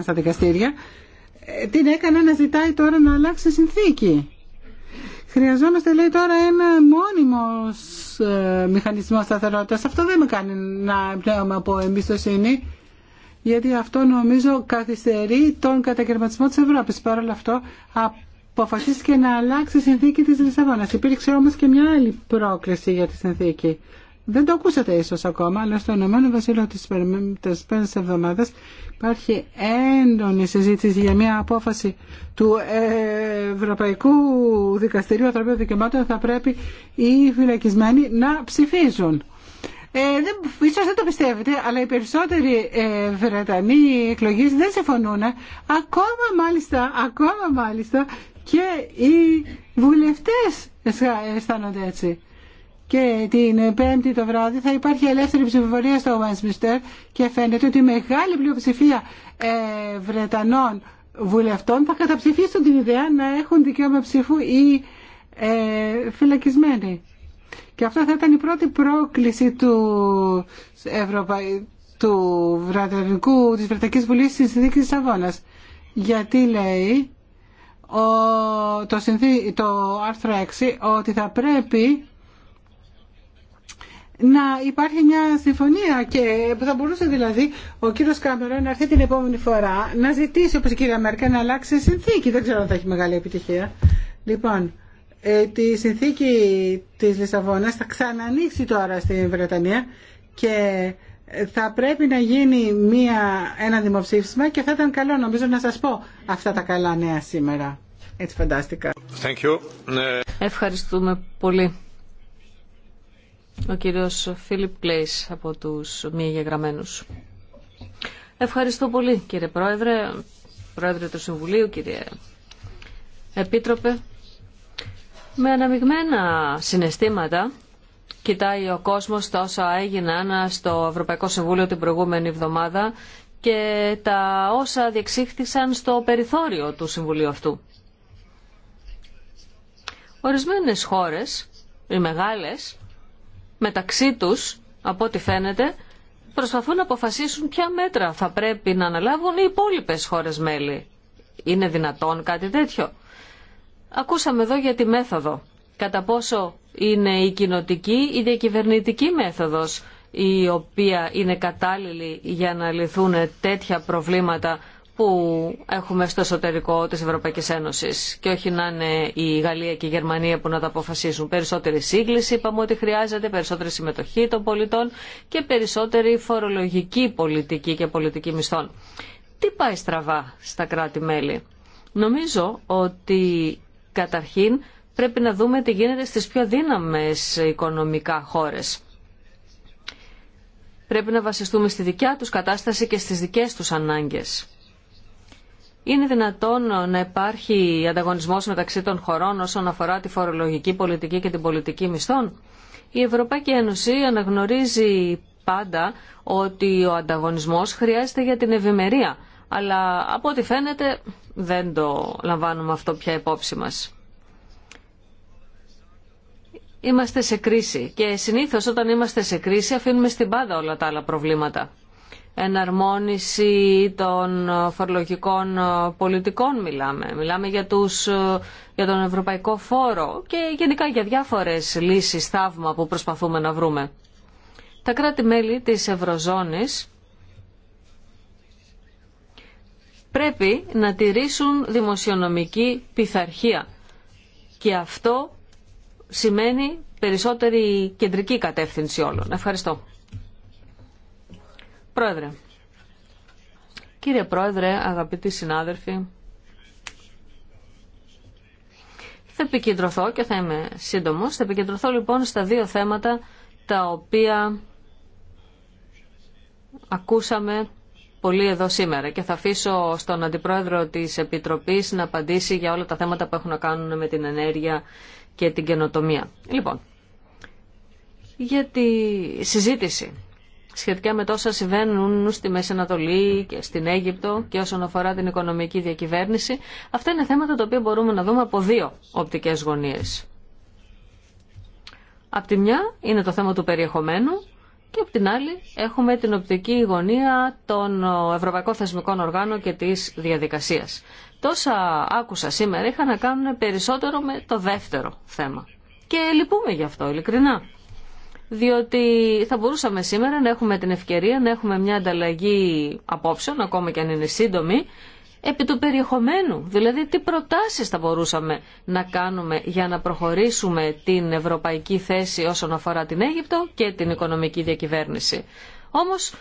στα δικαστήρια την έκαναν να ζητάει τώρα να αλλάξει συνθήκη. Χρειαζόμαστε, λέει, τώρα ένα μόνιμο ε, μηχανισμό σταθερότητα. Αυτό δεν με κάνει να εμπνέομαι από εμπιστοσύνη, γιατί αυτό νομίζω καθυστερεί τον κατακαιρματισμό τη Ευρώπη. Παρ' όλα αυτό, αποφασίστηκε να αλλάξει η συνθήκη τη Λισαβόνα. Υπήρξε όμω και μια άλλη πρόκληση για τη συνθήκη. Δεν το ακούσατε ίσω ακόμα, αλλά στο Ηνωμένο Βασίλειο τις πέντε εβδομάδες υπάρχει έντονη συζήτηση για μια απόφαση του ε, Ευρωπαϊκού Δικαστηρίου Ανθρωπίνων Δικαιωμάτων θα πρέπει οι φυλακισμένοι να ψηφίζουν. Ε, δεν, ίσως δεν το πιστεύετε, αλλά οι περισσότεροι ε, Βρετανοί εκλογεί δεν συμφωνούν. Ακόμα μάλιστα, ακόμα μάλιστα και οι βουλευτές αισθάνονται έτσι και την Πέμπτη το βράδυ θα υπάρχει ελεύθερη ψηφοφορία στο Westminster και φαίνεται ότι η μεγάλη πλειοψηφία ε, Βρετανών βουλευτών θα καταψηφίσουν την ιδέα να έχουν δικαίωμα ψήφου οι ε, φυλακισμένοι. Και αυτό θα ήταν η πρώτη πρόκληση του, Ευρωπα... του Βρετανικού, της Βρετανικής Βουλής στη Συνθήκη της Αβώνας. Γιατί λέει ο, το, συνθή, το άρθρο 6 ότι θα πρέπει να υπάρχει μια συμφωνία και που θα μπορούσε δηλαδή ο κύριος Κάμερο να έρθει την επόμενη φορά να ζητήσει όπως η κυρία Μέρκελ να αλλάξει συνθήκη. Δεν ξέρω αν θα έχει μεγάλη επιτυχία. Λοιπόν, ε, τη συνθήκη της Λισαβόνας θα ξανανοίξει τώρα στην Βρετανία και θα πρέπει να γίνει μια, ένα δημοψήφισμα και θα ήταν καλό νομίζω να σας πω αυτά τα καλά νέα σήμερα. Έτσι φαντάστηκα. Ε, Ευχαριστούμε πολύ. Ο κύριος Φίλιπ από τους μη εγγεγραμμένους. Ευχαριστώ πολύ κύριε Πρόεδρε, Πρόεδρε του Συμβουλίου, κύριε Επίτροπε. Με αναμειγμένα συναισθήματα κοιτάει ο κόσμος τα όσα έγιναν στο Ευρωπαϊκό Συμβούλιο την προηγούμενη εβδομάδα και τα όσα διεξήχθησαν στο περιθώριο του Συμβουλίου αυτού. Ορισμένες χώρες, οι μεγάλες, μεταξύ τους, από ό,τι φαίνεται, προσπαθούν να αποφασίσουν ποια μέτρα θα πρέπει να αναλάβουν οι υπόλοιπε χώρες μέλη. Είναι δυνατόν κάτι τέτοιο. Ακούσαμε εδώ για τη μέθοδο. Κατά πόσο είναι η κοινοτική, η διακυβερνητική μέθοδος η οποία είναι κατάλληλη για να λυθούν τέτοια προβλήματα που έχουμε στο εσωτερικό τη Ευρωπαϊκή Ένωση και όχι να είναι η Γαλλία και η Γερμανία που να τα αποφασίσουν. Περισσότερη σύγκληση είπαμε ότι χρειάζεται, περισσότερη συμμετοχή των πολιτών και περισσότερη φορολογική πολιτική και πολιτική μισθών. Τι πάει στραβά στα κράτη-μέλη. Νομίζω ότι καταρχήν πρέπει να δούμε τι γίνεται στις πιο δύναμε οικονομικά χώρες. Πρέπει να βασιστούμε στη δικιά τους κατάσταση και στις δικές τους ανάγκες. Είναι δυνατόν να υπάρχει ανταγωνισμός μεταξύ των χωρών όσον αφορά τη φορολογική πολιτική και την πολιτική μισθών. Η Ευρωπαϊκή Ένωση αναγνωρίζει πάντα ότι ο ανταγωνισμός χρειάζεται για την ευημερία, αλλά από ό,τι φαίνεται δεν το λαμβάνουμε αυτό πια υπόψη μας. Είμαστε σε κρίση και συνήθως όταν είμαστε σε κρίση αφήνουμε στην πάντα όλα τα άλλα προβλήματα εναρμόνιση των φορολογικών ε, πολιτικών μιλάμε. Μιλάμε για, τους, ε, για τον ευρωπαϊκό φόρο και γενικά για διάφορες λύσεις θαύμα που προσπαθούμε να βρούμε. Τα κράτη-μέλη της Ευρωζώνης πρέπει να τηρήσουν δημοσιονομική πειθαρχία και αυτό σημαίνει περισσότερη κεντρική κατεύθυνση όλων. Ευχαριστώ. Πρόεδρε. Κύριε Πρόεδρε, αγαπητοί συνάδελφοι, θα επικεντρωθώ και θα είμαι σύντομος. Θα επικεντρωθώ λοιπόν στα δύο θέματα τα οποία ακούσαμε πολύ εδώ σήμερα και θα αφήσω στον Αντιπρόεδρο της Επιτροπής να απαντήσει για όλα τα θέματα που έχουν να κάνουν με την ενέργεια και την καινοτομία. Λοιπόν, για τη συζήτηση σχετικά με τόσα συμβαίνουν στη Μέση Ανατολή και στην Αίγυπτο και όσον αφορά την οικονομική διακυβέρνηση. Αυτά είναι θέματα τα οποία μπορούμε να δούμε από δύο οπτικές γωνίες. Απ' τη μια είναι το θέμα του περιεχομένου και απ' την άλλη έχουμε την οπτική γωνία των Ευρωπαϊκών Θεσμικών Οργάνων και της διαδικασίας. Τόσα άκουσα σήμερα είχαν να κάνουν περισσότερο με το δεύτερο θέμα. Και λυπούμε γι' αυτό, ειλικρινά διότι θα μπορούσαμε σήμερα να έχουμε την ευκαιρία να έχουμε μια ανταλλαγή απόψεων, ακόμα και αν είναι σύντομη, επί του περιεχομένου. Δηλαδή τι προτάσεις θα μπορούσαμε να κάνουμε για να προχωρήσουμε την ευρωπαϊκή θέση όσον αφορά την Αίγυπτο και την οικονομική διακυβέρνηση. Όμως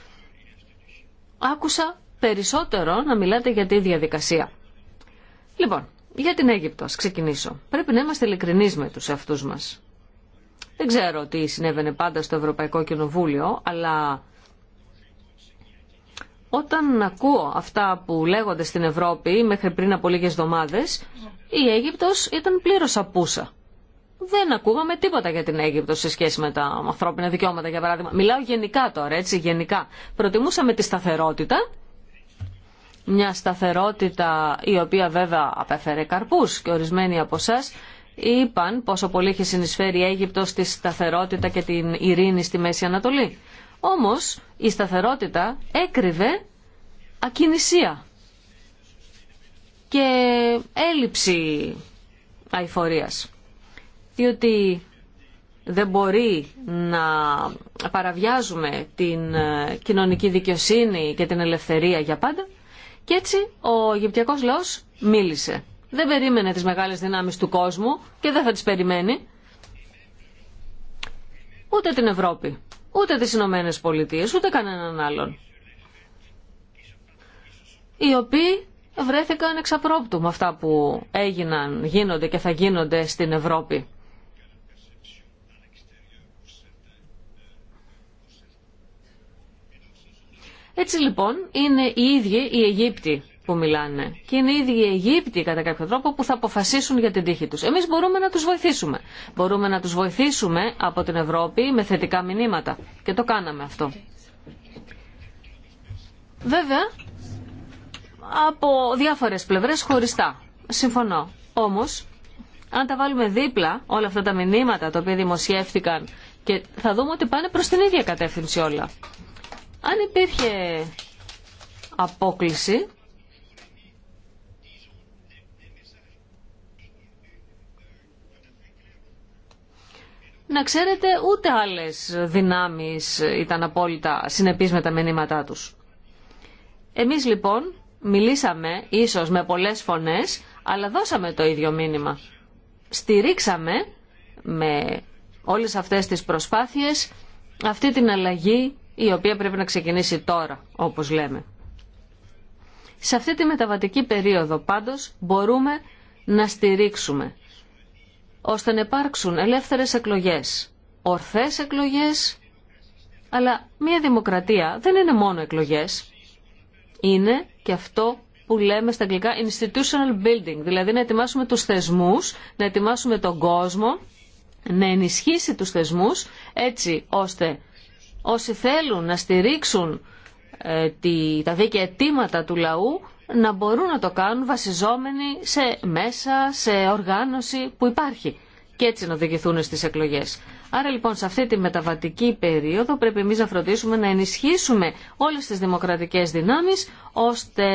άκουσα περισσότερο να μιλάτε για τη διαδικασία. Λοιπόν, για την Αίγυπτο ας ξεκινήσω. Πρέπει να είμαστε ειλικρινείς με τους εαυτούς μας. Δεν ξέρω τι συνέβαινε πάντα στο Ευρωπαϊκό Κοινοβούλιο, αλλά όταν ακούω αυτά που λέγονται στην Ευρώπη μέχρι πριν από λίγες εβδομάδες, η Αίγυπτος ήταν πλήρως απούσα. Δεν ακούγαμε τίποτα για την Αίγυπτο σε σχέση με τα ανθρώπινα δικαιώματα, για παράδειγμα. Μιλάω γενικά τώρα, έτσι, γενικά. Προτιμούσαμε τη σταθερότητα, μια σταθερότητα η οποία βέβαια απέφερε καρπούς και ορισμένοι από εσά είπαν πόσο πολύ έχει συνεισφέρει η Αίγυπτος στη σταθερότητα και την ειρήνη στη Μέση Ανατολή. Όμως η σταθερότητα έκρυβε ακινησία και έλλειψη αηφορίας. Διότι δεν μπορεί να παραβιάζουμε την ε, κοινωνική δικαιοσύνη και την ελευθερία για πάντα. Και έτσι ο Αιγυπτιακός λαός μίλησε δεν περίμενε τις μεγάλες δυνάμεις του κόσμου και δεν θα τις περιμένει. Ούτε την Ευρώπη, ούτε τις Ηνωμένε Πολιτείε, ούτε κανέναν άλλον. Οι οποίοι βρέθηκαν εξαπρόπτου με αυτά που έγιναν, γίνονται και θα γίνονται στην Ευρώπη. Έτσι λοιπόν είναι οι ίδιοι οι Αιγύπτιοι που μιλάνε. Και είναι οι ίδιοι οι Αιγύπτιοι κατά κάποιο τρόπο που θα αποφασίσουν για την τύχη τους. Εμείς μπορούμε να τους βοηθήσουμε. Μπορούμε να τους βοηθήσουμε από την Ευρώπη με θετικά μηνύματα. Και το κάναμε αυτό. Βέβαια, από διάφορες πλευρές χωριστά. Συμφωνώ. Όμως, αν τα βάλουμε δίπλα όλα αυτά τα μηνύματα τα οποία δημοσιεύτηκαν και θα δούμε ότι πάνε προς την ίδια κατεύθυνση όλα. Αν υπήρχε απόκληση, να ξέρετε ούτε άλλες δυνάμεις ήταν απόλυτα συνεπείς με τα μηνύματά τους. Εμείς λοιπόν μιλήσαμε ίσως με πολλές φωνές, αλλά δώσαμε το ίδιο μήνυμα. Στηρίξαμε με όλες αυτές τις προσπάθειες αυτή την αλλαγή η οποία πρέπει να ξεκινήσει τώρα, όπως λέμε. Σε αυτή τη μεταβατική περίοδο πάντως μπορούμε να στηρίξουμε ώστε να υπάρξουν ελεύθερες εκλογές, ορθές εκλογές, αλλά μια δημοκρατία δεν είναι μόνο εκλογές. Είναι και αυτό που λέμε στα αγγλικά institutional building, δηλαδή να ετοιμάσουμε τους θεσμούς, να ετοιμάσουμε τον κόσμο, να ενισχύσει τους θεσμούς έτσι ώστε όσοι θέλουν να στηρίξουν ε, τα δίκαια αιτήματα του λαού να μπορούν να το κάνουν βασιζόμενοι σε μέσα, σε οργάνωση που υπάρχει και έτσι να οδηγηθούν στις εκλογές. Άρα λοιπόν σε αυτή τη μεταβατική περίοδο πρέπει εμείς να φροντίσουμε να ενισχύσουμε όλες τις δημοκρατικές δυνάμεις ώστε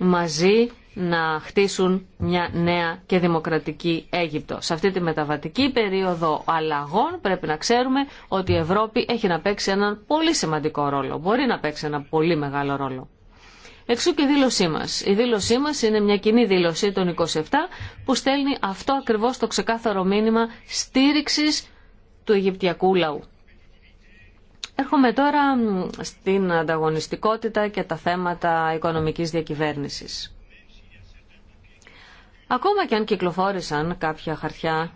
μαζί να χτίσουν μια νέα και δημοκρατική Αίγυπτο. Σε αυτή τη μεταβατική περίοδο αλλαγών πρέπει να ξέρουμε ότι η Ευρώπη έχει να παίξει έναν πολύ σημαντικό ρόλο. Μπορεί να παίξει ένα πολύ μεγάλο ρόλο. Εξού και η δήλωσή μα. Η δήλωσή μα είναι μια κοινή δήλωση των 27 που στέλνει αυτό ακριβώ το ξεκάθαρο μήνυμα στήριξη του Αιγυπτιακού λαού. Έρχομαι τώρα στην ανταγωνιστικότητα και τα θέματα οικονομικής διακυβέρνησης. Ακόμα και αν κυκλοφόρησαν κάποια χαρτιά,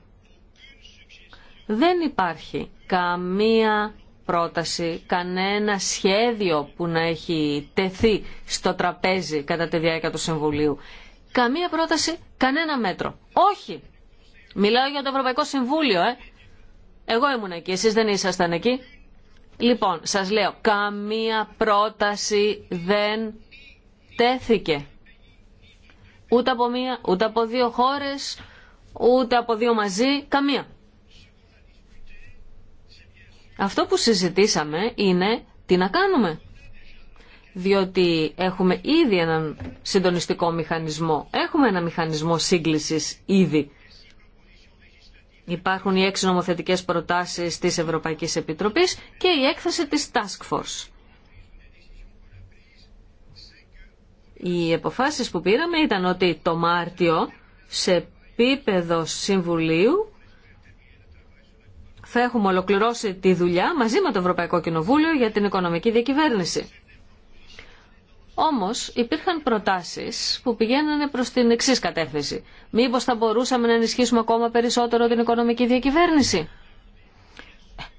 δεν υπάρχει καμία πρόταση, κανένα σχέδιο που να έχει τεθεί στο τραπέζι κατά τη διάρκεια του Συμβουλίου. Καμία πρόταση, κανένα μέτρο. Όχι. Μιλάω για το Ευρωπαϊκό Συμβούλιο, ε. Εγώ ήμουν εκεί, εσείς δεν ήσασταν εκεί. Λοιπόν, σας λέω, καμία πρόταση δεν τέθηκε. Ούτε από μία, ούτε από δύο χώρες, ούτε από δύο μαζί, καμία. Αυτό που συζητήσαμε είναι τι να κάνουμε. Διότι έχουμε ήδη έναν συντονιστικό μηχανισμό. Έχουμε ένα μηχανισμό σύγκλησης ήδη. Υπάρχουν οι έξι νομοθετικές προτάσεις της Ευρωπαϊκής Επιτροπής και η έκθεση της Task Force. Οι αποφάσεις που πήραμε ήταν ότι το Μάρτιο σε επίπεδο Συμβουλίου θα έχουμε ολοκληρώσει τη δουλειά μαζί με το Ευρωπαϊκό Κοινοβούλιο για την οικονομική διακυβέρνηση. Όμως υπήρχαν προτάσεις που πηγαίνανε προς την εξής κατεύθυνση. Μήπως θα μπορούσαμε να ενισχύσουμε ακόμα περισσότερο την οικονομική διακυβέρνηση.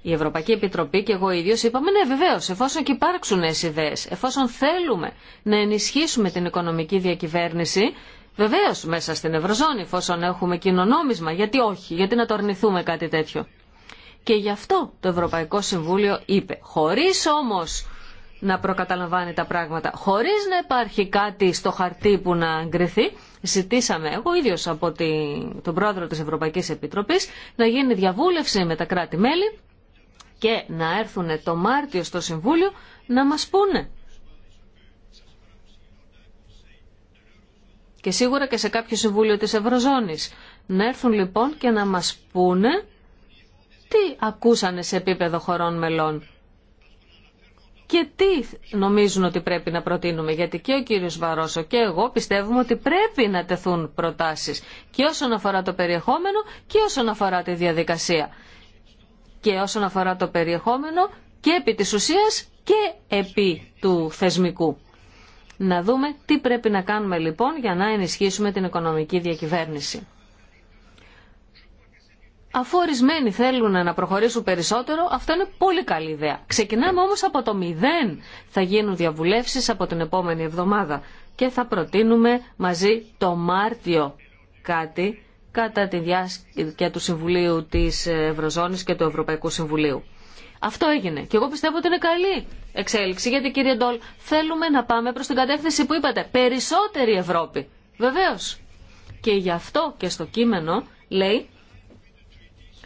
Η Ευρωπαϊκή Επιτροπή και εγώ ίδιος είπαμε ναι βεβαίως εφόσον και υπάρξουν νέες ιδέες, εφόσον θέλουμε να ενισχύσουμε την οικονομική διακυβέρνηση βεβαίως μέσα στην Ευρωζώνη, εφόσον έχουμε κοινωνόμισμα, γιατί όχι, γιατί να το αρνηθούμε κάτι τέτοιο. Και γι' αυτό το Ευρωπαϊκό Συμβούλιο είπε, χωρίς όμως να προκαταλαμβάνει τα πράγματα, χωρίς να υπάρχει κάτι στο χαρτί που να εγκριθεί, ζητήσαμε εγώ ίδιος από τον πρόεδρο της Ευρωπαϊκής Επιτροπής να γίνει διαβούλευση με τα κράτη-μέλη και να έρθουν το Μάρτιο στο Συμβούλιο να μας πούνε. Και σίγουρα και σε κάποιο Συμβούλιο της Ευρωζώνης. Να έρθουν λοιπόν και να μας πούνε τι ακούσανε σε επίπεδο χωρών μελών και τι νομίζουν ότι πρέπει να προτείνουμε. Γιατί και ο κύριος Βαρόσο και εγώ πιστεύουμε ότι πρέπει να τεθούν προτάσεις και όσον αφορά το περιεχόμενο και όσον αφορά τη διαδικασία. Και όσον αφορά το περιεχόμενο και επί της ουσίας και επί του θεσμικού. Να δούμε τι πρέπει να κάνουμε λοιπόν για να ενισχύσουμε την οικονομική διακυβέρνηση. Αφού ορισμένοι θέλουν να προχωρήσουν περισσότερο, αυτό είναι πολύ καλή ιδέα. Ξεκινάμε όμως από το μηδέν. Θα γίνουν διαβουλεύσεις από την επόμενη εβδομάδα και θα προτείνουμε μαζί το Μάρτιο κάτι κατά τη διάσκεια του Συμβουλίου της Ευρωζώνης και του Ευρωπαϊκού Συμβουλίου. Αυτό έγινε. Και εγώ πιστεύω ότι είναι καλή εξέλιξη, γιατί κύριε Ντόλ, θέλουμε να πάμε προς την κατεύθυνση που είπατε. Περισσότερη Ευρώπη. Βεβαίως. Και γι' αυτό και στο κείμενο λέει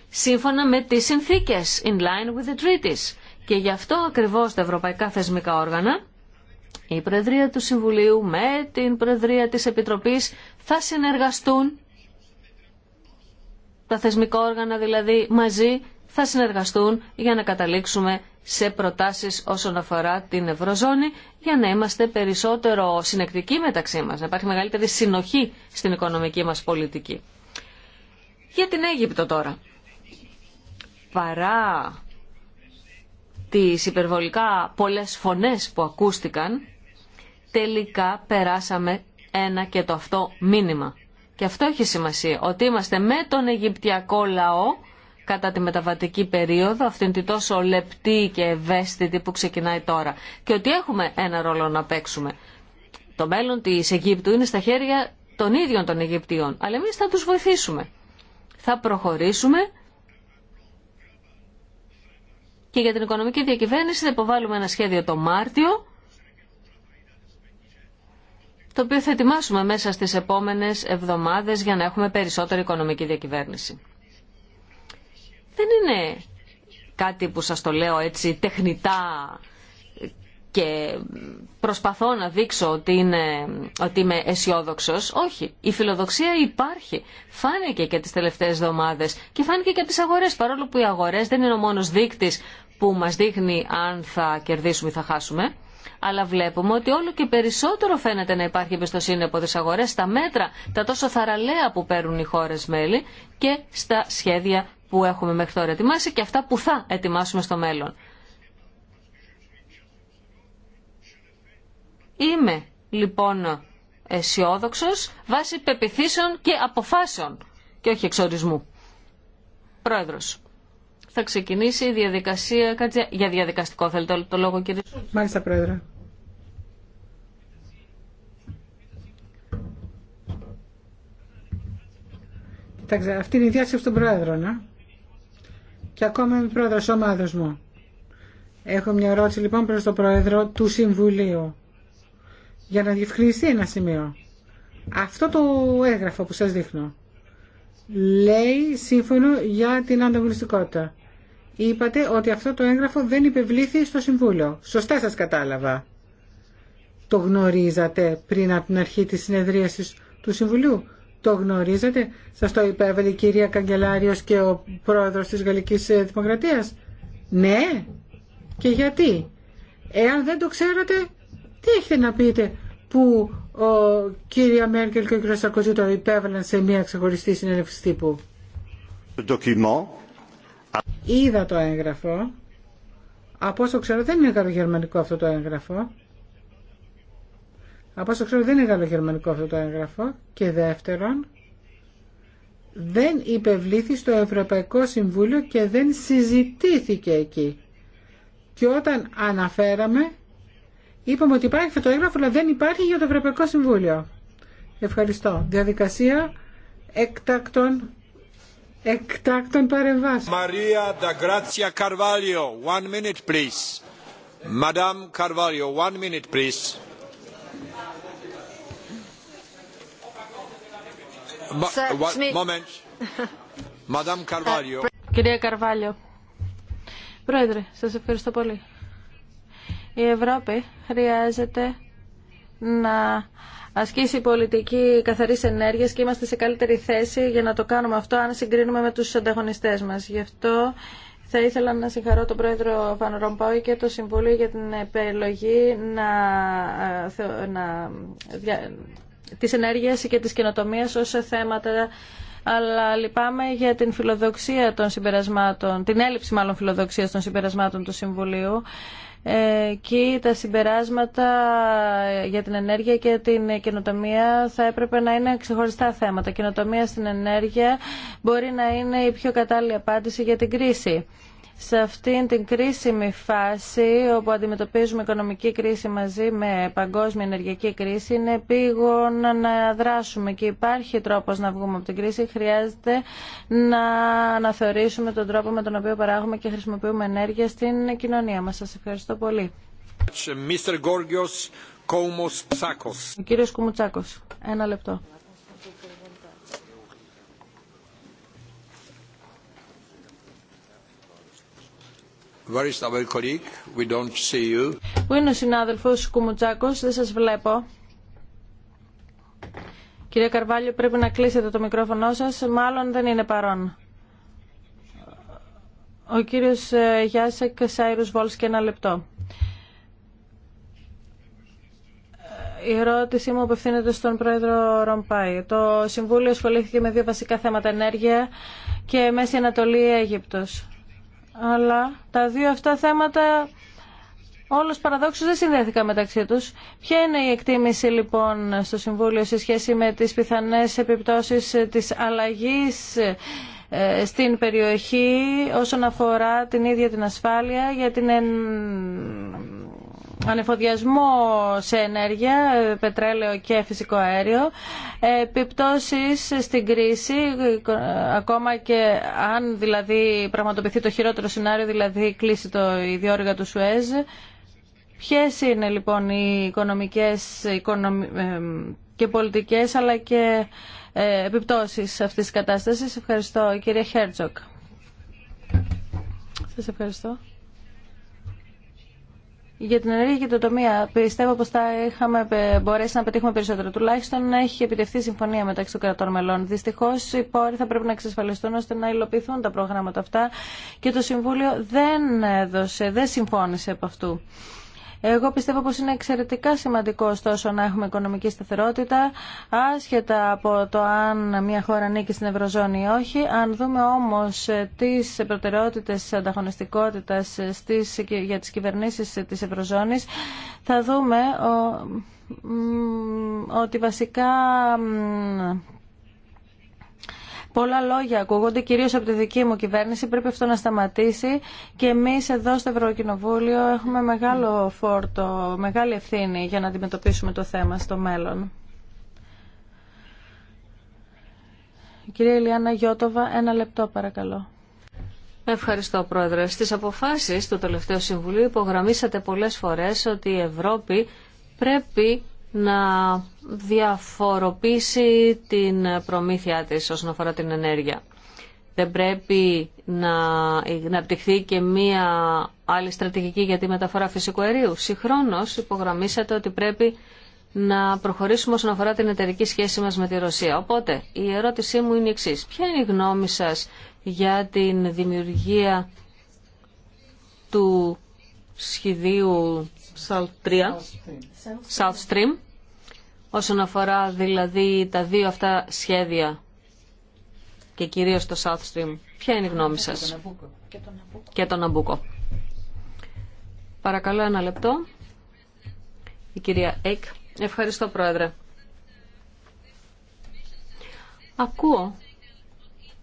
σύμφωνα με τις συνθήκες, in line with the treaties. Και γι' αυτό ακριβώς τα ευρωπαϊκά θεσμικά όργανα, η Προεδρία του Συμβουλίου με την Προεδρία της Επιτροπής θα συνεργαστούν, τα θεσμικά όργανα δηλαδή μαζί θα συνεργαστούν για να καταλήξουμε σε προτάσεις όσον αφορά την Ευρωζώνη για να είμαστε περισσότερο συνεκτικοί μεταξύ μας, να υπάρχει μεγαλύτερη συνοχή στην οικονομική μας πολιτική. Για την Αίγυπτο τώρα παρά τις υπερβολικά πολλές φωνές που ακούστηκαν, τελικά περάσαμε ένα και το αυτό μήνυμα. Και αυτό έχει σημασία, ότι είμαστε με τον Αιγυπτιακό λαό κατά τη μεταβατική περίοδο, αυτήν τη τόσο λεπτή και ευαίσθητη που ξεκινάει τώρα. Και ότι έχουμε ένα ρόλο να παίξουμε. Το μέλλον της Αιγύπτου είναι στα χέρια των ίδιων των Αιγυπτιών, αλλά εμείς θα τους βοηθήσουμε. Θα προχωρήσουμε και για την οικονομική διακυβέρνηση θα υποβάλουμε ένα σχέδιο το Μάρτιο, το οποίο θα ετοιμάσουμε μέσα στις επόμενες εβδομάδες για να έχουμε περισσότερη οικονομική διακυβέρνηση. Δεν είναι κάτι που σας το λέω έτσι τεχνητά και προσπαθώ να δείξω ότι, είναι, ότι είμαι αισιόδοξο. Όχι, η φιλοδοξία υπάρχει. Φάνηκε και τι τελευταίε εβδομάδε και φάνηκε και από τις αγορές, παρόλο που οι αγορέ δεν είναι ο μόνο δείκτη που μα δείχνει αν θα κερδίσουμε ή θα χάσουμε. Αλλά βλέπουμε ότι όλο και περισσότερο φαίνεται να υπάρχει εμπιστοσύνη από τι αγορέ, στα μέτρα, τα τόσο θαραλέα που παίρνουν οι χώρε μέλη και στα σχέδια που έχουμε μέχρι τώρα ετοιμάσει και αυτά που θα ετοιμάσουμε στο μέλλον. Είμαι λοιπόν αισιόδοξο βάσει πεπιθήσεων και αποφάσεων και όχι εξορισμού. Πρόεδρος, θα ξεκινήσει η διαδικασία... Για διαδικαστικό θέλετε το λόγο κύριε Μάλιστα πρόεδρε. Κοιτάξτε, αυτή είναι η διάσκεψη των πρόεδρων. Α? Και ακόμα είμαι πρόεδρος ομάδος μου. Έχω μια ερώτηση λοιπόν προς τον πρόεδρο του Συμβουλίου για να διευκρινιστεί ένα σημείο. Αυτό το έγγραφο που σας δείχνω λέει σύμφωνο για την ανταγωνιστικότητα. Είπατε ότι αυτό το έγγραφο δεν υπευλήθη στο Συμβούλιο. Σωστά σας κατάλαβα. Το γνωρίζατε πριν από την αρχή της συνεδρίασης του Συμβουλίου. Το γνωρίζατε. Σας το υπέβαλε η κυρία Καγκελάριος και ο πρόεδρος της Γαλλικής ε, Δημοκρατίας. Ναι. Και γιατί. Εάν δεν το ξέρατε, τι έχετε να πείτε που ο κύριο Μέρκελ και ο κύριος Σαρκοζή το υπέβαλαν σε μια ξεχωριστή συνέλευση τύπου. Είδα το έγγραφο. Από όσο ξέρω δεν είναι γαλλογερμανικό αυτό το έγγραφο. Από όσο ξέρω δεν είναι γαλλογερμανικό αυτό το έγγραφο. Και δεύτερον, δεν υπευλήθη στο Ευρωπαϊκό Συμβούλιο και δεν συζητήθηκε εκεί. Και όταν αναφέραμε Είπαμε ότι υπάρχει αυτό το έγγραφο, αλλά δεν υπάρχει για το Ευρωπαϊκό Συμβούλιο. Ευχαριστώ. Διαδικασία εκτάκτων, εκτάκτων παρεμβάσεων. Μαρία Νταγκράτσια Καρβάλιο, one minute please. Madame Carvalho, one minute please. Moment. Madame Carvalho. Κυρία Καρβάλιο, Πρόεδρε, σας ευχαριστώ πολύ. Η Ευρώπη χρειάζεται να ασκήσει πολιτική καθαρής ενέργειας και είμαστε σε καλύτερη θέση για να το κάνουμε αυτό αν συγκρίνουμε με τους ανταγωνιστές μας. Γι' αυτό θα ήθελα να συγχαρώ τον πρόεδρο Βαν Ρομπόη και το Συμβούλιο για την επιλογή να, ε, να, της ενέργειας και της καινοτομίας ως θέματα αλλά λυπάμαι για την φιλοδοξία των συμπερασμάτων, την έλλειψη μάλλον φιλοδοξίας των συμπερασμάτων του Συμβουλίου και τα συμπεράσματα για την ενέργεια και την καινοτομία θα έπρεπε να είναι ξεχωριστά θέματα. Καινοτομία στην ενέργεια μπορεί να είναι η πιο κατάλληλη απάντηση για την κρίση σε αυτήν την κρίσιμη φάση όπου αντιμετωπίζουμε οικονομική κρίση μαζί με παγκόσμια ενεργειακή κρίση είναι επίγον να δράσουμε και υπάρχει τρόπος να βγούμε από την κρίση χρειάζεται να αναθεωρήσουμε τον τρόπο με τον οποίο παράγουμε και χρησιμοποιούμε ενέργεια στην κοινωνία μας. Σας ευχαριστώ πολύ. Ο κύριος Κουμουτσάκος. Ένα λεπτό. Πού είναι ο συνάδελφος Κουμουτσάκος, δεν σας βλέπω. Κύριε Καρβάλιο, πρέπει να κλείσετε το μικρόφωνο σας, μάλλον δεν είναι παρόν. Ο κύριος ε, Γιάσεκ Σάιρους Βόλς και ένα λεπτό. Ε, η ερώτησή μου απευθύνεται στον πρόεδρο Ρομπάι. Το Συμβούλιο ασχολήθηκε με δύο βασικά θέματα ενέργεια και Μέση Ανατολή Αίγυπτος αλλά τα δύο αυτά θέματα Όλο παραδόξω δεν συνδέθηκαν μεταξύ του. Ποια είναι η εκτίμηση λοιπόν στο Συμβούλιο σε σχέση με τι πιθανέ επιπτώσει τη αλλαγή ε, στην περιοχή όσον αφορά την ίδια την ασφάλεια για την ανεφοδιασμό σε ενέργεια, πετρέλαιο και φυσικό αέριο, επιπτώσεις στην κρίση, ακόμα και αν δηλαδή πραγματοποιηθεί το χειρότερο σενάριο, δηλαδή κλείσει το ιδιόργα του Σουέζ. Ποιες είναι λοιπόν οι οικονομικές ε, και πολιτικές αλλά και ε, επιπτώσεις αυτής της κατάστασης. Ευχαριστώ κυρία Χέρτζοκ. Σας ευχαριστώ. Για την ενέργεια και το τομέα πιστεύω πως θα είχαμε μπορέσει να πετύχουμε περισσότερο. Τουλάχιστον έχει επιτευχθεί συμφωνία μεταξύ των κρατών μελών. Δυστυχώ, οι πόροι θα πρέπει να εξασφαλιστούν ώστε να υλοποιηθούν τα προγράμματα αυτά και το Συμβούλιο δεν, έδωσε, δεν συμφώνησε από αυτού. Εγώ πιστεύω πως είναι εξαιρετικά σημαντικό ωστόσο να έχουμε οικονομική σταθερότητα, άσχετα από το αν μια χώρα ανήκει στην Ευρωζώνη ή όχι. Αν δούμε όμως ε, τις προτεραιότητες της ανταγωνιστικότητας ε, στις, για τις κυβερνήσεις ε, της Ευρωζώνης, θα δούμε ότι βασικά Πολλά λόγια ακούγονται, κυρίως από τη δική μου κυβέρνηση. Πρέπει αυτό να σταματήσει και εμείς εδώ στο Ευρωκοινοβούλιο έχουμε μεγάλο φόρτο, μεγάλη ευθύνη για να αντιμετωπίσουμε το θέμα στο μέλλον. κυρία Ελιάνα Γιώτοβα, ένα λεπτό παρακαλώ. Ευχαριστώ Πρόεδρε. Στις αποφάσεις του τελευταίου Συμβουλίου υπογραμμίσατε πολλές φορές ότι η Ευρώπη πρέπει να διαφοροποιήσει την προμήθειά της όσον αφορά την ενέργεια. Δεν πρέπει να, να και μία άλλη στρατηγική για τη μεταφορά φυσικού αερίου. Συγχρόνως υπογραμμίσατε ότι πρέπει να προχωρήσουμε όσον αφορά την εταιρική σχέση μας με τη Ρωσία. Οπότε η ερώτησή μου είναι η εξής. Ποια είναι η γνώμη σας για την δημιουργία του σχεδίου South 3, South Stream, όσον αφορά δηλαδή τα δύο αυτά σχέδια και κυρίως το South Stream. Ποια είναι η γνώμη σας και τον Αμπούκο. Παρακαλώ ένα λεπτό. Η κυρία Εκ. Ευχαριστώ Πρόεδρε. Ακούω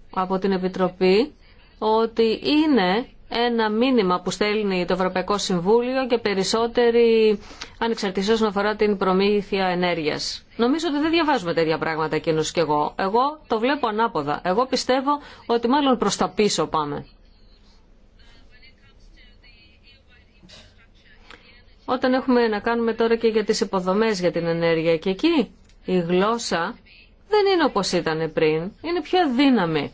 από την Επιτροπή ότι είναι ένα μήνυμα που στέλνει το Ευρωπαϊκό Συμβούλιο και περισσότερη ανεξαρτησία όσον αφορά την προμήθεια ενέργεια. Νομίζω ότι δεν διαβάζουμε τέτοια πράγματα εκείνο και εγώ. Εγώ το βλέπω ανάποδα. Εγώ πιστεύω ότι μάλλον προ τα πίσω πάμε. Όταν έχουμε να κάνουμε τώρα και για τις υποδομές για την ενέργεια και εκεί η γλώσσα δεν είναι όπως ήταν πριν, είναι πιο δύναμη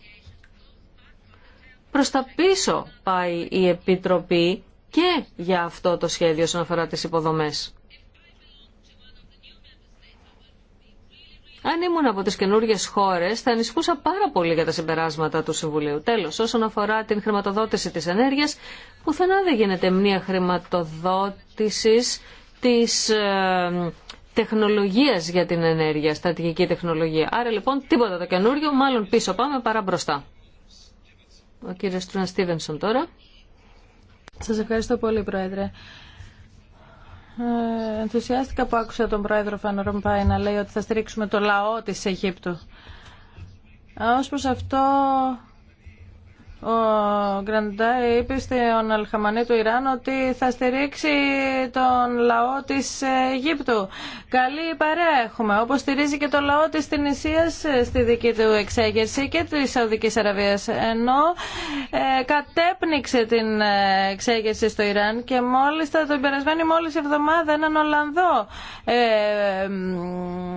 προς τα πίσω πάει η Επιτροπή και για αυτό το σχέδιο όσον αφορά τις υποδομές. Αν ήμουν από τις καινούριε χώρες θα ανισχούσα πάρα πολύ για τα συμπεράσματα του Συμβουλίου. Τέλος, όσον αφορά την χρηματοδότηση της ενέργειας, πουθενά δεν γίνεται μία χρηματοδότηση της ε, τεχνολογίας για την ενέργεια, στρατηγική τεχνολογία. Άρα λοιπόν τίποτα το καινούριο, μάλλον πίσω πάμε παρά μπροστά. Ο κύριος Τρουν Στίβενσον τώρα. Σας ευχαριστώ πολύ, Πρόεδρε. Ε, ενθουσιάστηκα που άκουσα τον Πρόεδρο Φανορομπάη να λέει ότι θα στηρίξουμε το λαό της Αιγύπτου. Ω προς αυτό ο Γκραντά είπε στον Αλχαμανή του Ιράν ότι θα στηρίξει τον λαό της Αιγύπτου. Καλή παρέα έχουμε, όπως στηρίζει και το λαό της Τινησίας στη δική του εξέγερση και της Σαουδικής Αραβίας. Ενώ ε, κατέπνιξε την ε, εξέγερση στο Ιράν και μόλις θα τον περασμένη μόλις εβδομάδα έναν Ολλανδό ε,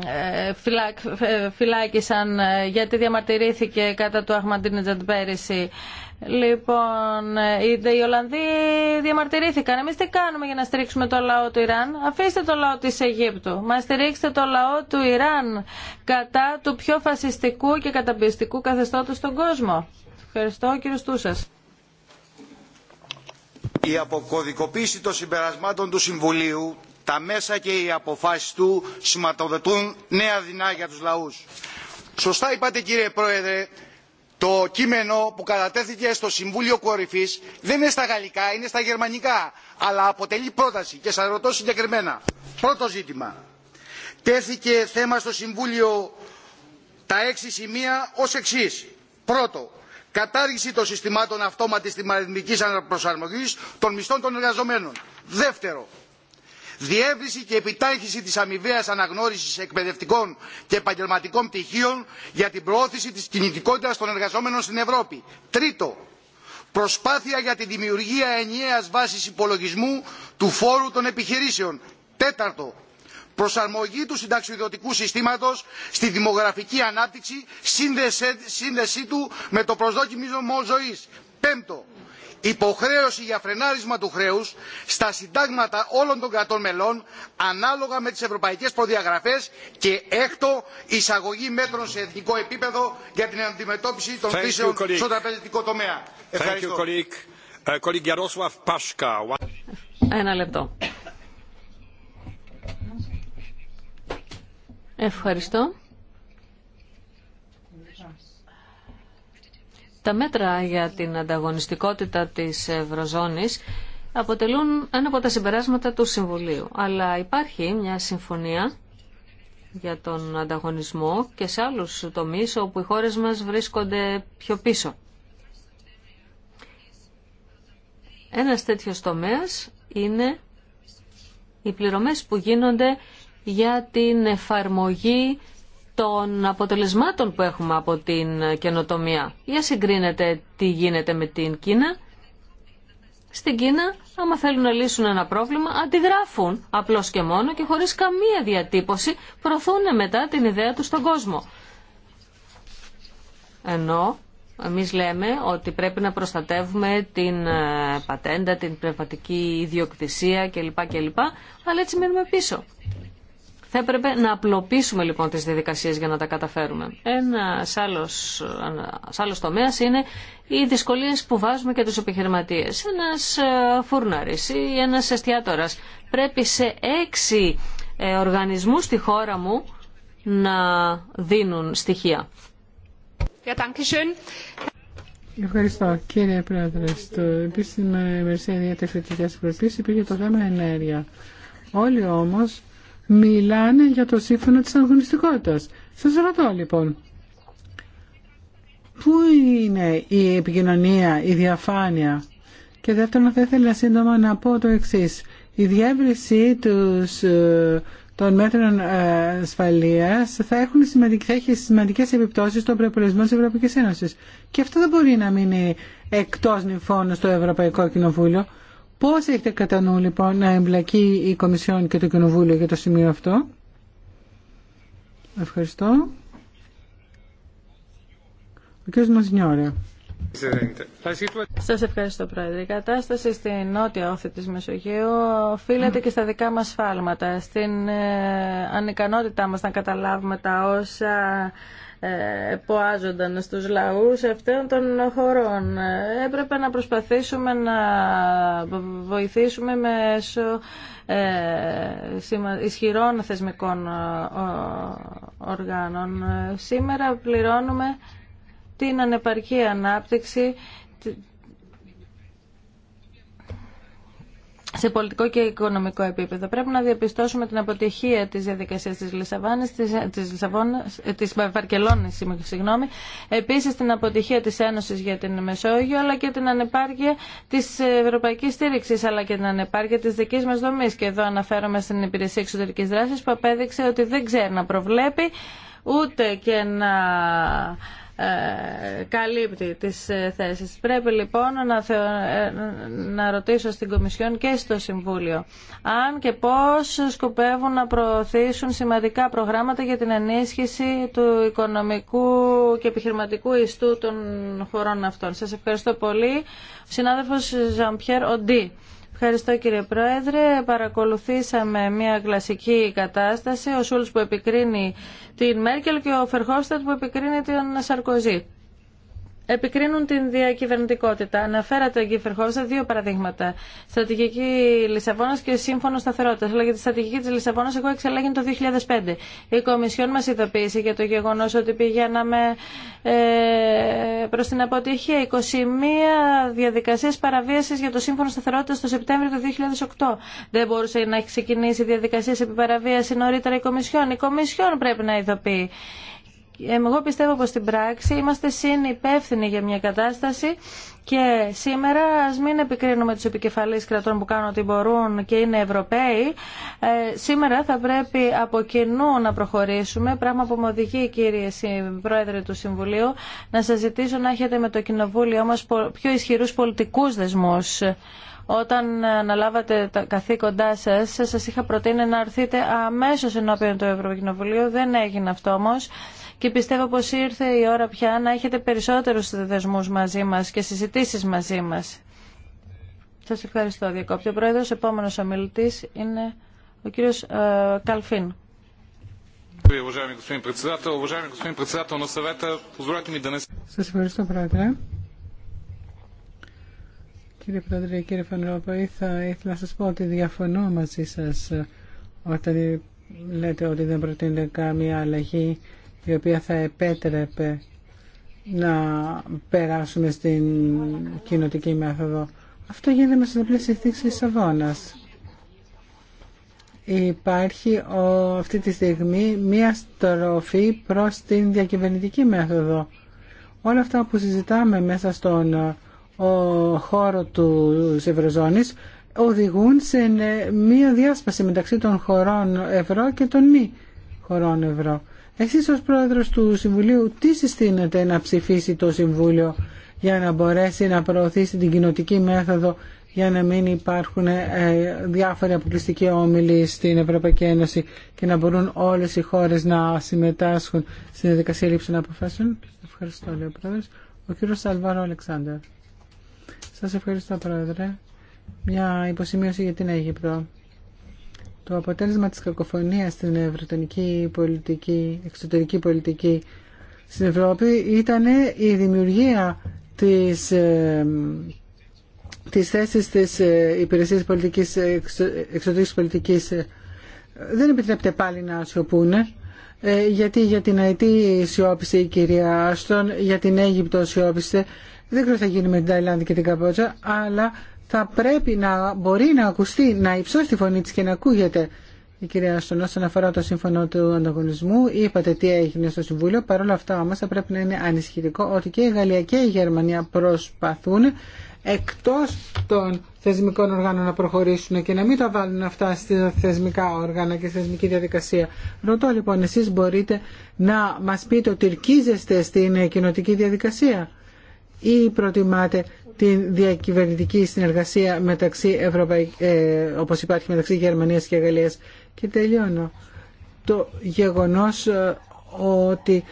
ε, ε φυλάκισαν γιατί διαμαρτυρήθηκε κατά του Αχμαντίνη Λοιπόν, ε, οι Ολλανδοί διαμαρτυρήθηκαν. Εμεί τι κάνουμε για να στηρίξουμε το λαό του Ιράν. Αφήστε το λαό τη Αιγύπτου. Μα στηρίξτε το λαό του Ιράν κατά του πιο φασιστικού και καταπιστικού καθεστώτος στον κόσμο. Ευχαριστώ, κύριο Στούσα. Η αποκωδικοποίηση των συμπερασμάτων του Συμβουλίου, τα μέσα και οι αποφάσει του σηματοδοτούν νέα δεινά για του λαού. Σωστά είπατε, κύριε Πρόεδρε το κείμενο που κατατέθηκε στο Συμβούλιο Κορυφής δεν είναι στα γαλλικά, είναι στα γερμανικά. Αλλά αποτελεί πρόταση και σας ρωτώ συγκεκριμένα. Πρώτο ζήτημα. Τέθηκε θέμα στο Συμβούλιο τα έξι σημεία ως εξής. Πρώτο, κατάργηση των συστημάτων αυτόματης τιμαριθμικής αναπροσαρμογής των μισθών των εργαζομένων. Δεύτερο, διεύρυνση και επιτάχυνση της αμοιβαίας αναγνώρισης εκπαιδευτικών και επαγγελματικών πτυχίων για την προώθηση της κινητικότητας των εργαζόμενων στην Ευρώπη. Τρίτο, προσπάθεια για τη δημιουργία ενιαίας βάσης υπολογισμού του φόρου των επιχειρήσεων. Τέταρτο, προσαρμογή του συνταξιοδοτικού συστήματος στη δημογραφική ανάπτυξη, σύνδεσή του με το προσδόκιμο ζωής. Πέμπτο, υποχρέωση για φρενάρισμα του χρέους στα συντάγματα όλων των κρατών μελών ανάλογα με τις ευρωπαϊκές προδιαγραφές και έκτο εισαγωγή μέτρων σε εθνικό επίπεδο για την αντιμετώπιση των κρίσεων στον τραπεζικό τομέα. Ευχαριστώ. Ε, Ένα λεπτό. Ευχαριστώ. Τα μέτρα για την ανταγωνιστικότητα της Ευρωζώνης αποτελούν ένα από τα συμπεράσματα του Συμβουλίου. Αλλά υπάρχει μια συμφωνία για τον ανταγωνισμό και σε άλλους τομείς όπου οι χώρες μας βρίσκονται πιο πίσω. Ένας τέτοιος τομέας είναι οι πληρωμές που γίνονται για την εφαρμογή των αποτελεσμάτων που έχουμε από την καινοτομία. Για συγκρίνετε τι γίνεται με την Κίνα. Στην Κίνα, άμα θέλουν να λύσουν ένα πρόβλημα, αντιγράφουν απλώς και μόνο και χωρίς καμία διατύπωση προωθούν μετά την ιδέα του στον κόσμο. Ενώ εμείς λέμε ότι πρέπει να προστατεύουμε την ε, πατέντα, την πνευματική ιδιοκτησία κλπ αλλά έτσι μένουμε πίσω. Θα έπρεπε να απλοποιήσουμε λοιπόν τις διαδικασίες για να τα καταφέρουμε. Ένα άλλος, τομέα τομέας είναι οι δυσκολίες που βάζουμε και τους επιχειρηματίες. Ένας ε, φούρναρης ή ένας εστιατόρας πρέπει σε έξι ε, οργανισμούς στη χώρα μου να δίνουν στοιχεία. Ευχαριστώ κύριε Πρόεδρε. Στο επίσημο ημερησία διάταξη υπήρχε το θέμα ενέργεια. Όλοι όμω μιλάνε για το σύμφωνο της αγωνιστικότητας. Σας ρωτώ λοιπόν, πού είναι η επικοινωνία, η διαφάνεια. Και δεύτερον θα ήθελα σύντομα να πω το εξής. Η διεύρυνση ε, των μέτρων ε, ασφαλείας θα, θα έχει σημαντικές επιπτώσεις στον προπολισμό της Ευρωπαϊκής Ένωσης. Και αυτό δεν μπορεί να μείνει εκτός νυφών στο Ευρωπαϊκό Κοινοβούλιο. Πώς έχετε κατά νου λοιπόν να εμπλακεί η Κομισιόν και το Κοινοβούλιο για το σημείο αυτό. Ευχαριστώ. Ο κ. Μαζινιώρε. Σας ευχαριστώ Πρόεδρε. Η κατάσταση στη νότια όθη της Μεσογείου οφείλεται και στα δικά μας φάλματα, στην ε, ανικανότητά μας να καταλάβουμε τα όσα ποάζονταν στους λαούς αυτών των χωρών. Έπρεπε να προσπαθήσουμε να βοηθήσουμε μέσω ε, ισχυρών θεσμικών ε, οργάνων. Σήμερα πληρώνουμε την ανεπαρκή ανάπτυξη σε πολιτικό και οικονομικό επίπεδο. Πρέπει να διαπιστώσουμε την αποτυχία τη διαδικασία τη Λισαβάνης, της, της, ε, Βαρκελόνης, συγγνώμη, επίσης την αποτυχία τη Ένωση για την Μεσόγειο, αλλά και την ανεπάρκεια τη Ευρωπαϊκή στήριξη, αλλά και την ανεπάρκεια τη δική μα δομή, Και εδώ αναφέρομαι στην Υπηρεσία εξωτερική δράση που απέδειξε ότι δεν ξέρει να προβλέπει, ούτε και να ε, καλύπτει τις ε, θέσεις. Πρέπει λοιπόν να, ε, να ρωτήσω στην Κομισιόν και στο Συμβούλιο αν και πώς σκοπεύουν να προωθήσουν σημαντικά προγράμματα για την ενίσχυση του οικονομικού και επιχειρηματικού ιστού των χωρών αυτών. Σας ευχαριστώ πολύ. συνάδελφος Ζαμπιέρ Οντί. Ευχαριστώ κύριε Πρόεδρε. Παρακολουθήσαμε μια κλασική κατάσταση. Ο Σούλς που επικρίνει την Μέρκελ και ο Φερχόφστατ που επικρίνει τον Σαρκοζή επικρίνουν την διακυβερνητικότητα. Αναφέρατε, κύριε Φερχόφιστα, δύο παραδείγματα. Στρατηγική Λισαβόνα και Σύμφωνο Σταθερότητα. Αλλά για τη στρατηγική τη Λισαβόνα, εγώ εξελέγει το 2005. Η Κομισιόν μα ειδοποίησε για το γεγονό ότι πηγαίναμε ε, προ την αποτυχία. 21 διαδικασίε παραβίαση για το Σύμφωνο Σταθερότητα το Σεπτέμβριο του 2008. Δεν μπορούσε να έχει ξεκινήσει διαδικασίε επιπαραβίαση νωρίτερα η Κομισιόν. Η Κομισιόν πρέπει να ειδοποιεί εγώ πιστεύω πως στην πράξη είμαστε συνυπεύθυνοι για μια κατάσταση και σήμερα ας μην επικρίνουμε τους επικεφαλείς κρατών που κάνουν ό,τι μπορούν και είναι Ευρωπαίοι. Ε, σήμερα θα πρέπει από κοινού να προχωρήσουμε, πράγμα που με οδηγεί κύριε Πρόεδρε του Συμβουλίου, να σας ζητήσω να έχετε με το Κοινοβούλιο μας πιο ισχυρούς πολιτικούς δεσμούς. Όταν αναλάβατε τα καθήκοντά σα, σα είχα προτείνει να έρθετε αμέσω ενώπιον του Ευρωκοινοβουλίου. Δεν έγινε αυτό όμω και πιστεύω πως ήρθε η ώρα πια να έχετε περισσότερους δεσμούς μαζί μας και συζητήσεις μαζί μας. Σας ευχαριστώ, Διακόπτη. Ο Πρόεδρος, επόμενος ομιλητής είναι ο κύριος ε, Καλφίν. Ε, σας ευχαριστώ, Πρόεδρε. Κύριε Πρόεδρε, κύριε Φανρόπαη, θα ήθελα να σας πω ότι διαφωνώ μαζί σας ε, όταν λέτε ότι δεν προτείνετε καμία αλλαγή η οποία θα επέτρεπε να περάσουμε στην κοινοτική μέθοδο. Αυτό γίνεται με συνεπλές συνθήκες Λισαβόνας. Υπάρχει ο, αυτή τη στιγμή μία στροφή προς την διακυβερνητική μέθοδο. Όλα αυτά που συζητάμε μέσα στον χώρο του Ευρωζώνης οδηγούν σε μία διάσπαση μεταξύ των χωρών ευρώ και των μη χωρών ευρώ. Εσείς ως πρόεδρος του Συμβουλίου τι συστήνετε να ψηφίσει το Συμβούλιο για να μπορέσει να προωθήσει την κοινοτική μέθοδο για να μην υπάρχουν ε, διάφοροι αποκλειστικοί όμιλοι στην Ευρωπαϊκή Ένωση και να μπορούν όλες οι χώρες να συμμετάσχουν στην διαδικασία λήψη αποφάσεων. Ευχαριστώ, λέει ο Πρόεδρος. Ο κύριος Σαλβάρο Αλεξάνδερ. Σας ευχαριστώ, Πρόεδρε. Μια υποσημείωση για την Αίγυπτο. Το αποτέλεσμα της κακοφωνίας στην ευρωτονική πολιτική, εξωτερική πολιτική στην Ευρώπη ήταν η δημιουργία της, ε, της θέσης της ε, υπηρεσίας πολιτικής, εξωτερικής πολιτικής δεν επιτρέπεται πάλι να σιωπούνε ε, γιατί για την αιτή σιώπησε η κυρία Άστον, για την Αίγυπτο σιώπησε. Δεν ξέρω τι θα γίνει με την Ταϊλάνδη και την Καμπότζα, αλλά θα πρέπει να μπορεί να ακουστεί, να υψώσει τη φωνή της και να ακούγεται. Η κυρία Αστον, όσον αφορά το σύμφωνο του ανταγωνισμού, είπατε τι έγινε στο Συμβούλιο. Παρ' όλα αυτά όμως θα πρέπει να είναι ανησυχητικό ότι και η Γαλλία και η Γερμανία προσπαθούν εκτός των θεσμικών οργάνων να προχωρήσουν και να μην τα βάλουν αυτά στις θεσμικά όργανα και στη θεσμική διαδικασία. Ρωτώ λοιπόν, εσείς μπορείτε να μας πείτε ότι ερκίζεστε στην κοινοτική διαδικασία ή προτιμάτε τη διακυβερνητική συνεργασία μεταξύ Ευρωπαϊ... ε, όπως υπάρχει μεταξύ Γερμανίας και Γαλλίας και τελειώνω το γεγονός ε, ότι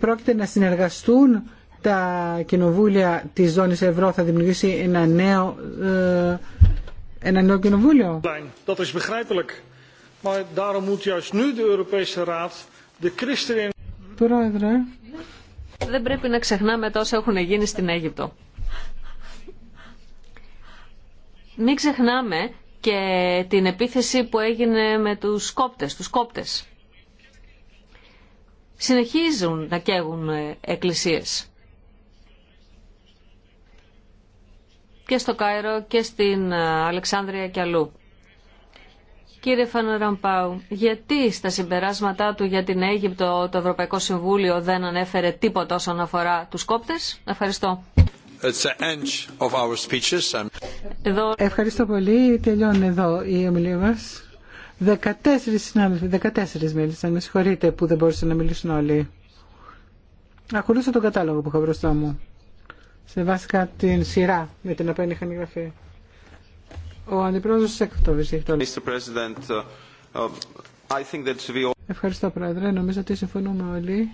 πρόκειται να συνεργαστούν τα κοινοβούλια της ζώνης ευρώ θα δημιουργήσει ένα νέο, ε, ένα νέο κοινοβούλιο. Πρόεδρε. Δεν πρέπει να ξεχνάμε τόσα έχουν γίνει στην Αίγυπτο. Μην ξεχνάμε και την επίθεση που έγινε με τους Κόπτες, τους κόπτες. Συνεχίζουν να καίγουν εκκλησίες. Και στο Κάιρο και στην Αλεξάνδρεια και αλλού. Κύριε Φαναραμπάου, γιατί στα συμπεράσματά του για την Αίγυπτο το Ευρωπαϊκό Συμβούλιο δεν ανέφερε τίποτα όσον αφορά τους κόπτες. Ευχαριστώ. Ευχαριστώ πολύ. Τελειώνει εδώ η ομιλία μα 14 συνάδελφοι, 14 μίλησαν. Με συγχωρείτε που δεν μπορούσαν να μιλήσουν όλοι. Ακολούθησα τον κατάλογο που είχα μπροστά μου. Σε βάση την σειρά με την οποία είχαν γραφεί. Ο αντιπρόεδρο Σέκτοβης έχει uh, uh, Ευχαριστώ, Πρόεδρε. Νομίζω ότι συμφωνούμε όλοι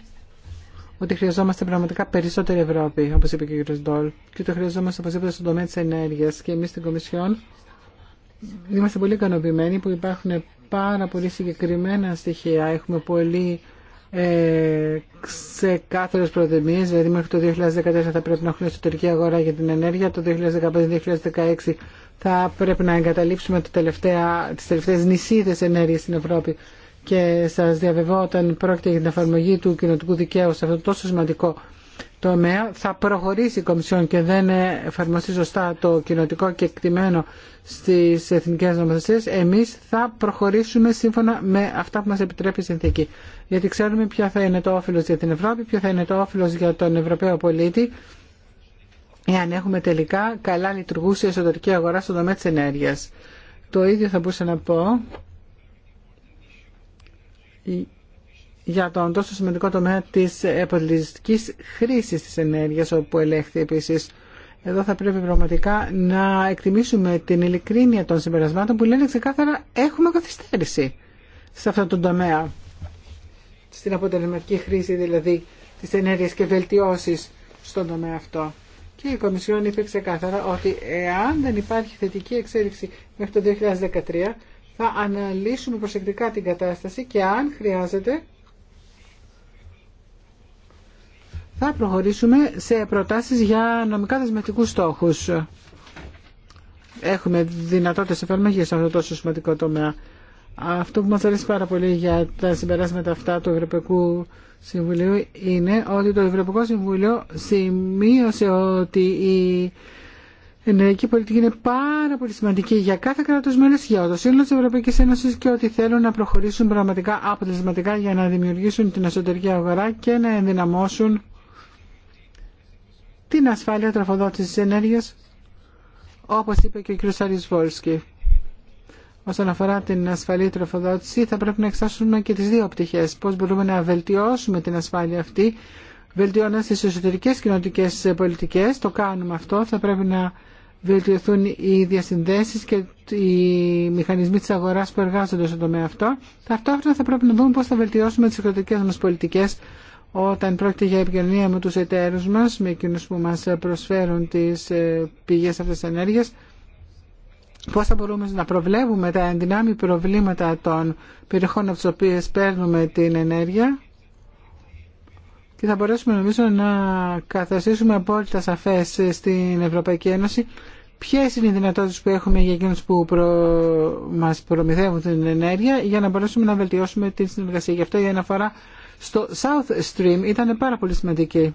ότι χρειαζόμαστε πραγματικά περισσότερη Ευρώπη, όπω είπε και ο κ. Ντόλ, και το χρειαζόμαστε οπωσδήποτε στον τομέα τη ενέργεια. Και εμεί στην Κομισιόν είμαστε πολύ ικανοποιημένοι που υπάρχουν πάρα πολύ συγκεκριμένα στοιχεία. Έχουμε πολύ ε, ξεκάθαρε προθυμίε, δηλαδή μέχρι το 2014 θα πρέπει να έχουμε εσωτερική αγορά για την ενέργεια, το 2015-2016 θα πρέπει να εγκαταλείψουμε τις τελευταίες νησίδες ενέργειας στην Ευρώπη και σας διαβεβαιώ όταν πρόκειται για την εφαρμογή του κοινοτικού δικαίου σε αυτό το τόσο σημαντικό τομέα θα προχωρήσει η Κομισιόν και δεν εφαρμοστεί σωστά το κοινοτικό και εκτιμένο στις εθνικές νομοθεσίες εμείς θα προχωρήσουμε σύμφωνα με αυτά που μας επιτρέπει η συνθήκη γιατί ξέρουμε ποια θα είναι το όφελος για την Ευρώπη ποιο θα είναι το όφελος για τον Ευρωπαίο πολίτη εάν έχουμε τελικά καλά λειτουργούσε η εσωτερική αγορά στον τομέα της ενέργειας. Το ίδιο θα μπορούσα να πω για τον τόσο σημαντικό τομέα της αποτελεσματικής χρήσης της ενέργειας όπου ελέγχθη επίσης. Εδώ θα πρέπει πραγματικά να εκτιμήσουμε την ειλικρίνεια των συμπερασμάτων που λένε ξεκάθαρα έχουμε καθυστέρηση σε αυτό τον τομέα. Στην αποτελεσματική χρήση δηλαδή της ενέργειας και βελτιώσεις στον τομέα αυτό. Και η Κομισιόν είπε ξεκάθαρα ότι εάν δεν υπάρχει θετική εξέλιξη μέχρι το 2013 θα αναλύσουμε προσεκτικά την κατάσταση και αν χρειάζεται θα προχωρήσουμε σε προτάσεις για νομικά δεσμευτικούς στόχους. Έχουμε δυνατότητες εφαρμογής σε αυτό το τόσο σημαντικό τομέα. Αυτό που μας αρέσει πάρα πολύ για τα συμπεράσματα αυτά του Ευρωπαϊκού Συμβουλίου είναι ότι το Ευρωπαϊκό Συμβουλίο σημείωσε ότι η η ενεργειακή πολιτική είναι πάρα πολύ σημαντική για κάθε κράτος μέλος, για το σύνολο τη Ευρωπαϊκή Ένωση και ότι θέλουν να προχωρήσουν πραγματικά αποτελεσματικά για να δημιουργήσουν την εσωτερική αγορά και να ενδυναμώσουν την ασφάλεια τροφοδότηση της ενέργειας, όπως είπε και ο κ. Σαρισβόλσκι. Όσον αφορά την ασφαλή τροφοδότηση, θα πρέπει να εξάσουμε και τι δύο πτυχέ. Πώ μπορούμε να βελτιώσουμε την ασφάλεια αυτή, βελτιώνοντα τι εσωτερικέ κοινωτικέ πολιτικέ. Το κάνουμε αυτό. Θα πρέπει να βελτιωθούν οι διασυνδέσεις και οι μηχανισμοί της αγοράς που εργάζονται στον τομέα αυτό. Ταυτόχρονα θα πρέπει να δούμε πώς θα βελτιώσουμε τις εκδοτικέ μας πολιτικές όταν πρόκειται για επικοινωνία με τους εταίρους μας, με εκείνους που μας προσφέρουν τις ε, πηγές αυτές της ενέργειας, πώς θα μπορούμε να προβλέπουμε τα ενδυνάμει προβλήματα των περιοχών από τι οποίες παίρνουμε την ενέργεια και θα μπορέσουμε νομίζω να καθαρίσουμε απόλυτα σαφές στην Ευρωπαϊκή Ένωση ποιες είναι οι δυνατότητες που έχουμε για εκείνους που προ... μας προμηθεύουν την ενέργεια για να μπορέσουμε να βελτιώσουμε την συνεργασία. Γι' αυτό η αναφορά στο South Stream ήταν πάρα πολύ σημαντική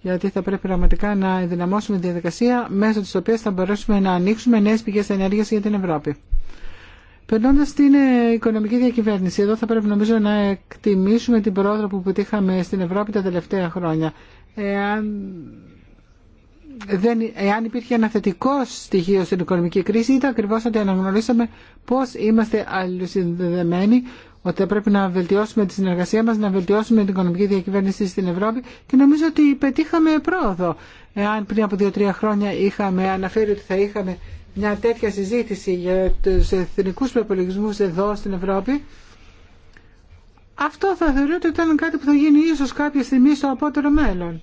γιατί θα πρέπει πραγματικά να ενδυναμώσουμε τη διαδικασία μέσω της οποίας θα μπορέσουμε να ανοίξουμε νέες πηγές ενέργειας για την Ευρώπη. Περνώντα στην ε, οικονομική διακυβέρνηση, εδώ θα πρέπει νομίζω να εκτιμήσουμε την πρόοδο που πετύχαμε στην Ευρώπη τα τελευταία χρόνια. Εάν, δεν, εάν υπήρχε ένα θετικό στοιχείο στην οικονομική κρίση, ήταν ακριβώ ότι αναγνωρίσαμε πώ είμαστε αλληλοσυνδεδεμένοι, ότι θα πρέπει να βελτιώσουμε τη συνεργασία μα, να βελτιώσουμε την οικονομική διακυβέρνηση στην Ευρώπη και νομίζω ότι πετύχαμε πρόοδο. Εάν πριν από δύο-τρία χρόνια είχαμε αναφέρει ότι θα είχαμε μια τέτοια συζήτηση για τους εθνικούς προπολογισμού εδώ στην Ευρώπη, αυτό θα θεωρείτε ότι ήταν κάτι που θα γίνει ίσως κάποια στιγμή στο απότερο μέλλον.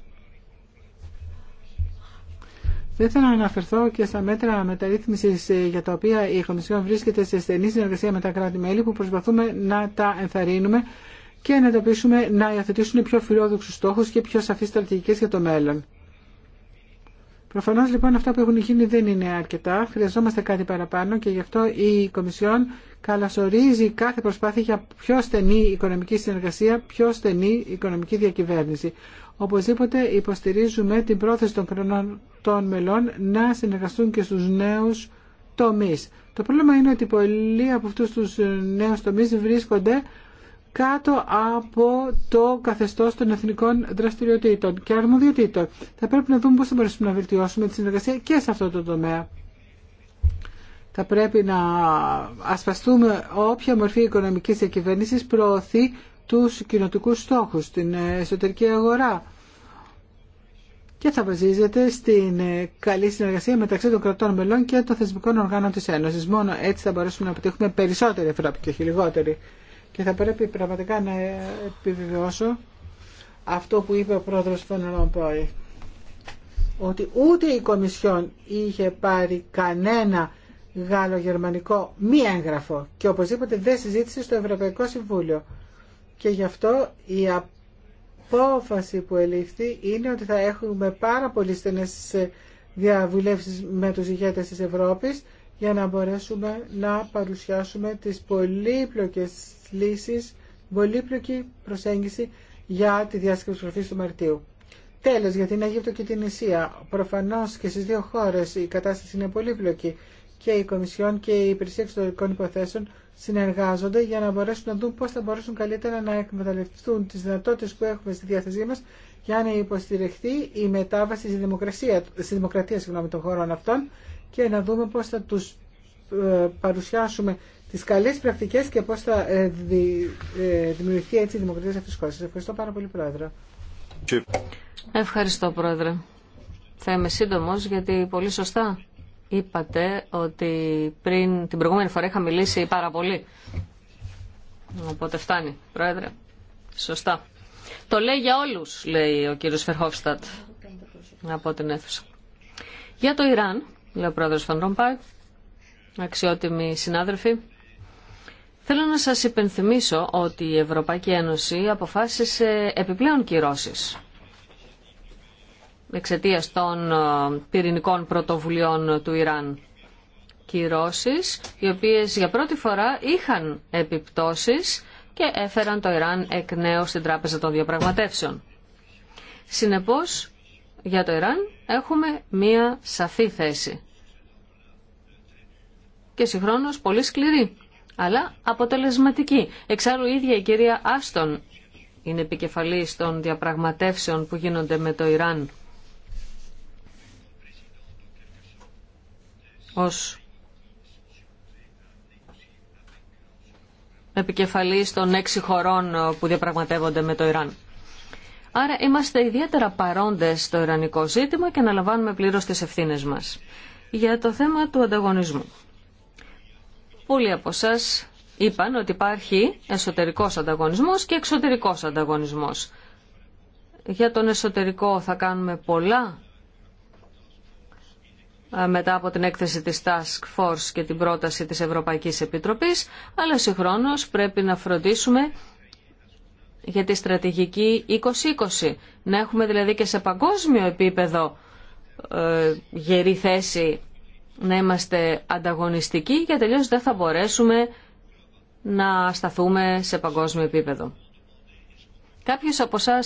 Δεν θέλω να αναφερθώ και στα μέτρα μεταρρύθμιση ε, για τα οποία η Κομισιόν βρίσκεται σε στενή συνεργασία με τα κράτη-μέλη που προσπαθούμε να τα ενθαρρύνουμε και να τα να υιοθετήσουν πιο φιλόδοξου στόχου και πιο σαφεί στρατηγικέ για το μέλλον. Προφανώ λοιπόν αυτά που έχουν γίνει δεν είναι αρκετά. Χρειαζόμαστε κάτι παραπάνω και γι' αυτό η Κομισιόν καλασορίζει κάθε προσπάθεια για πιο στενή οικονομική συνεργασία, πιο στενή οικονομική διακυβέρνηση. Οπωσδήποτε υποστηρίζουμε την πρόθεση των κρονών των μελών να συνεργαστούν και στους νέους τομείς. Το πρόβλημα είναι ότι πολλοί από αυτούς τους νέους τομείς βρίσκονται κάτω από το καθεστώς των εθνικών δραστηριοτήτων και αρμοδιοτήτων. Θα πρέπει να δούμε πώς θα μπορέσουμε να βελτιώσουμε τη συνεργασία και σε αυτό το τομέα. Θα πρέπει να ασπαστούμε όποια μορφή οικονομικής διακυβέρνησης προωθεί τους κοινοτικούς στόχους, στην εσωτερική αγορά και θα βασίζεται στην καλή συνεργασία μεταξύ των κρατών μελών και των θεσμικών οργάνων της Ένωσης. Μόνο έτσι θα μπορέσουμε να πετύχουμε περισσότερη Ευρώπη και όχι λιγότερη. Και θα πρέπει πραγματικά να επιβεβαιώσω αυτό που είπε ο πρόεδρος των Ρομπόη. Ότι ούτε η Κομισιόν είχε πάρει κανένα γάλλο-γερμανικό μη έγγραφο και οπωσδήποτε δεν συζήτησε στο Ευρωπαϊκό Συμβούλιο. Και γι' αυτό η απόφαση που ελήφθη είναι ότι θα έχουμε πάρα πολύ στενές διαβουλεύσεις με τους ηγέτες της Ευρώπης για να μπορέσουμε να παρουσιάσουμε τις πολύπλοκες λύσεις, πολύπλοκη προσέγγιση για τη διάσκεψη προφή του Μαρτίου. Τέλο για την Αίγυπτο και την Ισία. Προφανώ και στι δύο χώρε η κατάσταση είναι πολύπλοκη και η Κομισιόν και η Υπηρεσία Εξωτερικών Υποθέσεων συνεργάζονται για να μπορέσουν να δουν πώ θα μπορέσουν καλύτερα να εκμεταλλευτούν τι δυνατότητε που έχουμε στη διάθεσή μα για να υποστηριχθεί η μετάβαση στη δημοκρατία, στη δημοκρατία συγγνώμη, των χωρών αυτών και να δούμε πώ θα τους ε, παρουσιάσουμε τις καλές πρακτικές και πώς θα ε, ε, δημιουργηθεί έτσι η δημοκρατία σε αυτές τις χώρες. Ευχαριστώ πάρα πολύ, Πρόεδρε. Ευχαριστώ, Πρόεδρε. Θα είμαι σύντομος, γιατί πολύ σωστά είπατε ότι πριν την προηγούμενη φορά είχα μιλήσει πάρα πολύ. Οπότε φτάνει, Πρόεδρε. Σωστά. Το λέει για όλους, λέει ο κύριος Φερχόφστατ από την αίθουσα. Για το Ιράν, λέει ο πρόεδρος Φαν αξιότιμοι συνάδελφοι, Θέλω να σας υπενθυμίσω ότι η Ευρωπαϊκή Ένωση αποφάσισε επιπλέον κυρώσεις εξαιτία των ε, πυρηνικών πρωτοβουλειών του Ιράν. Κυρώσεις οι οποίες για πρώτη φορά είχαν επιπτώσεις και έφεραν το Ιράν εκ νέου στην Τράπεζα των Διαπραγματεύσεων. Συνεπώς, για το Ιράν έχουμε μία σαφή θέση. Και συγχρόνως πολύ σκληρή αλλά αποτελεσματική. Εξάλλου η ίδια η κυρία Άστον είναι επικεφαλής των διαπραγματεύσεων που γίνονται με το Ιράν ως επικεφαλής των έξι χωρών που διαπραγματεύονται με το Ιράν. Άρα είμαστε ιδιαίτερα παρόντες στο ιρανικό ζήτημα και αναλαμβάνουμε πλήρως τις ευθύνες μας. Για το θέμα του ανταγωνισμού. Πολλοί από εσά είπαν ότι υπάρχει εσωτερικός ανταγωνισμός και εξωτερικός ανταγωνισμός. Για τον εσωτερικό θα κάνουμε πολλά ε, μετά από την έκθεση της Task Force και την πρόταση της Ευρωπαϊκής Επιτροπής, αλλά συγχρόνως πρέπει να φροντίσουμε για τη στρατηγική 2020. Να έχουμε δηλαδή και σε παγκόσμιο επίπεδο ε, γερή θέση να είμαστε ανταγωνιστικοί γιατί τελειώ δεν θα μπορέσουμε να σταθούμε σε παγκόσμιο επίπεδο. Κάποιος από εσά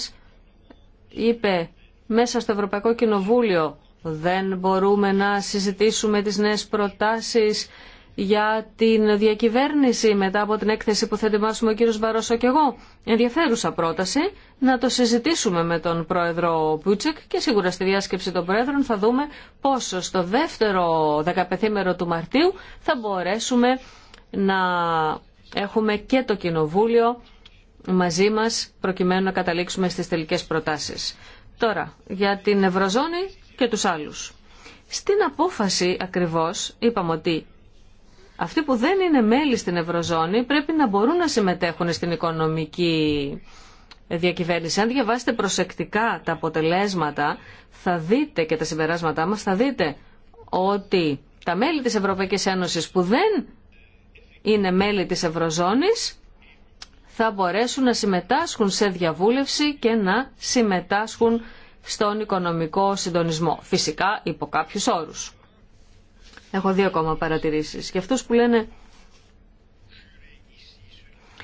είπε μέσα στο Ευρωπαϊκό Κοινοβούλιο δεν μπορούμε να συζητήσουμε τις νέες προτάσεις για την διακυβέρνηση μετά από την έκθεση που θα ετοιμάσουμε ο κύριος Μπαρόσο και εγώ. Ενδιαφέρουσα πρόταση να το συζητήσουμε με τον πρόεδρο Πούτσεκ και σίγουρα στη διάσκεψη των πρόεδρων θα δούμε πόσο στο δεύτερο δεκαπεθήμερο του Μαρτίου θα μπορέσουμε να έχουμε και το Κοινοβούλιο μαζί μας προκειμένου να καταλήξουμε στις τελικές προτάσεις. Τώρα, για την Ευρωζώνη και τους άλλους. Στην απόφαση ακριβώς είπαμε ότι αυτοί που δεν είναι μέλη στην Ευρωζώνη πρέπει να μπορούν να συμμετέχουν στην οικονομική διακυβέρνηση. Αν διαβάσετε προσεκτικά τα αποτελέσματα θα δείτε και τα συμπεράσματά μας, θα δείτε ότι τα μέλη της Ευρωπαϊκής Ένωσης που δεν είναι μέλη της Ευρωζώνης θα μπορέσουν να συμμετάσχουν σε διαβούλευση και να συμμετάσχουν στον οικονομικό συντονισμό. Φυσικά υπό κάποιους όρους. Έχω δύο ακόμα παρατηρήσεις. Και αυτούς που λένε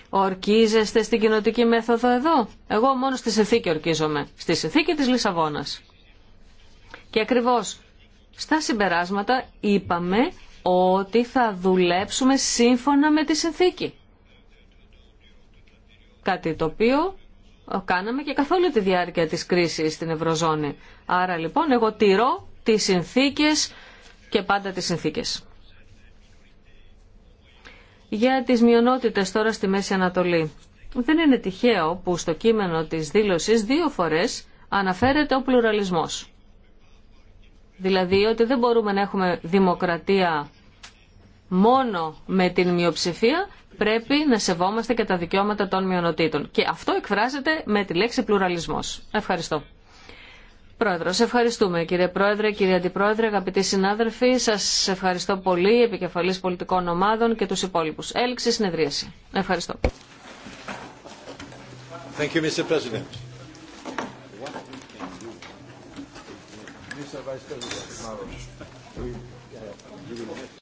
ορκίζεστε στην κοινοτική μέθοδο εδώ. Εγώ μόνο στη συνθήκη ορκίζομαι. Στη συνθήκη της Λισαβόνας. Και ακριβώς στα συμπεράσματα είπαμε ότι θα δουλέψουμε σύμφωνα με τη συνθήκη. Κάτι το οποίο κάναμε και καθόλου τη διάρκεια της κρίσης στην Ευρωζώνη. Άρα λοιπόν εγώ τηρώ τις συνθήκες και πάντα τις συνθήκες. Για τις μειονότητες τώρα στη Μέση Ανατολή. Δεν είναι τυχαίο που στο κείμενο της δήλωσης δύο φορές αναφέρεται ο πλουραλισμός. Δηλαδή ότι δεν μπορούμε να έχουμε δημοκρατία μόνο με την μειοψηφία, πρέπει να σεβόμαστε και τα δικαιώματα των μειονοτήτων. Και αυτό εκφράζεται με τη λέξη πλουραλισμός. Ευχαριστώ. Πρόεδρος, ευχαριστούμε κύριε Πρόεδρε, κύριε Αντιπρόεδρε, αγαπητοί συνάδελφοι. Σας ευχαριστώ πολύ, επικεφαλής πολιτικών ομάδων και τους υπόλοιπους. Έλξη συνεδρίαση. Ευχαριστώ.